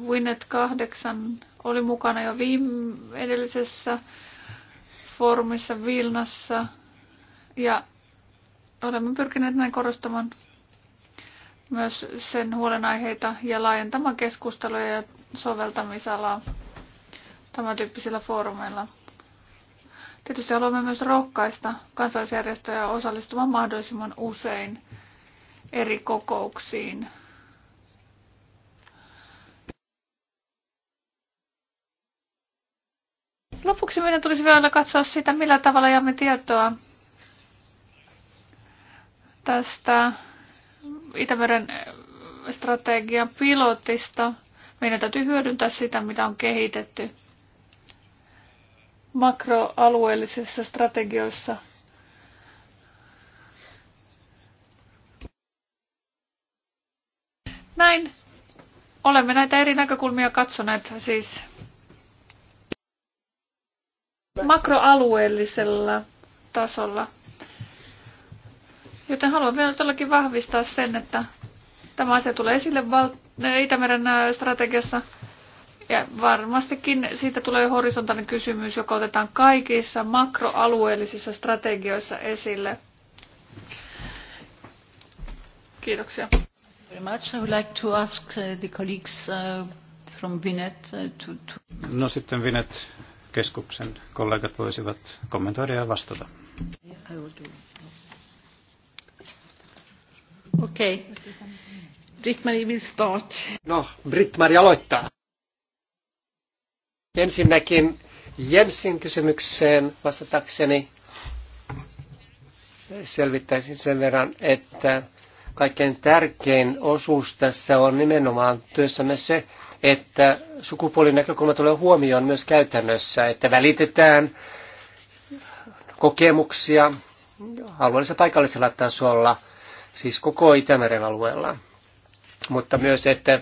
Speaker 3: Winnet 8 oli mukana jo viime edellisessä foorumissa Vilnassa ja olemme pyrkineet näin korostamaan myös sen huolenaiheita ja laajentamaan keskusteluja ja soveltamisalaa tämän tyyppisillä foorumeilla. Tietysti haluamme myös rohkaista kansalaisjärjestöjä osallistumaan mahdollisimman usein eri kokouksiin. Lopuksi meidän tulisi vielä katsoa sitä, millä tavalla jaamme tietoa tästä Itämeren äh, strategian pilotista. Meidän täytyy hyödyntää sitä, mitä on kehitetty makroalueellisissa strategioissa. Näin. Olemme näitä eri näkökulmia katsoneet siis makroalueellisella tasolla. Joten haluan vielä todellakin vahvistaa sen, että tämä asia tulee esille Val- äh, Itämeren äh, strategiassa. Ja varmastikin siitä tulee horisontaalinen kysymys, joka otetaan kaikissa makroalueellisissa strategioissa esille. Kiitoksia.
Speaker 1: No sitten Vinet-keskuksen kollegat voisivat kommentoida ja vastata.
Speaker 3: Okei. Okay.
Speaker 2: Britt-Marie will start. No, Britt-Marie aloittaa. Ensinnäkin Jensin kysymykseen vastatakseni selvittäisin sen verran, että kaikkein tärkein osuus tässä on nimenomaan työssämme se, että sukupuolin näkökulma tulee huomioon myös käytännössä, että välitetään kokemuksia alueellisella paikallisella tasolla – siis koko Itämeren alueella. Mutta myös, että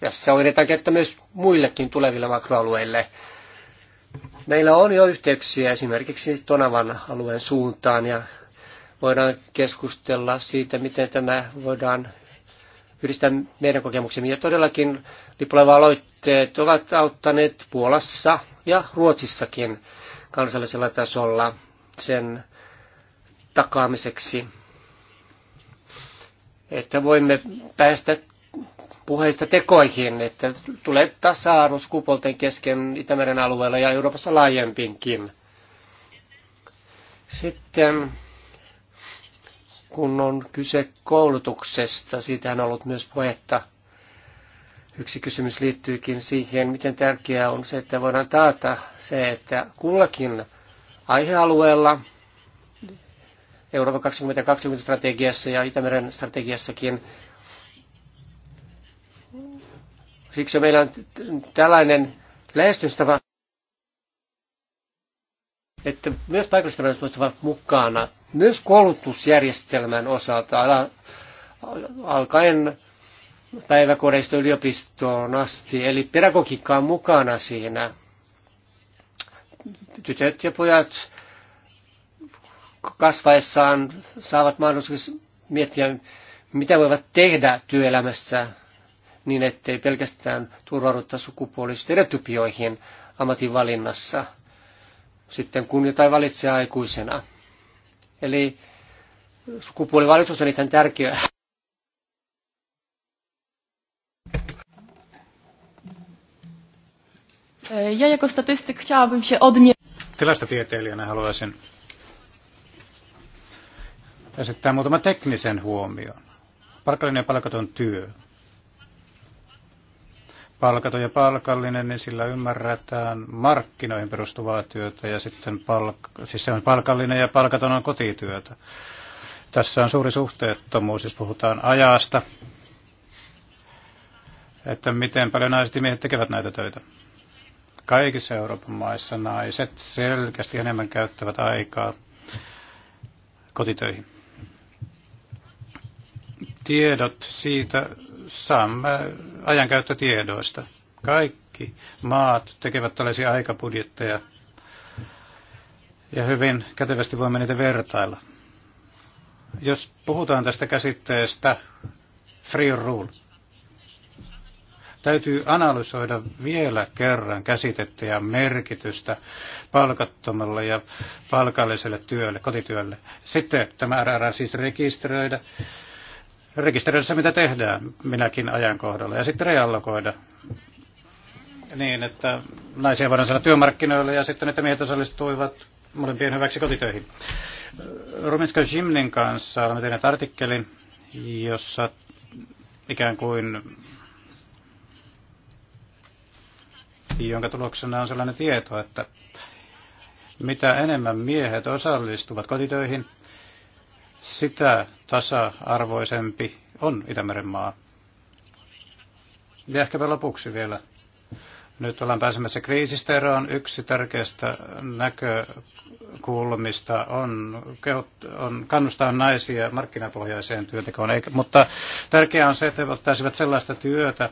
Speaker 2: tässä on edetään kättä myös muillekin tuleville makroalueille. Meillä on jo yhteyksiä esimerkiksi Tonavan alueen suuntaan ja voidaan keskustella siitä, miten tämä voidaan yhdistää meidän kokemuksemme. Ja todellakin lippuleva aloitteet ovat auttaneet Puolassa ja Ruotsissakin kansallisella tasolla sen takaamiseksi, että voimme päästä puheista tekoihin, että tulee tasa-arvo sukupuolten kesken Itämeren alueella ja Euroopassa laajempinkin. Sitten kun on kyse koulutuksesta, siitä on ollut myös puhetta. Yksi kysymys liittyykin siihen, miten tärkeää on se, että voidaan taata se, että kullakin aihealueella Euroopan 2020 strategiassa ja Itämeren strategiassakin. Siksi meillä on tällainen lähestymistapa, että myös on ovat mukana, myös koulutusjärjestelmän osalta, alkaen päiväkodeista yliopistoon asti, eli pedagogiikka on mukana siinä. Tytöt ja pojat kasvaessaan saavat mahdollisuus miettiä, mitä voivat tehdä työelämässä niin, ettei pelkästään turvaudutta sukupuolistereotypioihin ammatinvalinnassa sitten kun jotain valitsee aikuisena. Eli sukupuolivalitus on ihan tärkeää.
Speaker 3: Ja jako statistik, chciałabym się odnieść.
Speaker 1: Tilastotieteilijänä haluaisin esittää muutama teknisen huomion. Palkallinen ja palkaton työ. Palkaton ja palkallinen, niin sillä ymmärretään markkinoihin perustuvaa työtä ja sitten palk- siis se on palkallinen ja palkaton on kotityötä. Tässä on suuri suhteettomuus, jos puhutaan ajasta, että miten paljon naiset ja miehet tekevät näitä töitä. Kaikissa Euroopan maissa naiset selkeästi enemmän käyttävät aikaa kotitöihin tiedot siitä saamme ajankäyttötiedoista. Kaikki maat tekevät tällaisia aikapudjetteja ja hyvin kätevästi voimme niitä vertailla. Jos puhutaan tästä käsitteestä free rule, täytyy analysoida vielä kerran käsitettä ja merkitystä palkattomalle ja palkalliselle työlle, kotityölle. Sitten tämä RR siis rekisteröidä rekisteröidä se, mitä tehdään minäkin ajankohdalla, ja sitten reallokoida niin, että naisia voidaan saada työmarkkinoille ja sitten, että miehet osallistuivat molempien hyväksi kotitöihin. Ruminska Jimnin kanssa olemme tehneet artikkelin, jossa ikään kuin jonka tuloksena on sellainen tieto, että mitä enemmän miehet osallistuvat kotitöihin, sitä tasa-arvoisempi on Itämeren maa. Ja ehkäpä lopuksi vielä. Nyt ollaan pääsemässä kriisistä eroon. Yksi tärkeästä näkökulmista on, on kannustaa naisia markkinapohjaiseen työntekoon. Eikä, mutta tärkeää on se, että he ottaisivat sellaista työtä,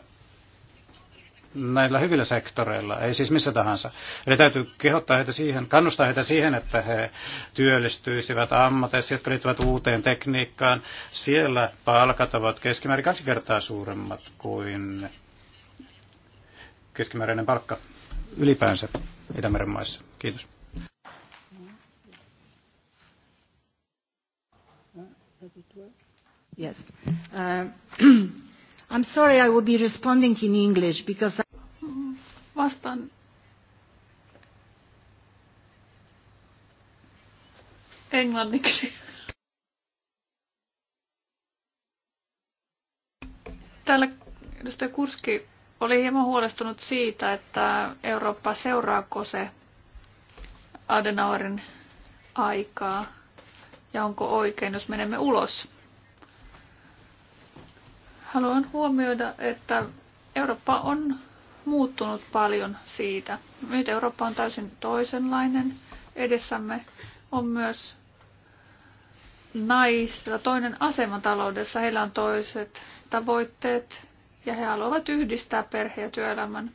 Speaker 1: näillä hyvillä sektoreilla, ei siis missä tahansa. Eli täytyy kehottaa heitä siihen, kannustaa heitä siihen, että he työllistyisivät ammateissa, jotka liittyvät uuteen tekniikkaan. Siellä palkat ovat keskimäärin kaksi kertaa suuremmat kuin keskimääräinen palkka ylipäänsä Itämeren maissa. Kiitos.
Speaker 3: Yes. Uh, [CLEARS THROAT] I'm sorry I will be responding in English because vastaan englanniksi. Täällä edustaja Kurski oli hieman huolestunut siitä, että Eurooppa seuraako se Adenauerin aikaa ja onko oikein, jos menemme ulos. Haluan huomioida, että Eurooppa on muuttunut paljon siitä. Nyt Eurooppa on täysin toisenlainen. Edessämme on myös naisilla toinen asema taloudessa. Heillä on toiset tavoitteet ja he haluavat yhdistää perhe- ja työelämän.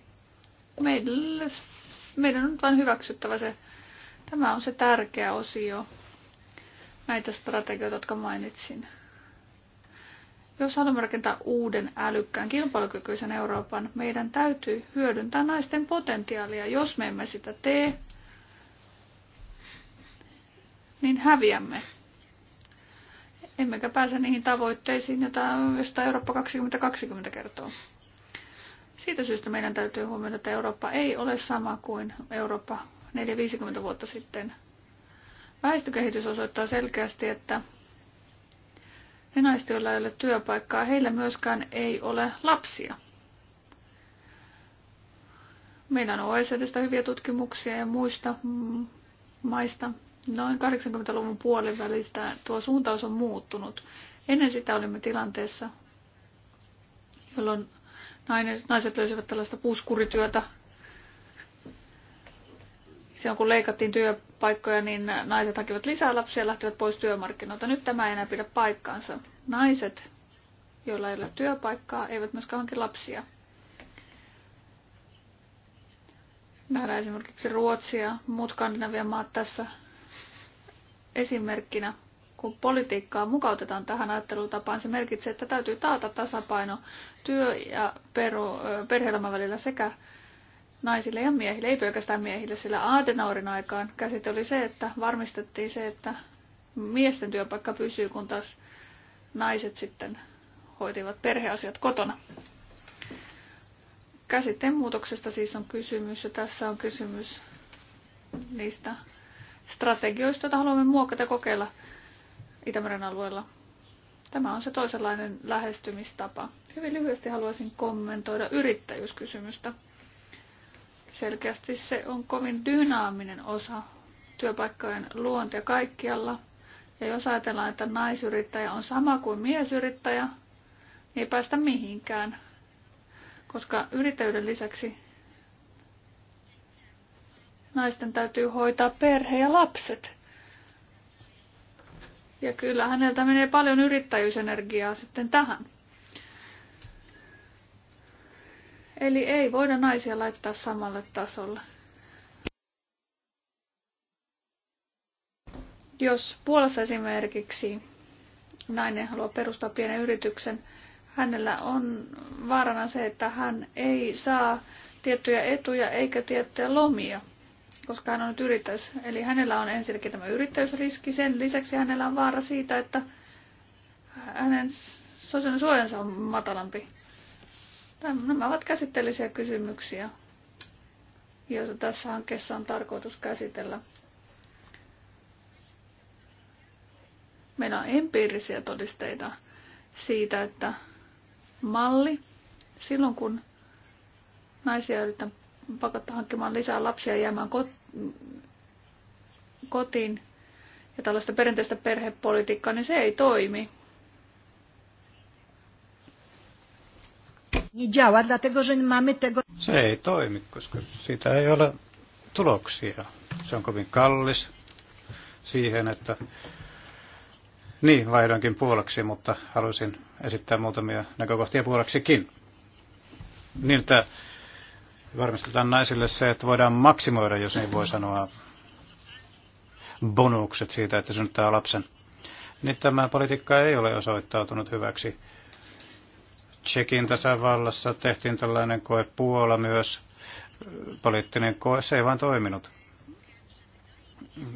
Speaker 3: Meille, meidän on vain hyväksyttävä se. Tämä on se tärkeä osio näitä strategioita, jotka mainitsin. Jos haluamme rakentaa uuden, älykkään, kilpailukykyisen Euroopan, meidän täytyy hyödyntää naisten potentiaalia. Jos me emme sitä tee, niin häviämme. Emmekä pääse niihin tavoitteisiin, joista Eurooppa 2020 kertoo. Siitä syystä meidän täytyy huomioida, että Eurooppa ei ole sama kuin Eurooppa 4-50 vuotta sitten. Väestökehitys osoittaa selkeästi, että ne naiset, joilla ei ole työpaikkaa, heillä myöskään ei ole lapsia. Meillä on OECDstä hyviä tutkimuksia ja muista mm, maista. Noin 80-luvun puolivälistä tuo suuntaus on muuttunut. Ennen sitä olimme tilanteessa, jolloin naiset löysivät tällaista puskurityötä. Se on kun leikattiin työ, paikkoja, niin naiset hakivat lisää lapsia ja lähtivät pois työmarkkinoilta. Nyt tämä ei enää pidä paikkaansa. Naiset, joilla ei ole työpaikkaa, eivät myöskään hankin lapsia. Nähdään esimerkiksi Ruotsia, muut Skandinavian maat tässä esimerkkinä. Kun politiikkaa mukautetaan tähän ajattelutapaan, se merkitsee, että täytyy taata tasapaino työ- ja peru, perhe välillä sekä naisille ja miehille, ei pelkästään miehille, sillä Adenaurin aikaan käsite oli se, että varmistettiin se, että miesten työpaikka pysyy, kun taas naiset sitten hoitivat perheasiat kotona. Käsitteen muutoksesta siis on kysymys ja tässä on kysymys niistä strategioista, joita haluamme muokata ja kokeilla Itämeren alueella. Tämä on se toisenlainen lähestymistapa. Hyvin lyhyesti haluaisin kommentoida yrittäjyyskysymystä. Selkeästi se on kovin dynaaminen osa työpaikkojen luontia kaikkialla. Ja jos ajatellaan, että naisyrittäjä on sama kuin miesyrittäjä, niin ei päästä mihinkään. Koska yrittäjyyden lisäksi naisten täytyy hoitaa perhe ja lapset. Ja kyllä häneltä menee paljon yrittäjyysenergiaa sitten tähän. Eli ei voida naisia laittaa samalle tasolle. Jos Puolassa esimerkiksi nainen haluaa perustaa pienen yrityksen, hänellä on vaarana se, että hän ei saa tiettyjä etuja eikä tiettyjä lomia, koska hän on nyt yrittäjys. Eli hänellä on ensinnäkin tämä yrittäjyysriski, sen lisäksi hänellä on vaara siitä, että hänen sosiaalinen suojansa on matalampi. Nämä ovat käsitteellisiä kysymyksiä, joita tässä hankkeessa on tarkoitus käsitellä. Meillä on empiirisiä todisteita siitä, että malli, silloin kun naisia yritetään pakottaa hankkimaan lisää lapsia jäämään kotiin ja tällaista perinteistä perhepolitiikkaa, niin se ei toimi. Se
Speaker 1: ei toimi, koska siitä ei ole tuloksia. Se on kovin kallis siihen, että niin, vaihdoinkin puoleksi, mutta halusin esittää muutamia näkökohtia puoleksikin. Niin, että varmistetaan naisille se, että voidaan maksimoida, jos niin voi sanoa, bonukset siitä, että synnyttää lapsen. Niin tämä politiikka ei ole osoittautunut hyväksi Tsekin tasavallassa tehtiin tällainen koe Puola myös. Poliittinen koe, se ei vaan toiminut.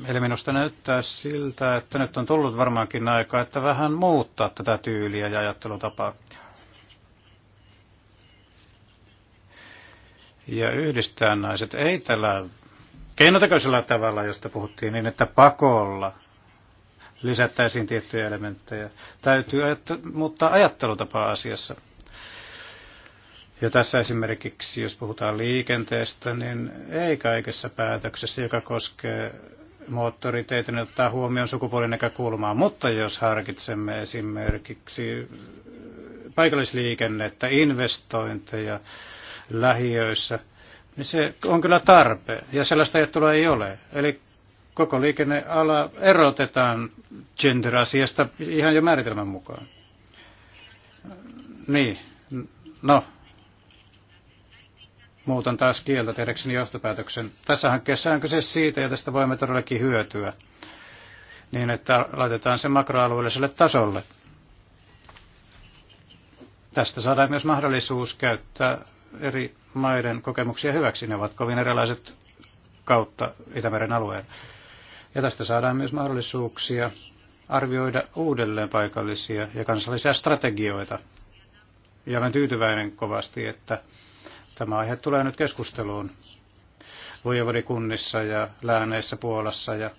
Speaker 1: Eli minusta näyttää siltä, että nyt on tullut varmaankin aika, että vähän muuttaa tätä tyyliä ja ajattelutapaa. Ja yhdistää naiset ei tällä keinotekoisella tavalla, josta puhuttiin, niin että pakolla lisättäisiin tiettyjä elementtejä. Täytyy ajat- muuttaa ajattelutapaa asiassa. Ja tässä esimerkiksi, jos puhutaan liikenteestä, niin ei kaikessa päätöksessä, joka koskee moottoriteitä, niin ottaa huomioon sukupuolinäkökulmaa. Mutta jos harkitsemme esimerkiksi paikallisliikennettä, investointeja lähiöissä, niin se on kyllä tarpeen. Ja sellaista ajattelua ei ole. Eli koko liikenneala erotetaan gender-asiasta ihan jo määritelmän mukaan. Niin, no muutan taas kieltä tehdäkseni johtopäätöksen. Tässä hankkeessa on kyse siitä, ja tästä voimme todellakin hyötyä, niin että laitetaan se makroalueelliselle tasolle. Tästä saadaan myös mahdollisuus käyttää eri maiden kokemuksia hyväksi. Ne ovat kovin erilaiset kautta Itämeren alueen. Ja tästä saadaan myös mahdollisuuksia arvioida uudelleen paikallisia ja kansallisia strategioita. Ja olen tyytyväinen kovasti, että Tämä aihe tulee nyt keskusteluun voivodikunnissa ja lääneissä Puolassa ja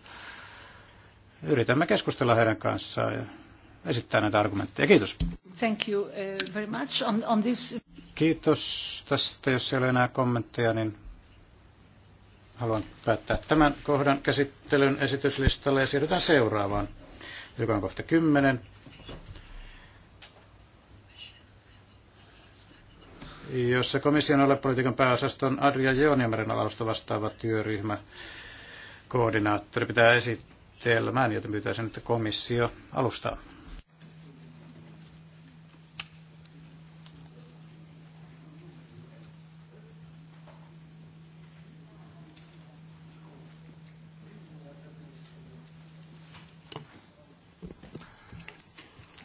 Speaker 1: yritämme keskustella heidän kanssaan ja esittää näitä argumentteja. Kiitos.
Speaker 3: Thank you eh, very much on, on this...
Speaker 1: Kiitos tästä. Jos ei ole enää kommentteja, niin haluan päättää tämän kohdan käsittelyn esityslistalle ja siirrytään seuraavaan, joka on kohta 10. jossa komission aluepolitiikan pääosaston Adria Jooniameren alausta vastaava työryhmä koordinaattori pitää esittelemään, joten pyytäisin, että komissio alustaa.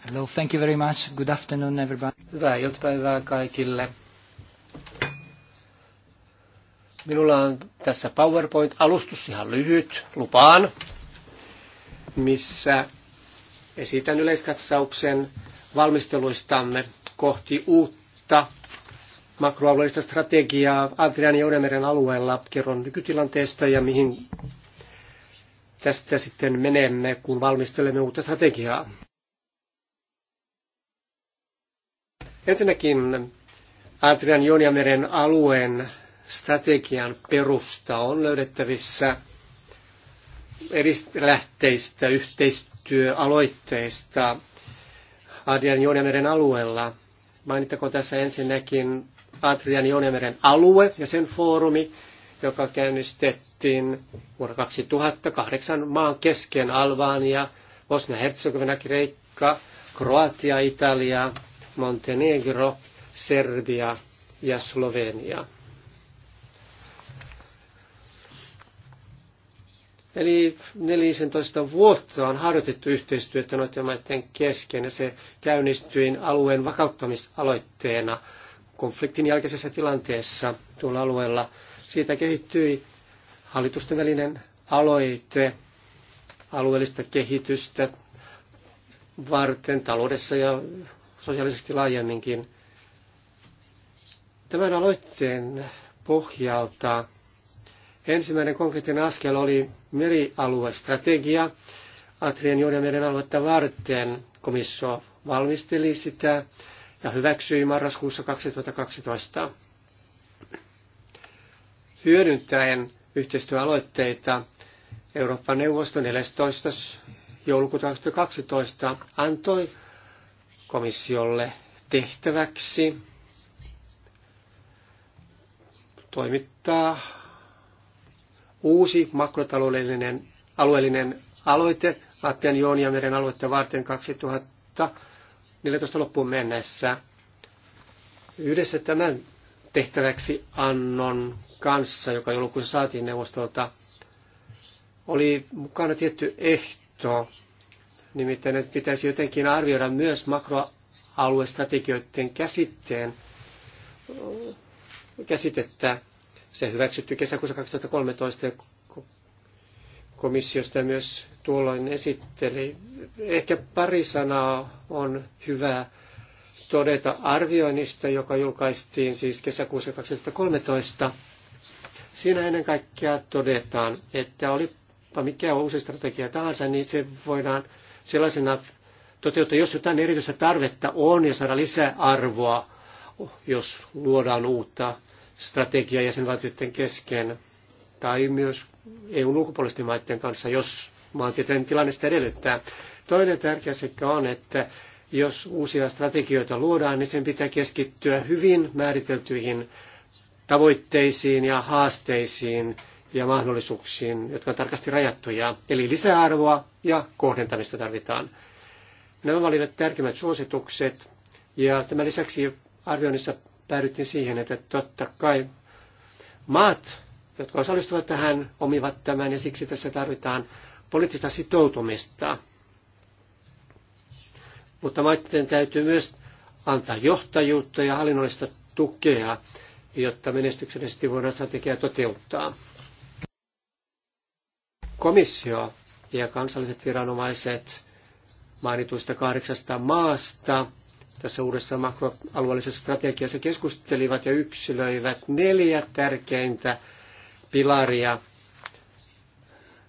Speaker 2: Hello, thank you very much. Good afternoon, everybody. Hyvää iltapäivää kaikille. Minulla on tässä PowerPoint-alustus ihan lyhyt, lupaan, missä esitän yleiskatsauksen valmisteluistamme kohti uutta makroalueellista strategiaa Adrian ja Uudenmeren alueella. Kerron nykytilanteesta ja mihin tästä sitten menemme, kun valmistelemme uutta strategiaa. Ensinnäkin Adrian Joniameren alueen strategian perusta on löydettävissä eri lähteistä, yhteistyöaloitteista Adrian Jonemeren alueella. Mainittako tässä ensinnäkin Adrian Jonemeren alue ja sen foorumi, joka käynnistettiin vuonna 2008 maan kesken Albania, Bosnia-Herzegovina, Kreikka, Kroatia, Italia, Montenegro, Serbia ja Slovenia. Eli 14 vuotta on harjoitettu yhteistyötä noiden maiden kesken ja se käynnistyi alueen vakauttamisaloitteena konfliktin jälkeisessä tilanteessa tuolla alueella. Siitä kehittyi hallitusten välinen aloite alueellista kehitystä varten taloudessa ja sosiaalisesti laajemminkin. Tämän aloitteen pohjalta Ensimmäinen konkreettinen askel oli merialuestrategia Atrian Juuriameren aluetta varten. Komissio valmisteli sitä ja hyväksyi marraskuussa 2012 hyödyntäen yhteistyöaloitteita Euroopan neuvoston 14. joulukuuta 2012 antoi komissiolle tehtäväksi toimittaa uusi makrotaloudellinen alueellinen aloite ja meren aluetta varten 2014 loppuun mennessä. Yhdessä tämän tehtäväksi annon kanssa, joka joulukuussa saatiin neuvostolta, oli mukana tietty ehto, nimittäin että pitäisi jotenkin arvioida myös makroaluestrategioiden käsitteen käsitettä se hyväksytty kesäkuussa 2013 ja komissiosta myös tuolloin esitteli. Ehkä pari sanaa on hyvä todeta arvioinnista, joka julkaistiin siis kesäkuussa 2013. Siinä ennen kaikkea todetaan, että olipa mikä uusi strategia tahansa, niin se voidaan sellaisena toteuttaa, jos jotain erityistä tarvetta on ja saada lisäarvoa, jos luodaan uutta strategia jäsenvaltioiden kesken tai myös EUn ulkopuolisten maiden kanssa, jos maantieteen tilanne sitä edellyttää. Toinen tärkeä seikka on, että jos uusia strategioita luodaan, niin sen pitää keskittyä hyvin määriteltyihin tavoitteisiin ja haasteisiin ja mahdollisuuksiin, jotka on tarkasti rajattuja. Eli lisäarvoa ja kohdentamista tarvitaan. Nämä olivat tärkeimmät suositukset. Ja tämän lisäksi arvioinnissa päädyttiin siihen, että totta kai maat, jotka osallistuvat tähän, omivat tämän ja siksi tässä tarvitaan poliittista sitoutumista. Mutta maiden täytyy myös antaa johtajuutta ja hallinnollista tukea, jotta menestyksellisesti voidaan strategiaa toteuttaa. Komissio ja kansalliset viranomaiset mainituista kahdeksasta maasta – tässä uudessa makroalueellisessa strategiassa keskustelivat ja yksilöivät neljä tärkeintä pilaria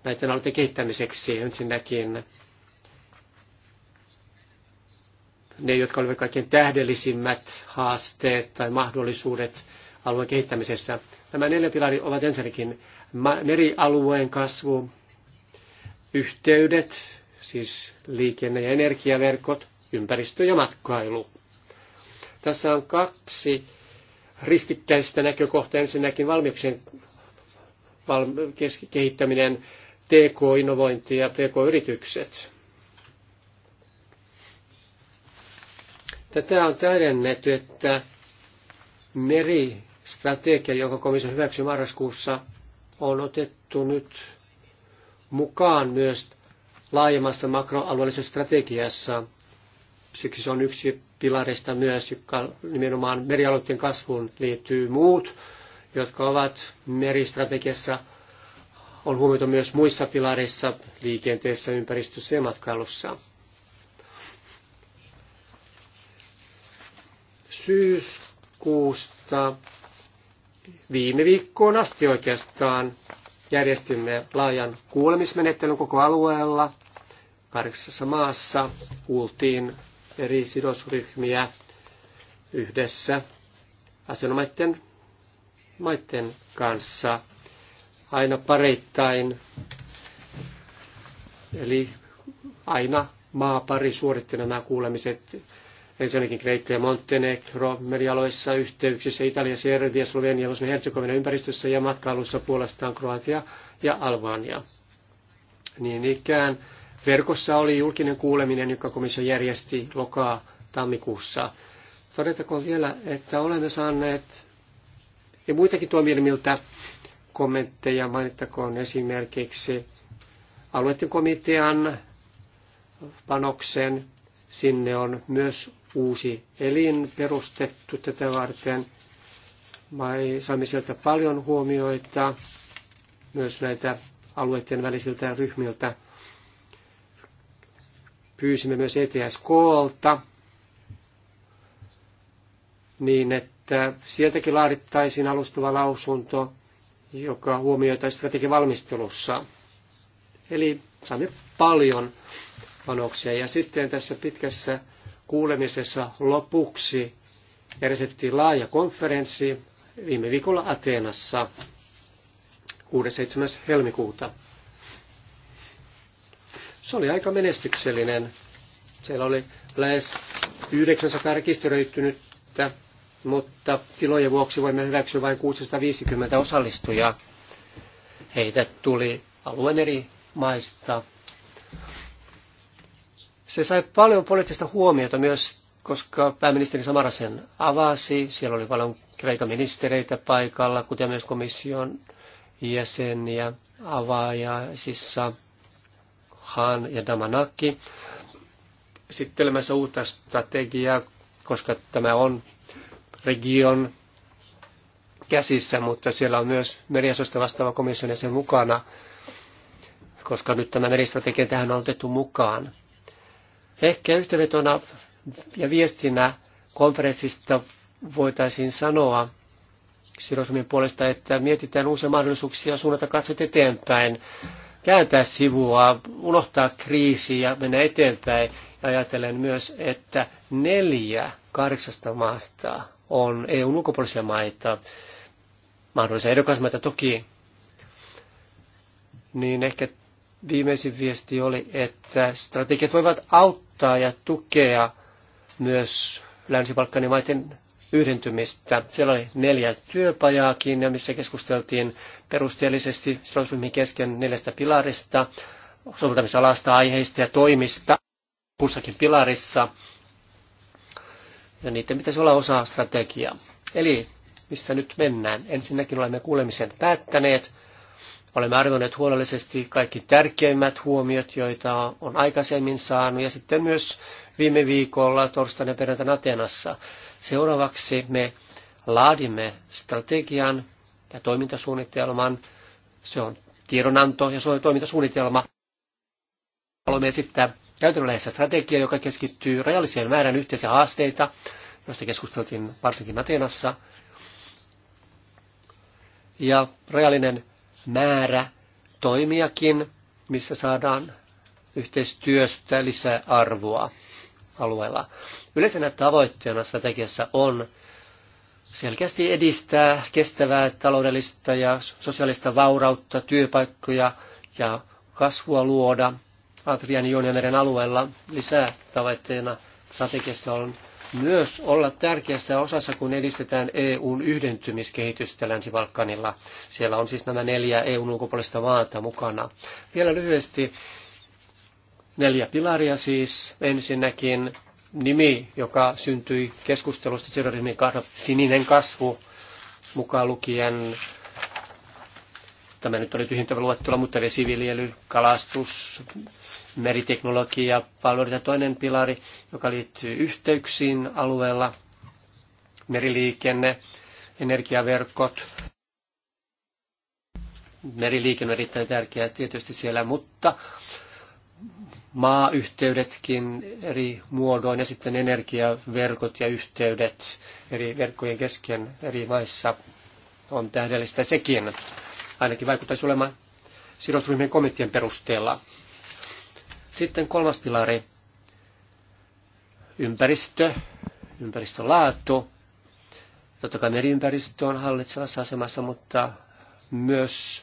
Speaker 2: näiden alueiden kehittämiseksi. Ensinnäkin ne, jotka olivat kaikkein tähdellisimmät haasteet tai mahdollisuudet alueen kehittämisessä. Nämä neljä pilaria ovat ensinnäkin merialueen kasvu, yhteydet, siis liikenne- ja energiaverkot, ympäristö ja matkailu. Tässä on kaksi ristikkäistä näkökohtaa. Ensinnäkin valmiuksien kehittäminen, TK-innovointi ja TK-yritykset. Tätä on täydennetty, että meristrategia, jonka komissio hyväksyi marraskuussa, on otettu nyt mukaan myös laajemmassa makroalueellisessa strategiassa Siksi se on yksi pilarista myös, joka nimenomaan merialueiden kasvuun liittyy muut, jotka ovat meristrategiassa on huomioitu myös muissa pilareissa liikenteessä, ympäristössä ja matkailussa. Syyskuusta viime viikkoon asti oikeastaan järjestimme laajan kuulemismenettelyn koko alueella kahdeksassa maassa. Kuultiin eri sidosryhmiä yhdessä asianomaiden maiden kanssa aina pareittain. Eli aina maapari suoritti nämä kuulemiset ensinnäkin Kreikka ja Montenegro merialoissa yhteyksissä, Italia, Serbia, Slovenia, Bosnia-Herzegovina ympäristössä ja matkailussa puolestaan Kroatia ja Albania. Niin ikään Verkossa oli julkinen kuuleminen, joka komissio järjesti lokaa tammikuussa. Todettakoon vielä, että olemme saaneet ja muitakin tuomioimilta kommentteja mainittakoon esimerkiksi alueiden komitean panoksen. Sinne on myös uusi elin perustettu tätä varten. Mai saimme sieltä paljon huomioita myös näitä alueiden välisiltä ryhmiltä. Pyysimme myös ETSKlta niin, että sieltäkin laadittaisiin alustava lausunto, joka huomioitaisiin strategian valmistelussa. Eli saimme paljon panoksia. Ja sitten tässä pitkässä kuulemisessa lopuksi järjestettiin laaja konferenssi viime viikolla Ateenassa 6.7. helmikuuta. Se oli aika menestyksellinen. Siellä oli lähes 900 rekisteröitynyttä, mutta tilojen vuoksi voimme hyväksyä vain 650 osallistujaa. Heitä tuli alueen eri maista. Se sai paljon poliittista huomiota myös, koska pääministeri Samarasen avasi. Siellä oli paljon Kreikan ministereitä paikalla, kuten myös komission jäseniä avaajaisissa. Siis Han ja Damanaki esittelemässä uutta strategiaa, koska tämä on region käsissä, mutta siellä on myös meriasioista vastaava komission ja sen mukana, koska nyt tämä meristrategia tähän on otettu mukaan. Ehkä yhteenvetona ja viestinä konferenssista voitaisiin sanoa Sirosumin puolesta, että mietitään uusia mahdollisuuksia suunnata katset eteenpäin kääntää sivua, unohtaa kriisiä ja mennä eteenpäin. Ja ajatellen myös, että neljä kahdeksasta maasta on EUn ulkopuolisia maita, mahdollisia edukasmaita toki, niin ehkä viimeisin viesti oli, että strategiat voivat auttaa ja tukea myös Länsi-Balkanin maiden yhdentymistä. Siellä oli neljä työpajaakin, missä keskusteltiin perusteellisesti sidosryhmien kesken neljästä pilarista, soveltamisalasta, aiheista ja toimista kussakin pilarissa. Ja niiden pitäisi olla osa strategiaa. Eli missä nyt mennään. Ensinnäkin olemme kuulemisen päättäneet. Olemme arvioineet huolellisesti kaikki tärkeimmät huomiot, joita on aikaisemmin saanut, ja sitten myös viime viikolla torstaina perjantaina Atenassa Seuraavaksi me laadimme strategian ja toimintasuunnitelman. Se on tiedonanto ja se on toimintasuunnitelma. Haluamme esittää käytännönläheistä strategiaa, joka keskittyy rajalliseen määrän yhteisiä haasteita, joista keskusteltiin varsinkin Atenassa. Ja rajallinen määrä toimijakin, missä saadaan yhteistyöstä lisää arvoa alueella. Yleisenä tavoitteena strategiassa on selkeästi edistää kestävää taloudellista ja sosiaalista vaurautta, työpaikkoja ja kasvua luoda Adrian Jooniameren alueella. Lisää tavoitteena strategiassa on myös olla tärkeässä osassa, kun edistetään EUn yhdentymiskehitystä Länsi-Balkanilla. Siellä on siis nämä neljä EUn ulkopuolista maata mukana. Vielä lyhyesti Neljä pilaria siis. Ensinnäkin nimi, joka syntyi keskustelusta terrorismin kanssa, sininen kasvu, mukaan lukien, tämä nyt oli tyhjentävä luettelo, mutta vesiviljely, kalastus, meriteknologia, palvelut ja toinen pilari, joka liittyy yhteyksiin alueella, meriliikenne, energiaverkot. Meriliikenne on erittäin tärkeää tietysti siellä, mutta maayhteydetkin eri muodoin ja sitten energiaverkot ja yhteydet eri verkkojen kesken eri maissa on tähdellistä sekin. Ainakin vaikuttaisi olemaan sidosryhmien komitean perusteella. Sitten kolmas pilari, ympäristö, ympäristölaatu. Totta kai meriympäristö on hallitsevassa asemassa, mutta myös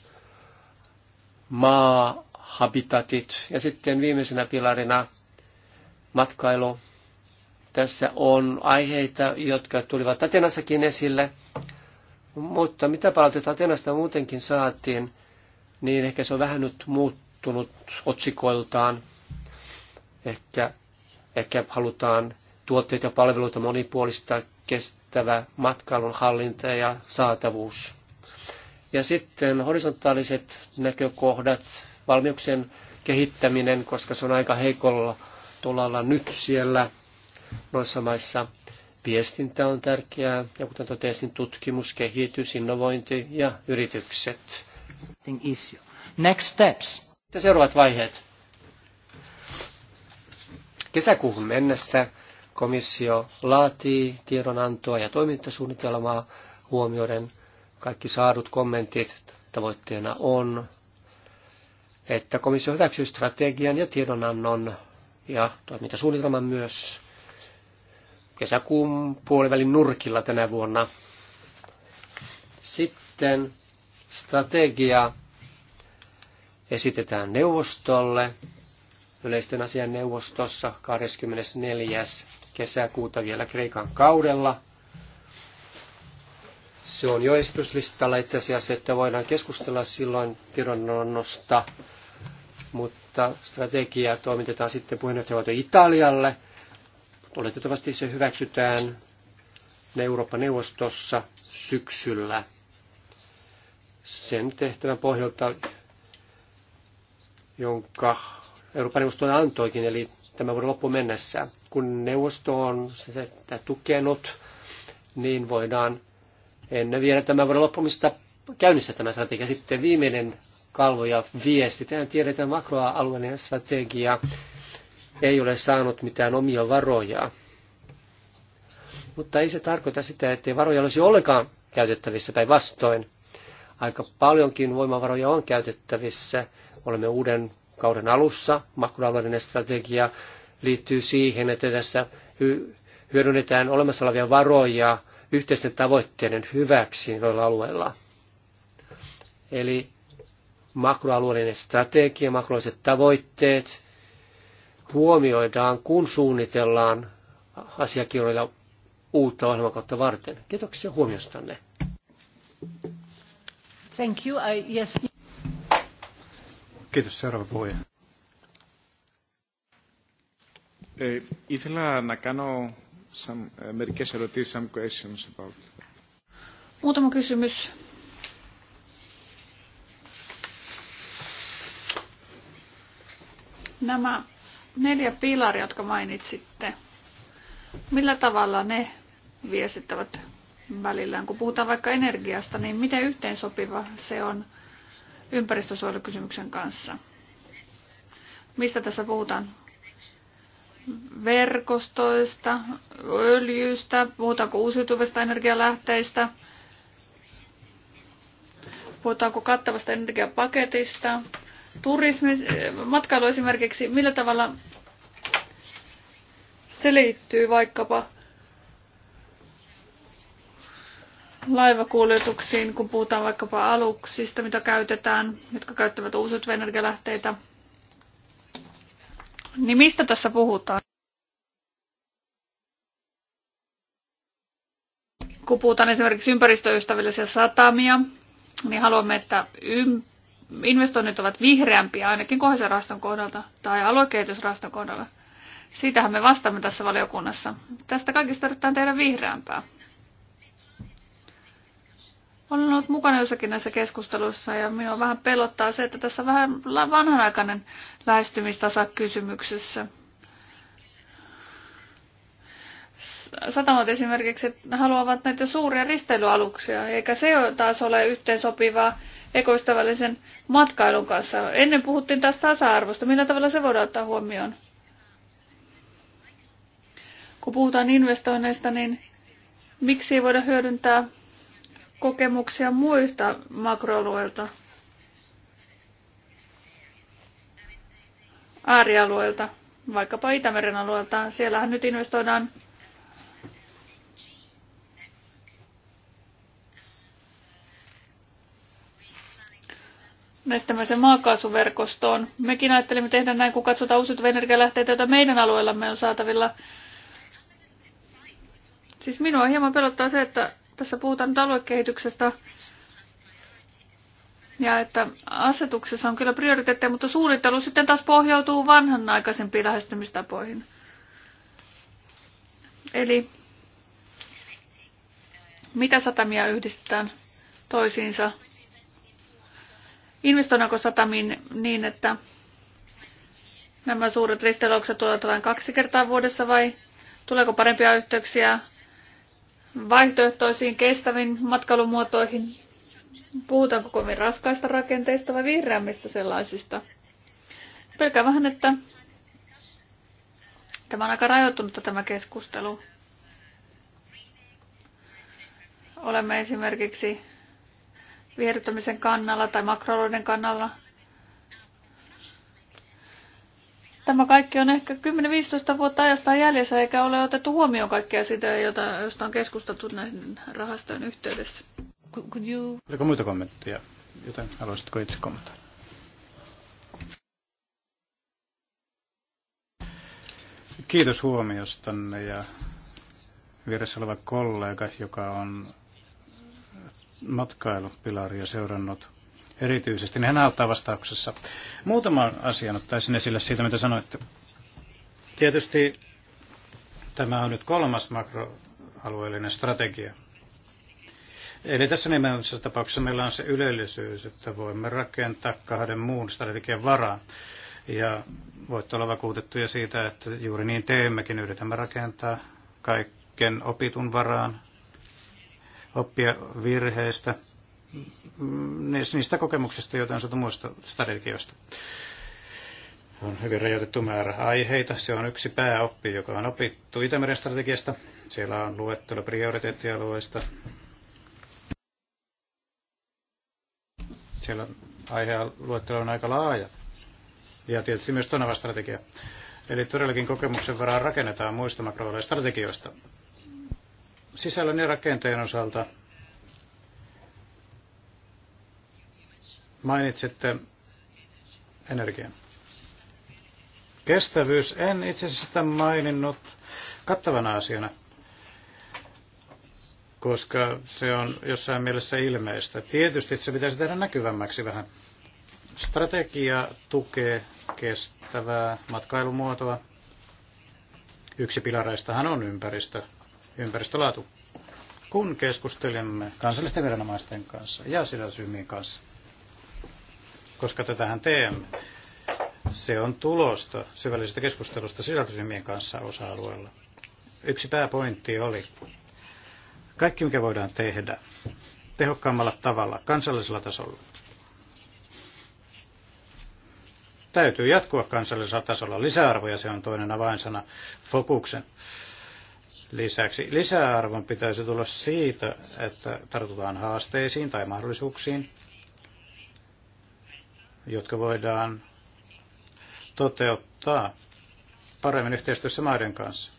Speaker 2: maa, habitatit. Ja sitten viimeisenä pilarina matkailu. Tässä on aiheita, jotka tulivat Atenassakin esille, mutta mitä palautetta Atenasta muutenkin saatiin, niin ehkä se on vähän nyt muuttunut otsikoiltaan. Ehkä, ehkä halutaan tuotteita ja palveluita monipuolista, kestävä matkailun hallinta ja saatavuus. Ja sitten horisontaaliset näkökohdat, valmiuksien kehittäminen, koska se on aika heikolla tolalla nyt siellä noissa maissa. Viestintä on tärkeää ja kuten totesin, tutkimus, kehitys, innovointi ja yritykset. Next steps. Ja seuraavat vaiheet. Kesäkuuhun mennessä komissio laatii tiedonantoa ja toimintasuunnitelmaa huomioiden kaikki saadut kommentit. Tavoitteena on että komissio hyväksyy strategian ja tiedonannon ja toimintasuunnitelman myös kesäkuun puolivälin nurkilla tänä vuonna. Sitten strategia esitetään neuvostolle yleisten asian neuvostossa 24. kesäkuuta vielä Kreikan kaudella. Se on jo esityslistalla itse asiassa, että voidaan keskustella silloin tiedonannosta mutta strategia toimitetaan sitten puheenjohtajavaltio Italialle. Oletettavasti se hyväksytään Euroopan neuvostossa syksyllä. Sen tehtävän pohjalta, jonka Euroopan neuvosto antoikin, eli tämän vuoden loppu mennessä. Kun neuvosto on sitä tukenut, niin voidaan ennen vielä tämän vuoden loppumista käynnistää tämä strategia. Sitten viimeinen kalvoja viesti. Tähän tiedetään makroalueellinen strategia ei ole saanut mitään omia varoja. Mutta ei se tarkoita sitä, ettei varoja olisi ollenkaan käytettävissä tai vastoin. Aika paljonkin voimavaroja on käytettävissä. Olemme uuden kauden alussa. Makroalueellinen strategia liittyy siihen, että tässä hyödynnetään olemassa olevia varoja yhteisten tavoitteiden hyväksi noilla alueilla. Eli makroalueellinen strategia, makroalueelliset tavoitteet huomioidaan, kun suunnitellaan asiakirjoilla uutta ohjelmakautta varten. Kiitoksia huomiostanne.
Speaker 3: Thank you. I, yes.
Speaker 2: Kiitos. Seuraava
Speaker 1: puhuja. ήθελα να κάνω some, μερικές ερωτήσεις, some questions about
Speaker 3: Muutama kysymys Nämä neljä pilaria, jotka mainitsitte, millä tavalla ne viestittävät välillään? Kun puhutaan vaikka energiasta, niin miten yhteensopiva se on ympäristösuojelukysymyksen kanssa? Mistä tässä puhutaan? Verkostoista, öljystä, puhutaanko uusiutuvista energialähteistä, puhutaanko kattavasta energiapaketista, turismi, matkailu esimerkiksi, millä tavalla se liittyy vaikkapa laivakuljetuksiin, kun puhutaan vaikkapa aluksista, mitä käytetään, jotka käyttävät uusiutuvia energialähteitä. Niin mistä tässä puhutaan? Kun puhutaan esimerkiksi ympäristöystävällisiä satamia, niin haluamme, että ymp- investoinnit ovat vihreämpiä ainakin kohdisen kohdalta tai aluekehitysrahaston kohdalla. Siitähän me vastaamme tässä valiokunnassa. Tästä kaikista tarvitaan tehdä vihreämpää. Olen ollut mukana jossakin näissä keskusteluissa ja minua vähän pelottaa se, että tässä on vähän vanhanaikainen lähestymistasa kysymyksessä. Satamat esimerkiksi haluavat näitä suuria risteilyaluksia, eikä se taas ole yhteensopivaa ekoystävällisen matkailun kanssa. Ennen puhuttiin tästä tasa-arvosta. Millä tavalla se voidaan ottaa huomioon? Kun puhutaan investoinneista, niin miksi ei voida hyödyntää kokemuksia muista makroalueilta, äärialueilta, vaikkapa Itämeren alueelta. Siellähän nyt investoidaan tämmöiseen maakaasuverkostoon. Mekin ajattelimme tehdä näin, kun katsotaan uusiutuvia energialähteitä, joita meidän alueellamme on saatavilla. Siis minua hieman pelottaa se, että tässä puhutaan nyt aluekehityksestä ja että asetuksessa on kyllä prioriteetteja, mutta suunnittelu sitten taas pohjautuu vanhanaikaisempiin lähestymistapoihin. Eli mitä satamia yhdistetään toisiinsa? Investoidaanko satamiin niin, että nämä suuret risteilaukset tulevat vain kaksi kertaa vuodessa vai tuleeko parempia yhteyksiä vaihtoehtoisiin kestäviin matkailumuotoihin? Puhutaanko kovin raskaista rakenteista vai vihreämmistä sellaisista? Pelkää vähän, että tämä on aika rajoittunut tämä keskustelu. Olemme esimerkiksi vierryttämisen kannalla tai makroalueiden kannalla. Tämä kaikki on ehkä 10-15 vuotta ajasta jäljessä, eikä ole otettu huomioon kaikkea sitä, jota, josta on keskusteltu näiden rahastojen yhteydessä. Could you...
Speaker 1: Oliko muita kommentteja, joten haluaisitko itse kommentoida? Kiitos huomiostanne ja vieressä oleva kollega, joka on matkailupilaria seurannut erityisesti, niin hän auttaa vastauksessa. Muutaman asian ottaisin esille siitä, mitä sanoitte. Tietysti tämä on nyt kolmas makroalueellinen strategia. Eli tässä nimenomaisessa tapauksessa meillä on se ylellisyys, että voimme rakentaa kahden muun strategian varaan. Ja voitte olla vakuutettuja siitä, että juuri niin teemmekin. Yritämme rakentaa kaiken opitun varaan, oppia virheistä, mm, niistä kokemuksista, joita on saatu muista strategioista. On hyvin rajoitettu määrä aiheita. Se on yksi pääoppi, joka on opittu Itämeren strategiasta. Siellä on luettelo prioriteettialueista. Siellä luettelo on aika laaja. Ja tietysti myös tonava strategia. Eli todellakin kokemuksen varaan rakennetaan muista makroalueen strategioista sisällön ja rakenteen osalta mainitsitte energian. Kestävyys en itse asiassa sitä maininnut kattavana asiana, koska se on jossain mielessä ilmeistä. Tietysti se pitäisi tehdä näkyvämmäksi vähän. Strategia tukee kestävää matkailumuotoa. Yksi pilareistahan on ympäristö, ympäristölaatu, kun keskustelemme kansallisten viranomaisten kanssa ja sidosryhmien kanssa, koska tätähän teemme. Se on tulosta syvällisestä keskustelusta sidosryhmien kanssa osa-alueella. Yksi pääpointti oli, kaikki mikä voidaan tehdä tehokkaammalla tavalla kansallisella tasolla, täytyy jatkua kansallisella tasolla. Lisäarvoja se on toinen avainsana fokuksen lisäksi. Lisäarvon pitäisi tulla siitä, että tartutaan haasteisiin tai mahdollisuuksiin, jotka voidaan toteuttaa paremmin yhteistyössä maiden kanssa.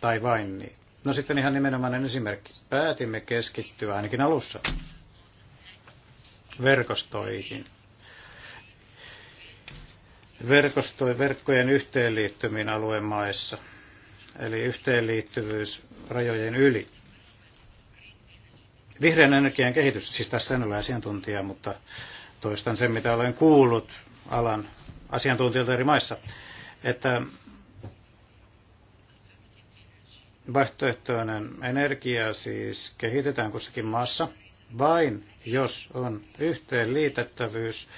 Speaker 1: Tai vain niin. No sitten ihan nimenomainen esimerkki. Päätimme keskittyä ainakin alussa verkostoihin. Verkostoi, verkkojen yhteenliittymiin alueen maissa – eli yhteenliittyvyys rajojen yli. Vihreän energian kehitys, siis tässä en ole asiantuntija, mutta toistan sen, mitä olen kuullut alan asiantuntijoilta eri maissa, että vaihtoehtoinen energia siis kehitetään kussakin maassa vain, jos on yhteenliitettävyys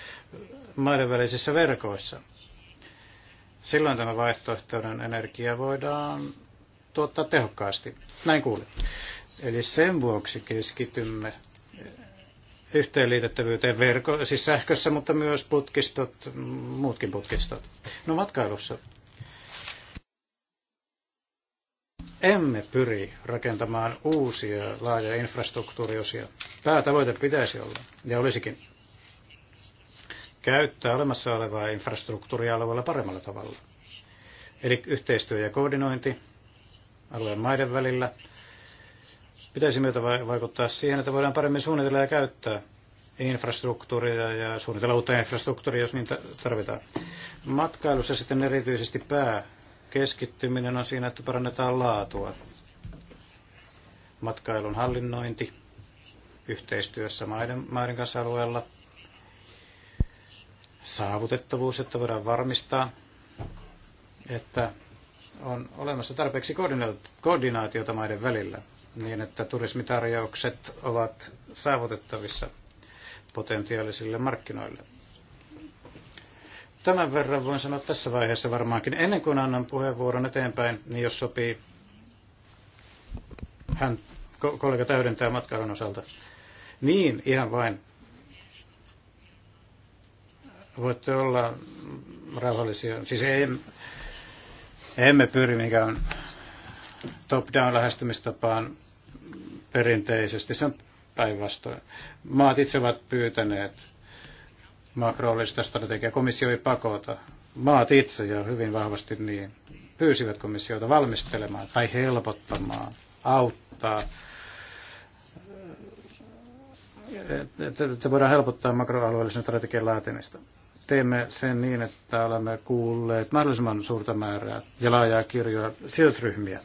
Speaker 1: maiden välisissä verkoissa. Silloin tämä vaihtoehtoinen energia voidaan tuottaa tehokkaasti. Näin kuulin. Eli sen vuoksi keskitymme yhteenliitettävyyteen verko, siis sähkössä, mutta myös putkistot, muutkin putkistot. No matkailussa emme pyri rakentamaan uusia laajoja infrastruktuuriosia. Päätavoite pitäisi olla, ja olisikin käyttää olemassa olevaa infrastruktuuria alueella paremmalla tavalla. Eli yhteistyö ja koordinointi alueen maiden välillä pitäisi myötä vaikuttaa siihen, että voidaan paremmin suunnitella ja käyttää infrastruktuuria ja suunnitella uutta infrastruktuuria, jos niitä tarvitaan. Matkailussa sitten erityisesti pääkeskittyminen on siinä, että parannetaan laatua. Matkailun hallinnointi yhteistyössä maiden, maiden kanssa alueella – saavutettavuus, jotta voidaan varmistaa, että on olemassa tarpeeksi koordinaatiota maiden välillä niin, että turismitarjoukset ovat saavutettavissa potentiaalisille markkinoille. Tämän verran voin sanoa tässä vaiheessa varmaankin. Ennen kuin annan puheenvuoron eteenpäin, niin jos sopii, hän kollega täydentää matkailun osalta. Niin, ihan vain voitte olla rauhallisia. Siis ei, emme pyri mikään top-down lähestymistapaan perinteisesti, se on päinvastoin. Maat itse ovat pyytäneet makrollista strategiaa, komissio ei pakota. Maat itse ja hyvin vahvasti niin pyysivät komissiota valmistelemaan tai helpottamaan, auttaa. Että voidaan helpottaa makroalueellisen strategian laatimista teemme sen niin, että olemme kuulleet mahdollisimman suurta määrää ja laajaa kirjoa sidosryhmiä.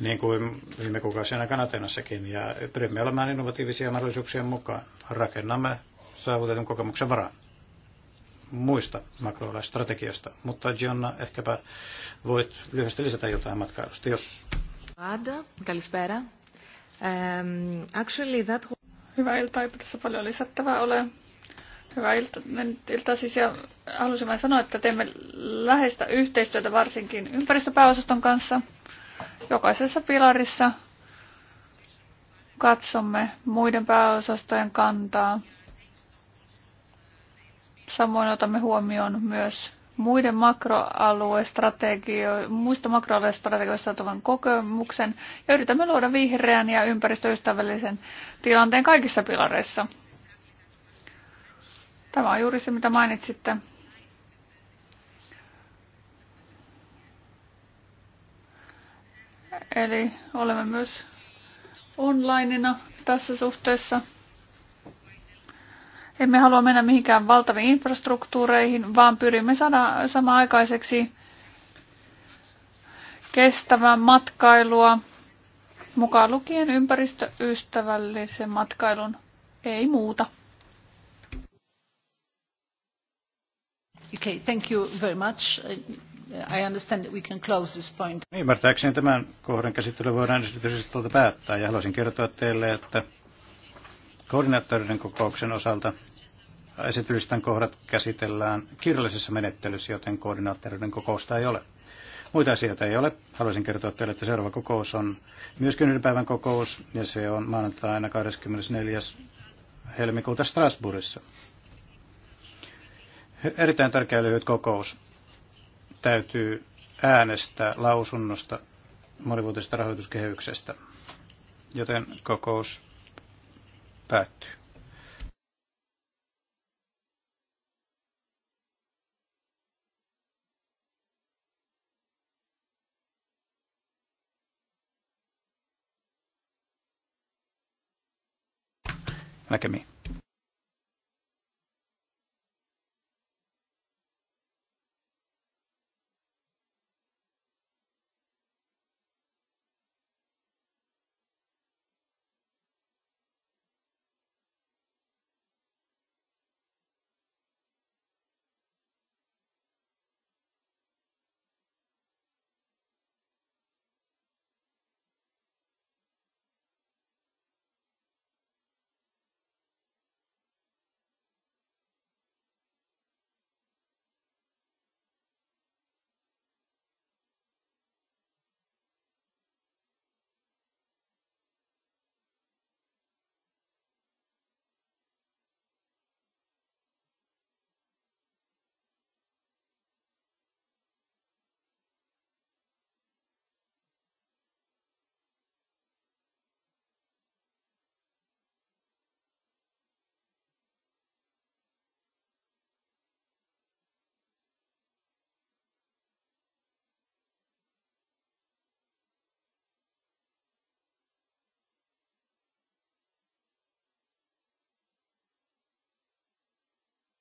Speaker 1: Niin kuin viime kuukausien aikana Atenassakin, ja pyrimme olemaan innovatiivisia mahdollisuuksien mukaan. Rakennamme saavutetun kokemuksen varaan muista makroalaisstrategioista, mutta Gianna, ehkäpä voit lyhyesti lisätä jotain matkailusta, jos...
Speaker 3: Ada, kalispera. Um, actually that... Hyvä iltaa, ei tässä paljon lisättävää ole. Hyvää ilta, iltaa siis ja halusin vain sanoa, että teemme läheistä yhteistyötä varsinkin ympäristöpääosaston kanssa. Jokaisessa pilarissa katsomme muiden pääosastojen kantaa. Samoin otamme huomioon myös muiden makroaluestrategio- muista makroaluestrategioista saatavan kokemuksen ja yritämme luoda vihreän ja ympäristöystävällisen tilanteen kaikissa pilareissa. Tämä on juuri se, mitä mainitsitte. Eli olemme myös onlineina tässä suhteessa. Emme halua mennä mihinkään valtaviin infrastruktuureihin, vaan pyrimme saada samaan aikaiseksi kestävää matkailua, mukaan lukien ympäristöystävällisen matkailun, ei muuta.
Speaker 1: Ymmärtääkseni tämän kohdan käsittely voidaan esityksestä päättää ja haluaisin kertoa teille, että koordinaattoreiden kokouksen osalta esityslistan kohdat käsitellään kirjallisessa menettelyssä, joten koordinaattoreiden kokousta ei ole. Muita asioita ei ole. Haluaisin kertoa teille, että seuraava kokous on myös yhden päivän kokous, ja se on maanantaina 24. helmikuuta Strasbourgissa. Erittäin tärkeä lyhyt kokous. Täytyy äänestää lausunnosta monivuotisesta rahoituskehyksestä, joten kokous päättyy. näkemiin.